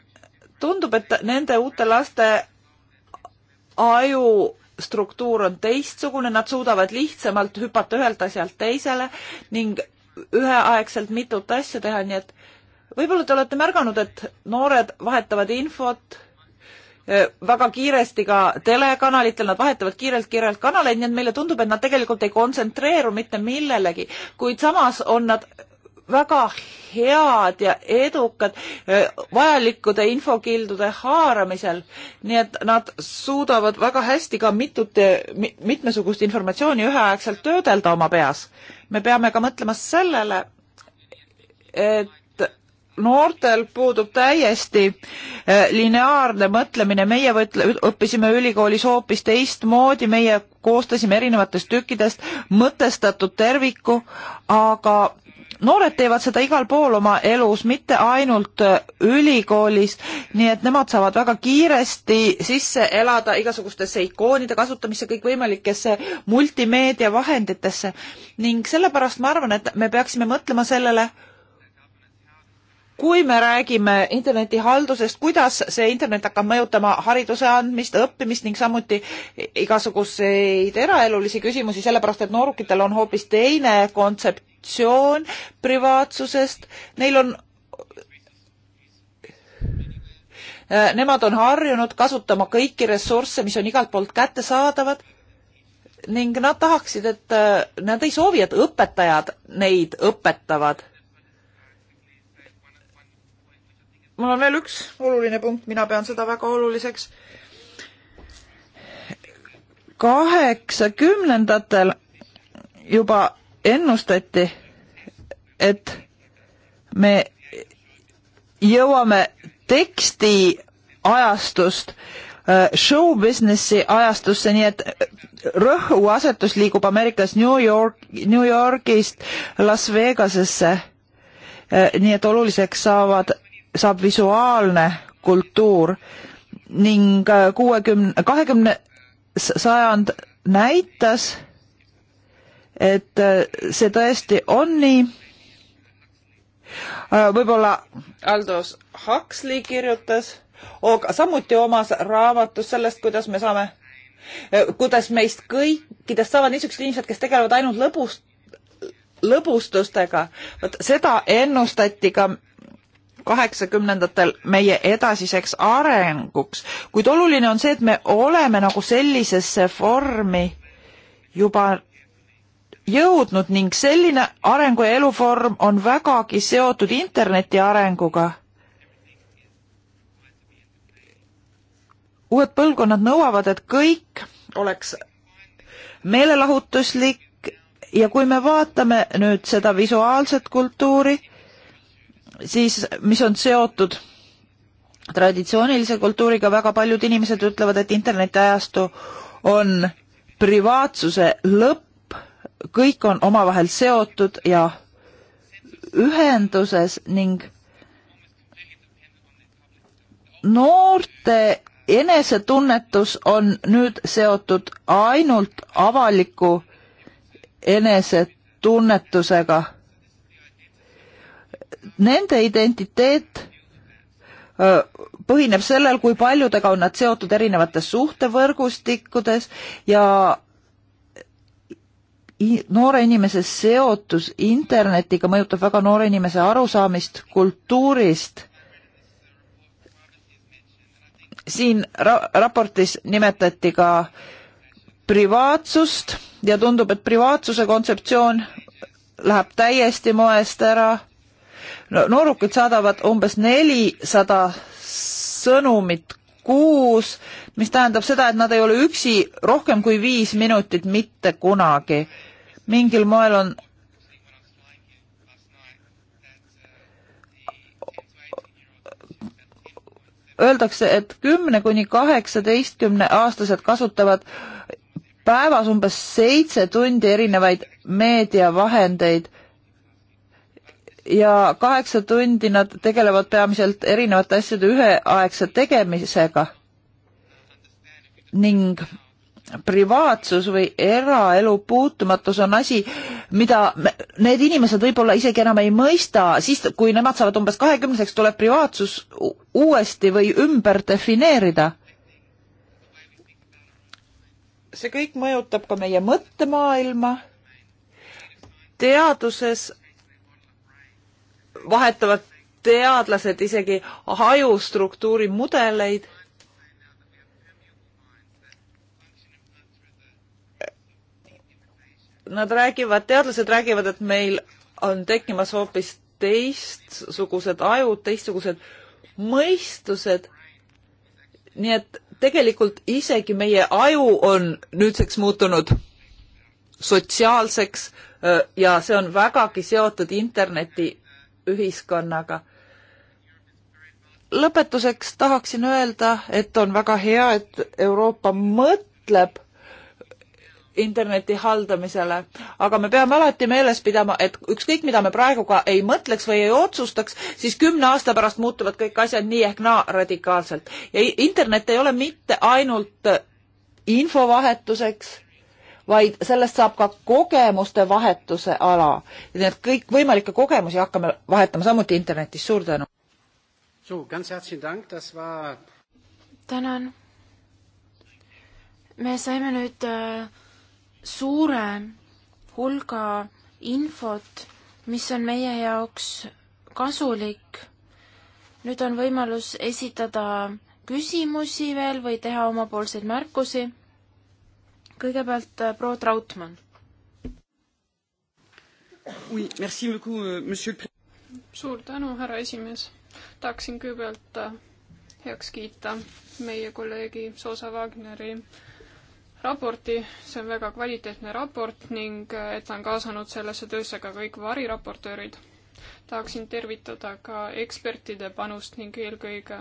Speaker 1: tundub, et nende uute laste aju struktuur on teistsugune, nad suudavad lihtsamalt hüpata ühelt asjalt teisele ning üheaegselt mitut asja teha, nii et võib-olla te olete märganud, et noored vahetavad infot eh, väga kiiresti ka telekanalitel, nad vahetavad kiirelt-kiirelt kanaleid, nii et meile tundub, et nad tegelikult ei kontsentreeru mitte millelegi, kuid samas on nad väga head ja edukad eh, vajalikude infokildude haaramisel, nii et nad suudavad väga hästi ka mitut, mitmesugust informatsiooni üheaegselt töödelda oma peas. me peame ka mõtlema sellele, et noortel puudub täiesti eh, lineaarne mõtlemine, meie võtle, õppisime ülikoolis hoopis teistmoodi, meie koostasime erinevatest tükkidest mõtestatud terviku, aga noored teevad seda igal pool oma elus, mitte ainult äh, ülikoolis, nii et nemad saavad väga kiiresti sisse elada igasugustesse ikoonide kasutamisse, kõikvõimalikesse multimeediavahenditesse ning sellepärast ma arvan, et me peaksime mõtlema sellele, kui me räägime internetihaldusest, kuidas see internet hakkab mõjutama hariduse andmist, õppimist ning samuti igasuguseid eraelulisi küsimusi, sellepärast et noorukitel on hoopis teine kontsept kontseptsioon privaatsusest, neil on äh, Nemad on harjunud kasutama kõiki ressursse, mis on igalt poolt kättesaadavad ning nad tahaksid, et äh, nad ei soovi, et õpetajad neid õpetavad mul on veel üks oluline punkt, mina pean seda väga oluliseks. kaheksakümnendatel juba ennustati, et me jõuame teksti ajastust äh, show businessi ajastusse, nii et äh, rõhuasetus liigub Ameerikas New York, New Yorgist Las Vegasesse. Äh, nii et oluliseks saavad, saab visuaalne kultuur ning kuuekümne, kahekümne sajand näitas, et äh, see tõesti on nii. Äh, võib-olla Aldous Huxley kirjutas aga samuti omas raamatus sellest, kuidas me saame, äh, kuidas meist kõikidest saavad niisugused inimesed, kes tegelevad ainult lõbust, lõbustustega. vot seda ennustati ka kaheksakümnendatel meie edasiseks arenguks, kuid oluline on see, et me oleme nagu sellisesse vormi juba jõudnud ning selline arengu ja eluvorm on vägagi seotud interneti arenguga. uued põlvkonnad nõuavad, et kõik oleks meelelahutuslik ja kui me vaatame nüüd seda visuaalset kultuuri, siis mis on seotud traditsioonilise kultuuriga, väga paljud inimesed ütlevad, et internetiajastu on privaatsuse lõpp, kõik on omavahel seotud ja ühenduses ning noorte enesetunnetus on nüüd seotud ainult avaliku enesetunnetusega. Nende identiteet põhineb sellel, kui paljudega on nad seotud erinevates suhtevõrgustikkudes ja noore inimese seotus internetiga mõjutab väga noore inimese arusaamist kultuurist. siin ra raportis nimetati ka privaatsust ja tundub, et privaatsuse kontseptsioon läheb täiesti moest ära no,. noorukid saadavad umbes nelisada sõnumit kuus, mis tähendab seda, et nad ei ole üksi rohkem kui viis minutit mitte kunagi mingil moel on öeldakse, et kümne kuni kaheksateistkümne aastased kasutavad päevas umbes seitse tundi erinevaid meediavahendeid ja kaheksa tundi nad tegelevad peamiselt erinevate asjade üheaegse tegemisega ning privaatsus või eraelu puutumatus on asi, mida me, need inimesed võib-olla isegi enam ei mõista, siis kui nemad saavad umbes kahekümneseks, tuleb privaatsus uuesti või ümber defineerida. see kõik mõjutab ka meie mõttemaailma. teaduses vahetavad teadlased isegi hajustruktuuri mudeleid nad räägivad, teadlased räägivad, et meil on tekkimas hoopis teistsugused ajud, teistsugused mõistused. nii et tegelikult isegi meie aju on nüüdseks muutunud sotsiaalseks ja see on vägagi seotud internetiühiskonnaga. lõpetuseks tahaksin öelda, et on väga hea, et Euroopa mõtleb interneti haldamisele, aga me peame alati meeles pidama, et ükskõik, mida me praegu ka ei mõtleks või ei otsustaks, siis kümne aasta pärast muutuvad kõik asjad nii ehk naa radikaalselt. ja internet ei ole mitte ainult infovahetuseks, vaid sellest saab ka kogemuste vahetuse ala. nii et kõikvõimalikke kogemusi hakkame vahetama samuti internetis, suur tänu!
Speaker 2: tänan! me saime nüüd äh suure hulga infot, mis on meie jaoks kasulik. nüüd on võimalus esitada küsimusi veel või teha omapoolseid märkusi. kõigepealt äh, proua Trautmann.
Speaker 3: Euh, suur tänu, härra esimees. tahaksin kõigepealt äh, heaks kiita meie kolleegi Soosa Wagneri äh, raporti, see on väga kvaliteetne raport ning äh, et ta on kaasanud sellesse töösse ka kõik variraportöörid. tahaksin tervitada ka ekspertide panust ning eelkõige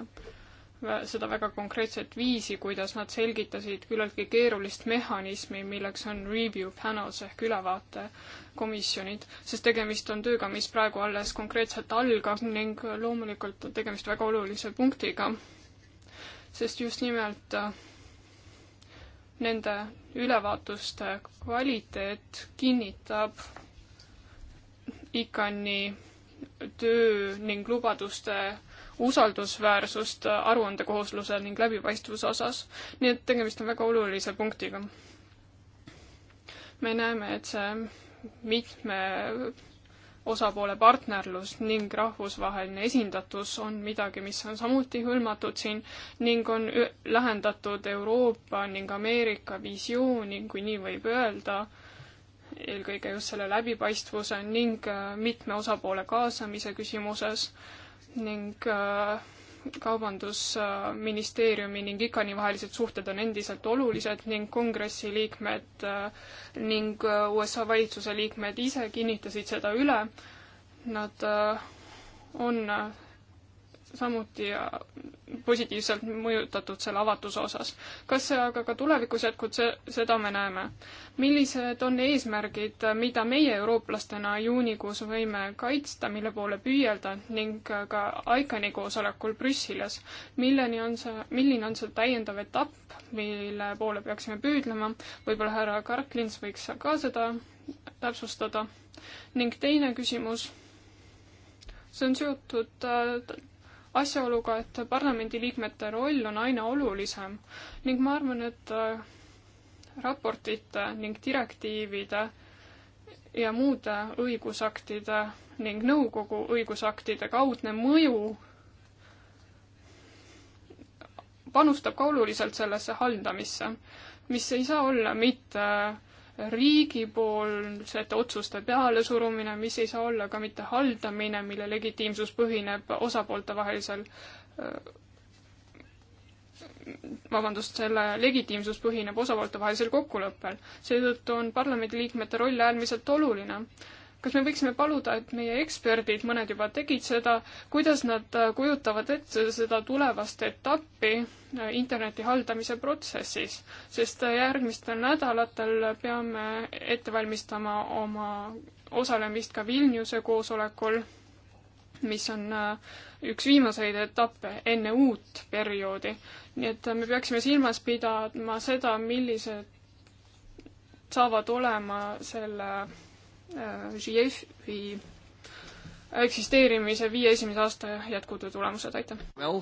Speaker 3: seda väga konkreetset viisi, kuidas nad selgitasid küllaltki keerulist mehhanismi, milleks on review panels ehk ülevaatekomisjonid, sest tegemist on tööga, mis praegu alles konkreetselt algab ning loomulikult on tegemist väga olulise punktiga, sest just nimelt äh, nende ülevaatuste kvaliteet kinnitab ICAN-i töö ning lubaduste usaldusväärsust aruandekohusluse ning läbipaistvuse osas. nii et tegemist on väga olulise punktiga. me näeme, et see mitme osapoole partnerlus ning rahvusvaheline esindatus on midagi, mis on samuti hõlmatud siin ning on lähendatud Euroopa ning Ameerika visiooni, kui nii võib öelda, eelkõige just selle läbipaistvuse ning äh, mitme osapoole kaasamise küsimuses ning äh, Kaubandusministeeriumi ning ICANN-i vahelised suhted on endiselt olulised ning kongressi liikmed äh, ning äh, USA valitsuse liikmed ise kinnitasid seda üle. Nad äh, on samuti positiivselt mõjutatud selle avatuse osas. kas see aga ka tulevikus jätkub, see, seda me näeme. millised on eesmärgid, mida meie eurooplastena juunikuus võime kaitsta, mille poole püüelda ning ka ICAN-i koosolekul Brüsselis, milleni on see, milline on see täiendav etapp, mille poole peaksime püüdlema, võib-olla härra Karklins võiks ka seda täpsustada. ning teine küsimus, see on seotud äh, asjaoluga, et parlamendiliikmete roll on aina olulisem ning ma arvan, et äh, raportite ning direktiivide ja muude õigusaktide ning nõukogu õigusaktide kaudne mõju panustab ka oluliselt sellesse haldamisse, mis ei saa olla mitte riigipoolsete otsuste pealesurumine, mis ei saa olla ka mitte haldamine, mille legitiimsus põhineb osapooltevahelisel vabandust, selle legitiimsus põhineb osapooltevahelisel kokkuleppel. seetõttu on parlamendiliikmete roll äärmiselt oluline kas me võiksime paluda, et meie eksperdid, mõned juba tegid seda, kuidas nad äh, kujutavad ette seda tulevast etappi äh, interneti haldamise protsessis, sest äh, järgmistel nädalatel peame ette valmistama oma osalemist ka Vilniuse koosolekul, mis on üks viimaseid etappe enne uut perioodi. nii et me peaksime silmas pidama seda, millised saavad olema selle JF-i äh, eksisteerimise viie esimese aasta jätkutöö tulemused, aitäh! Well,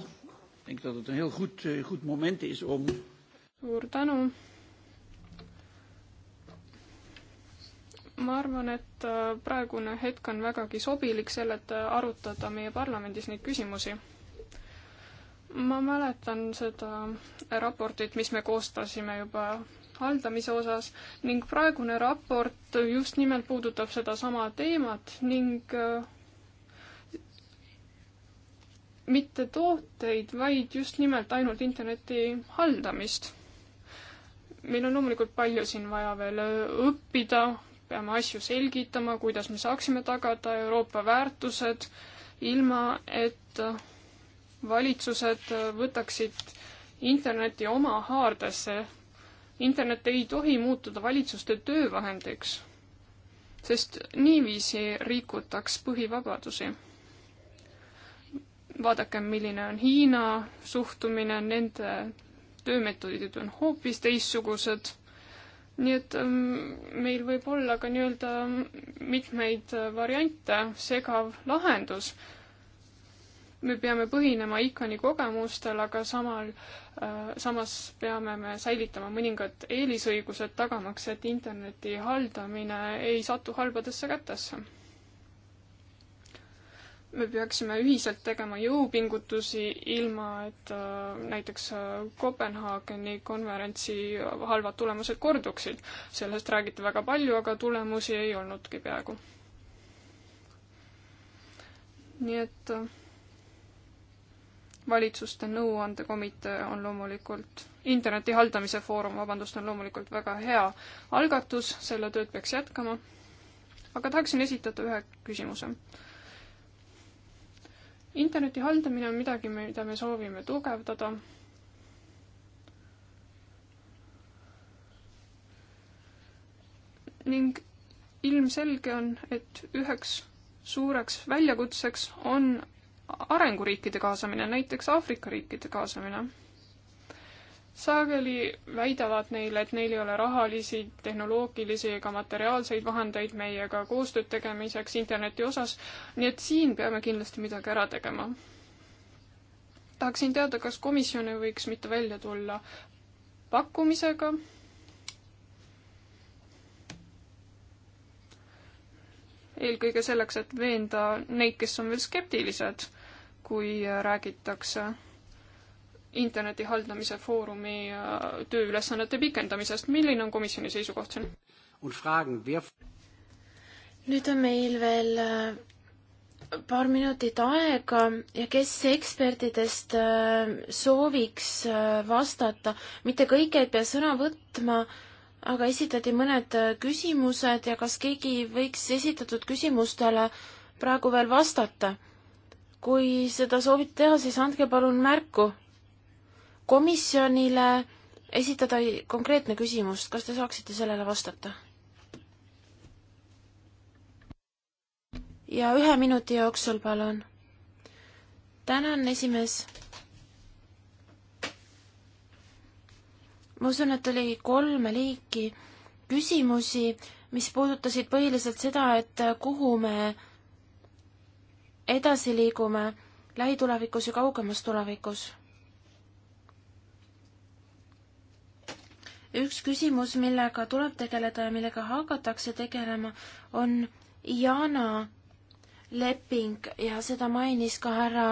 Speaker 1: ik dat het een heel goed, eh, goed moment
Speaker 3: is om suur tänu! ma arvan, et äh, praegune hetk on vägagi sobilik selle, et äh, arutada meie parlamendis neid küsimusi. ma mäletan seda raportit, mis me koostasime juba haldamise osas ning praegune raport just nimelt puudutab sedasama teemat ning äh, mitte tooteid, vaid just nimelt ainult interneti haldamist. meil on loomulikult palju siin vaja veel äh, õppida, peame asju selgitama, kuidas me saaksime tagada Euroopa väärtused, ilma et äh, valitsused võtaksid interneti oma haardesse internet ei tohi muutuda valitsuste töövahendiks, sest niiviisi rikutaks põhivabadusi. vaadakem, milline on Hiina suhtumine, nende töömeetodid on hoopis teistsugused, nii et ähm, meil võib olla ka nii-öelda mitmeid variante, segav lahendus me peame põhinema ICAN-i kogemustel, aga samal äh,, samas peame me säilitama mõningad eelisõigused, tagamaks, et interneti haldamine ei satu halbadesse kätesse. me peaksime ühiselt tegema jõupingutusi, ilma et äh, näiteks äh, Kopenhaageni konverentsi halvad tulemused korduksid. sellest räägiti väga palju, aga tulemusi ei olnudki peaaegu. nii et äh, valitsuste nõuandekomitee on loomulikult, interneti haldamise foorum, vabandust, on loomulikult väga hea algatus, selle tööd peaks jätkama. aga tahaksin esitada ühe küsimuse. interneti haldamine on midagi, mida me soovime tugevdada. ning ilmselge on, et üheks suureks väljakutseks on arenguriikide kaasamine, näiteks Aafrika riikide kaasamine. sageli väidavad neile, et neil ei ole rahalisi, tehnoloogilisi ega materiaalseid vahendeid meiega koostööd tegemiseks interneti osas, nii et siin peame kindlasti midagi ära tegema. tahaksin teada, kas komisjon ei võiks mitte välja tulla pakkumisega eelkõige selleks, et veenda neid, kes on veel skeptilised, kui räägitakse interneti haldamise foorumi äh, tööülesannete pikendamisest. milline on komisjoni seisukoht siin?
Speaker 2: nüüd on meil veel äh, paar minutit aega ja kes ekspertidest äh, sooviks vastata, mitte kõik ei pea sõna võtma aga esitati mõned äh, küsimused ja kas keegi võiks esitatud küsimustele praegu veel vastata? kui seda soovite teha, siis andke palun märku. komisjonile esitada konkreetne küsimus, kas te saaksite sellele vastata? ja ühe minuti jooksul palun. tänan, esimees ma usun, et oli kolme liiki küsimusi, mis puudutasid põhiliselt seda, et kuhu me edasi liigume lähitulevikus ja kaugemas tulevikus. üks küsimus, millega tuleb tegeleda ja millega hakatakse tegelema, on Jana leping ja seda mainis ka härra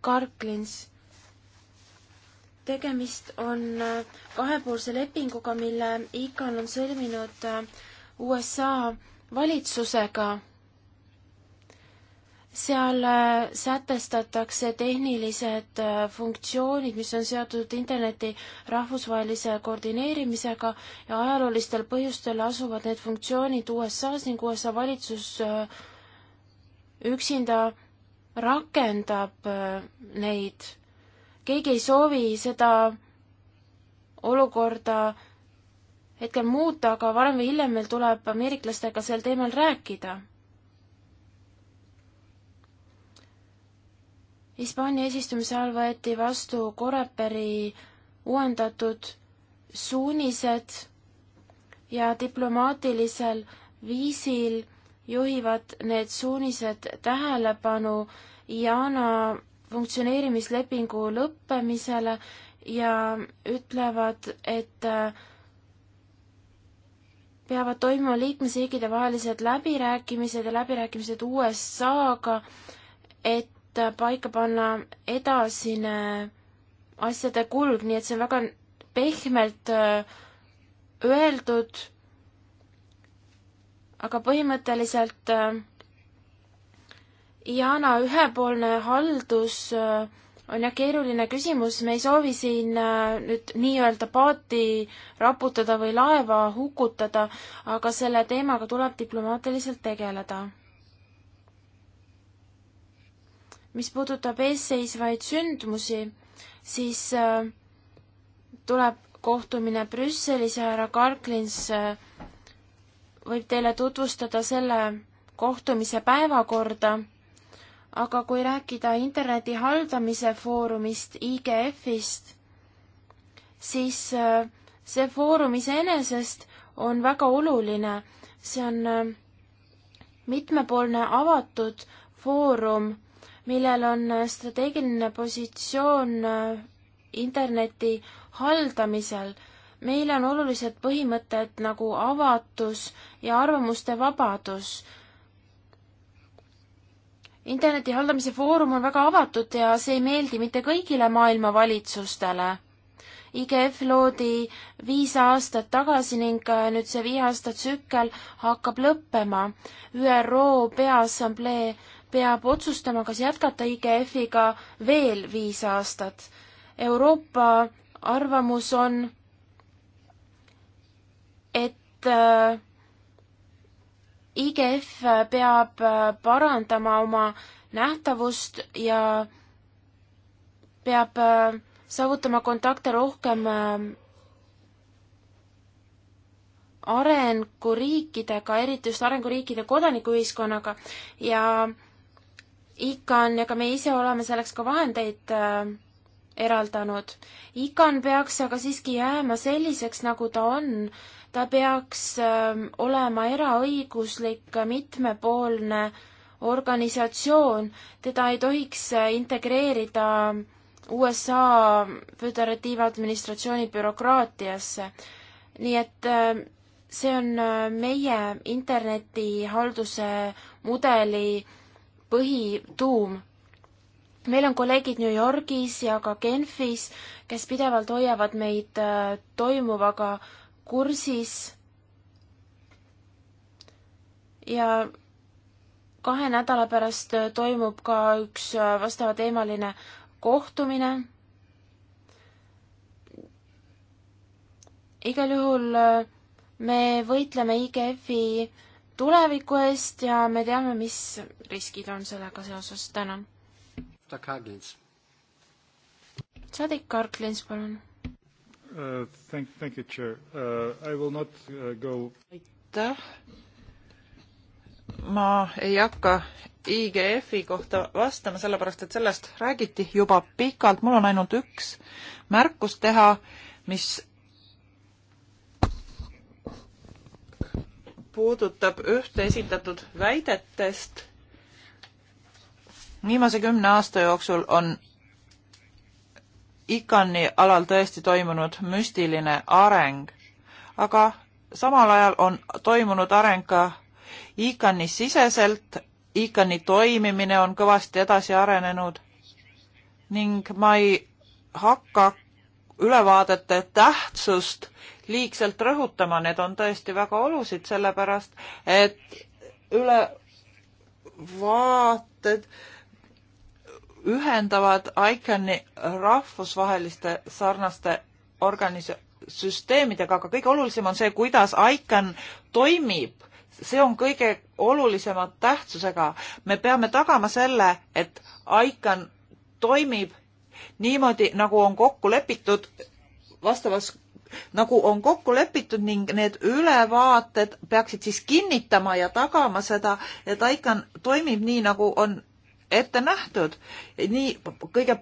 Speaker 2: Karklins tegemist on äh, kahepoolse lepinguga, mille ICAN on sõlminud äh, USA valitsusega. seal äh, sätestatakse tehnilised funktsioonid, mis on seotud interneti rahvusvahelise koordineerimisega ja ajaloolistel põhjustel asuvad need funktsioonid USA-s ning USA valitsus üksinda rakendab neid keegi ei soovi seda olukorda hetkel muuta, aga varem või hiljem meil tuleb ameeriklastega sel teemal rääkida. Hispaania eesistumise ajal võeti vastu Coreperi uuendatud suunised ja diplomaatilisel viisil juhivad need suunised tähelepanu Jana funktsioneerimislepingu lõppemisele ja ütlevad, et äh, peavad toimuma liikmesriikide vahelised läbirääkimised ja läbirääkimised USA-ga, et äh, paika panna edasine asjade kulg, nii et see on väga pehmelt äh, öeldud, aga põhimõtteliselt äh, Jana, ühepoolne haldus äh, on jah keeruline küsimus, me ei soovi siin äh, nüüd nii-öelda paati raputada või laeva hukutada, aga selle teemaga tuleb diplomaatiliselt tegeleda. mis puudutab eesseisvaid sündmusi, siis äh, tuleb kohtumine Brüsselis ja härra Karklins võib teile tutvustada selle kohtumise päevakorda aga kui rääkida interneti haldamise foorumist, IGF-ist, siis äh, see foorum iseenesest on väga oluline, see on äh, mitmepoolne avatud foorum, millel on äh, strateegiline positsioon interneti haldamisel. meile on olulised põhimõtted nagu avatus ja arvamuste vabadus interneti haldamise foorum on väga avatud ja see ei meeldi mitte kõigile maailma valitsustele. IGF loodi viis aastat tagasi ning nüüd see viie aasta tsükkel hakkab lõppema. ÜRO Peaassamblee peab otsustama, kas jätkata IGF-iga veel viis aastat. Euroopa arvamus on, et äh, IGF peab äh, parandama oma nähtavust ja peab äh, saavutama kontakte rohkem äh, arenguriikidega, eriti just arenguriikide kodanikuühiskonnaga ja ICAN ja ka meie ise oleme selleks ka vahendeid äh, eraldanud. ICAN peaks aga siiski jääma selliseks, nagu ta on, ta peaks ähm, olema eraõiguslik mitmepoolne organisatsioon, teda ei tohiks äh, integreerida USA föderatiivadministratsiooni bürokraatiasse. nii et ähm, see on äh, meie internetihalduse mudeli põhituum. meil on kolleegid New Yorgis ja ka Genfis, kes pidevalt hoiavad meid äh, toimuvaga kursis ja kahe nädala pärast toimub ka üks äh, vastavateemaline kohtumine. igal juhul äh, me võitleme IGF-i tuleviku eest ja me teame, mis riskid on sellega seoses. tänan. saadik Karklins, palun
Speaker 1: Uh, thank, thank you, Chair. Uh, I will not uh, go...
Speaker 2: aitäh.
Speaker 1: ma ei hakka IGF-i kohta vastama, sellepärast et sellest räägiti juba pikalt, mul on ainult üks märkus teha, mis puudutab ühte esitatud väidetest. viimase kümne aasta jooksul on Ikani alal tõesti toimunud müstiline areng, aga samal ajal on toimunud areng ka Ikani siseselt, Ikani toimimine on kõvasti edasi arenenud ning ma ei hakka ülevaadete tähtsust liigselt rõhutama, need on tõesti väga olulised, sellepärast et ülevaated ühendavad ICAN-i rahvusvaheliste sarnaste organis-, süsteemidega, aga kõige olulisem on see, kuidas ICAN toimib. see on kõige olulisema tähtsusega. me peame tagama selle, et ICAN toimib niimoodi, nagu on kokku lepitud vastavas nagu on kokku lepitud ning need ülevaated peaksid siis kinnitama ja tagama seda, et ICAN toimib nii, nagu on ette nähtud nii kõige,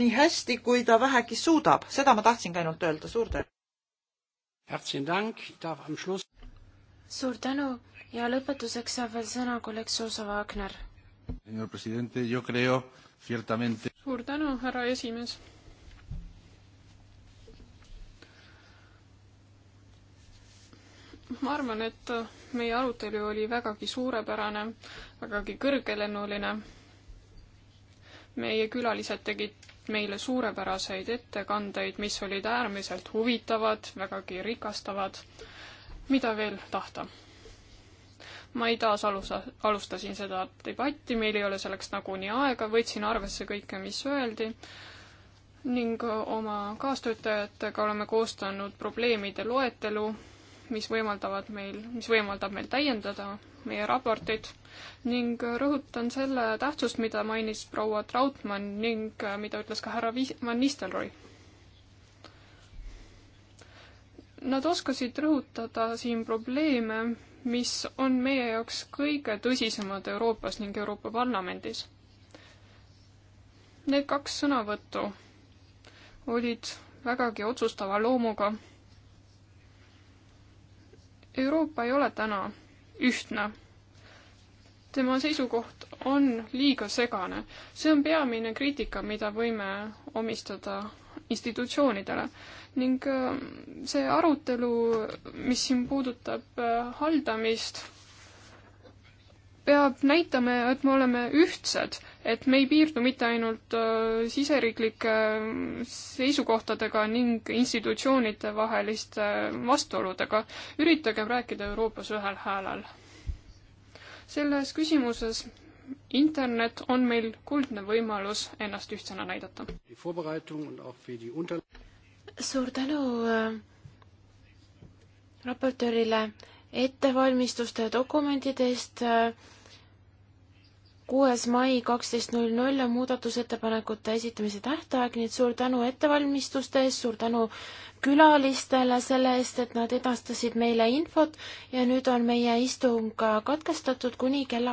Speaker 1: nii hästi, kui ta vähegi suudab. seda ma tahtsingi ainult öelda. suur tänu!
Speaker 2: suur tänu ja lõpetuseks saab veel sõna kolleeg Zuzo Wagner.
Speaker 3: suur tänu, härra esimees! ma arvan, et meie arutelu oli vägagi suurepärane, vägagi kõrgelennuline meie külalised tegid meile suurepäraseid ettekandeid, mis olid äärmiselt huvitavad, vägagi rikastavad. mida veel tahta? ma ei taas alusa, alustasin seda debatti, meil ei ole selleks nagunii aega, võtsin arvesse kõike, mis öeldi ning oma kaastöötajatega oleme koostanud probleemide loetelu, mis võimaldavad meil, mis võimaldab meil täiendada meie raportit ning rõhutan selle tähtsust, mida mainis proua Trautmann ning äh, mida ütles ka härra Van Nistelrooy. Nad oskasid rõhutada siin probleeme, mis on meie jaoks kõige tõsisemad Euroopas ning Euroopa Parlamendis. Need kaks sõnavõttu olid vägagi otsustava loomuga. Euroopa ei ole täna ühtne. tema seisukoht on liiga segane. see on peamine kriitika, mida võime omistada institutsioonidele ning äh, see arutelu, mis siin puudutab äh, haldamist, peab näitama, et me oleme ühtsed et me ei piirdu mitte ainult äh, siseriiklike äh, seisukohtadega ning institutsioonide vaheliste äh, vastuoludega, üritagem rääkida Euroopas ühel häälel. selles küsimuses internet on meil kuldne võimalus ennast ühtsena näidata.
Speaker 2: suur tänu raportöörile ettevalmistuste ja dokumentide eest kuues mai kaksteist null null on muudatusettepanekute esitamise tähtaeg, nii et suur tänu ettevalmistuste eest, suur tänu külalistele selle eest, et nad edastasid meile infot ja nüüd on meie istung katkestatud kuni kella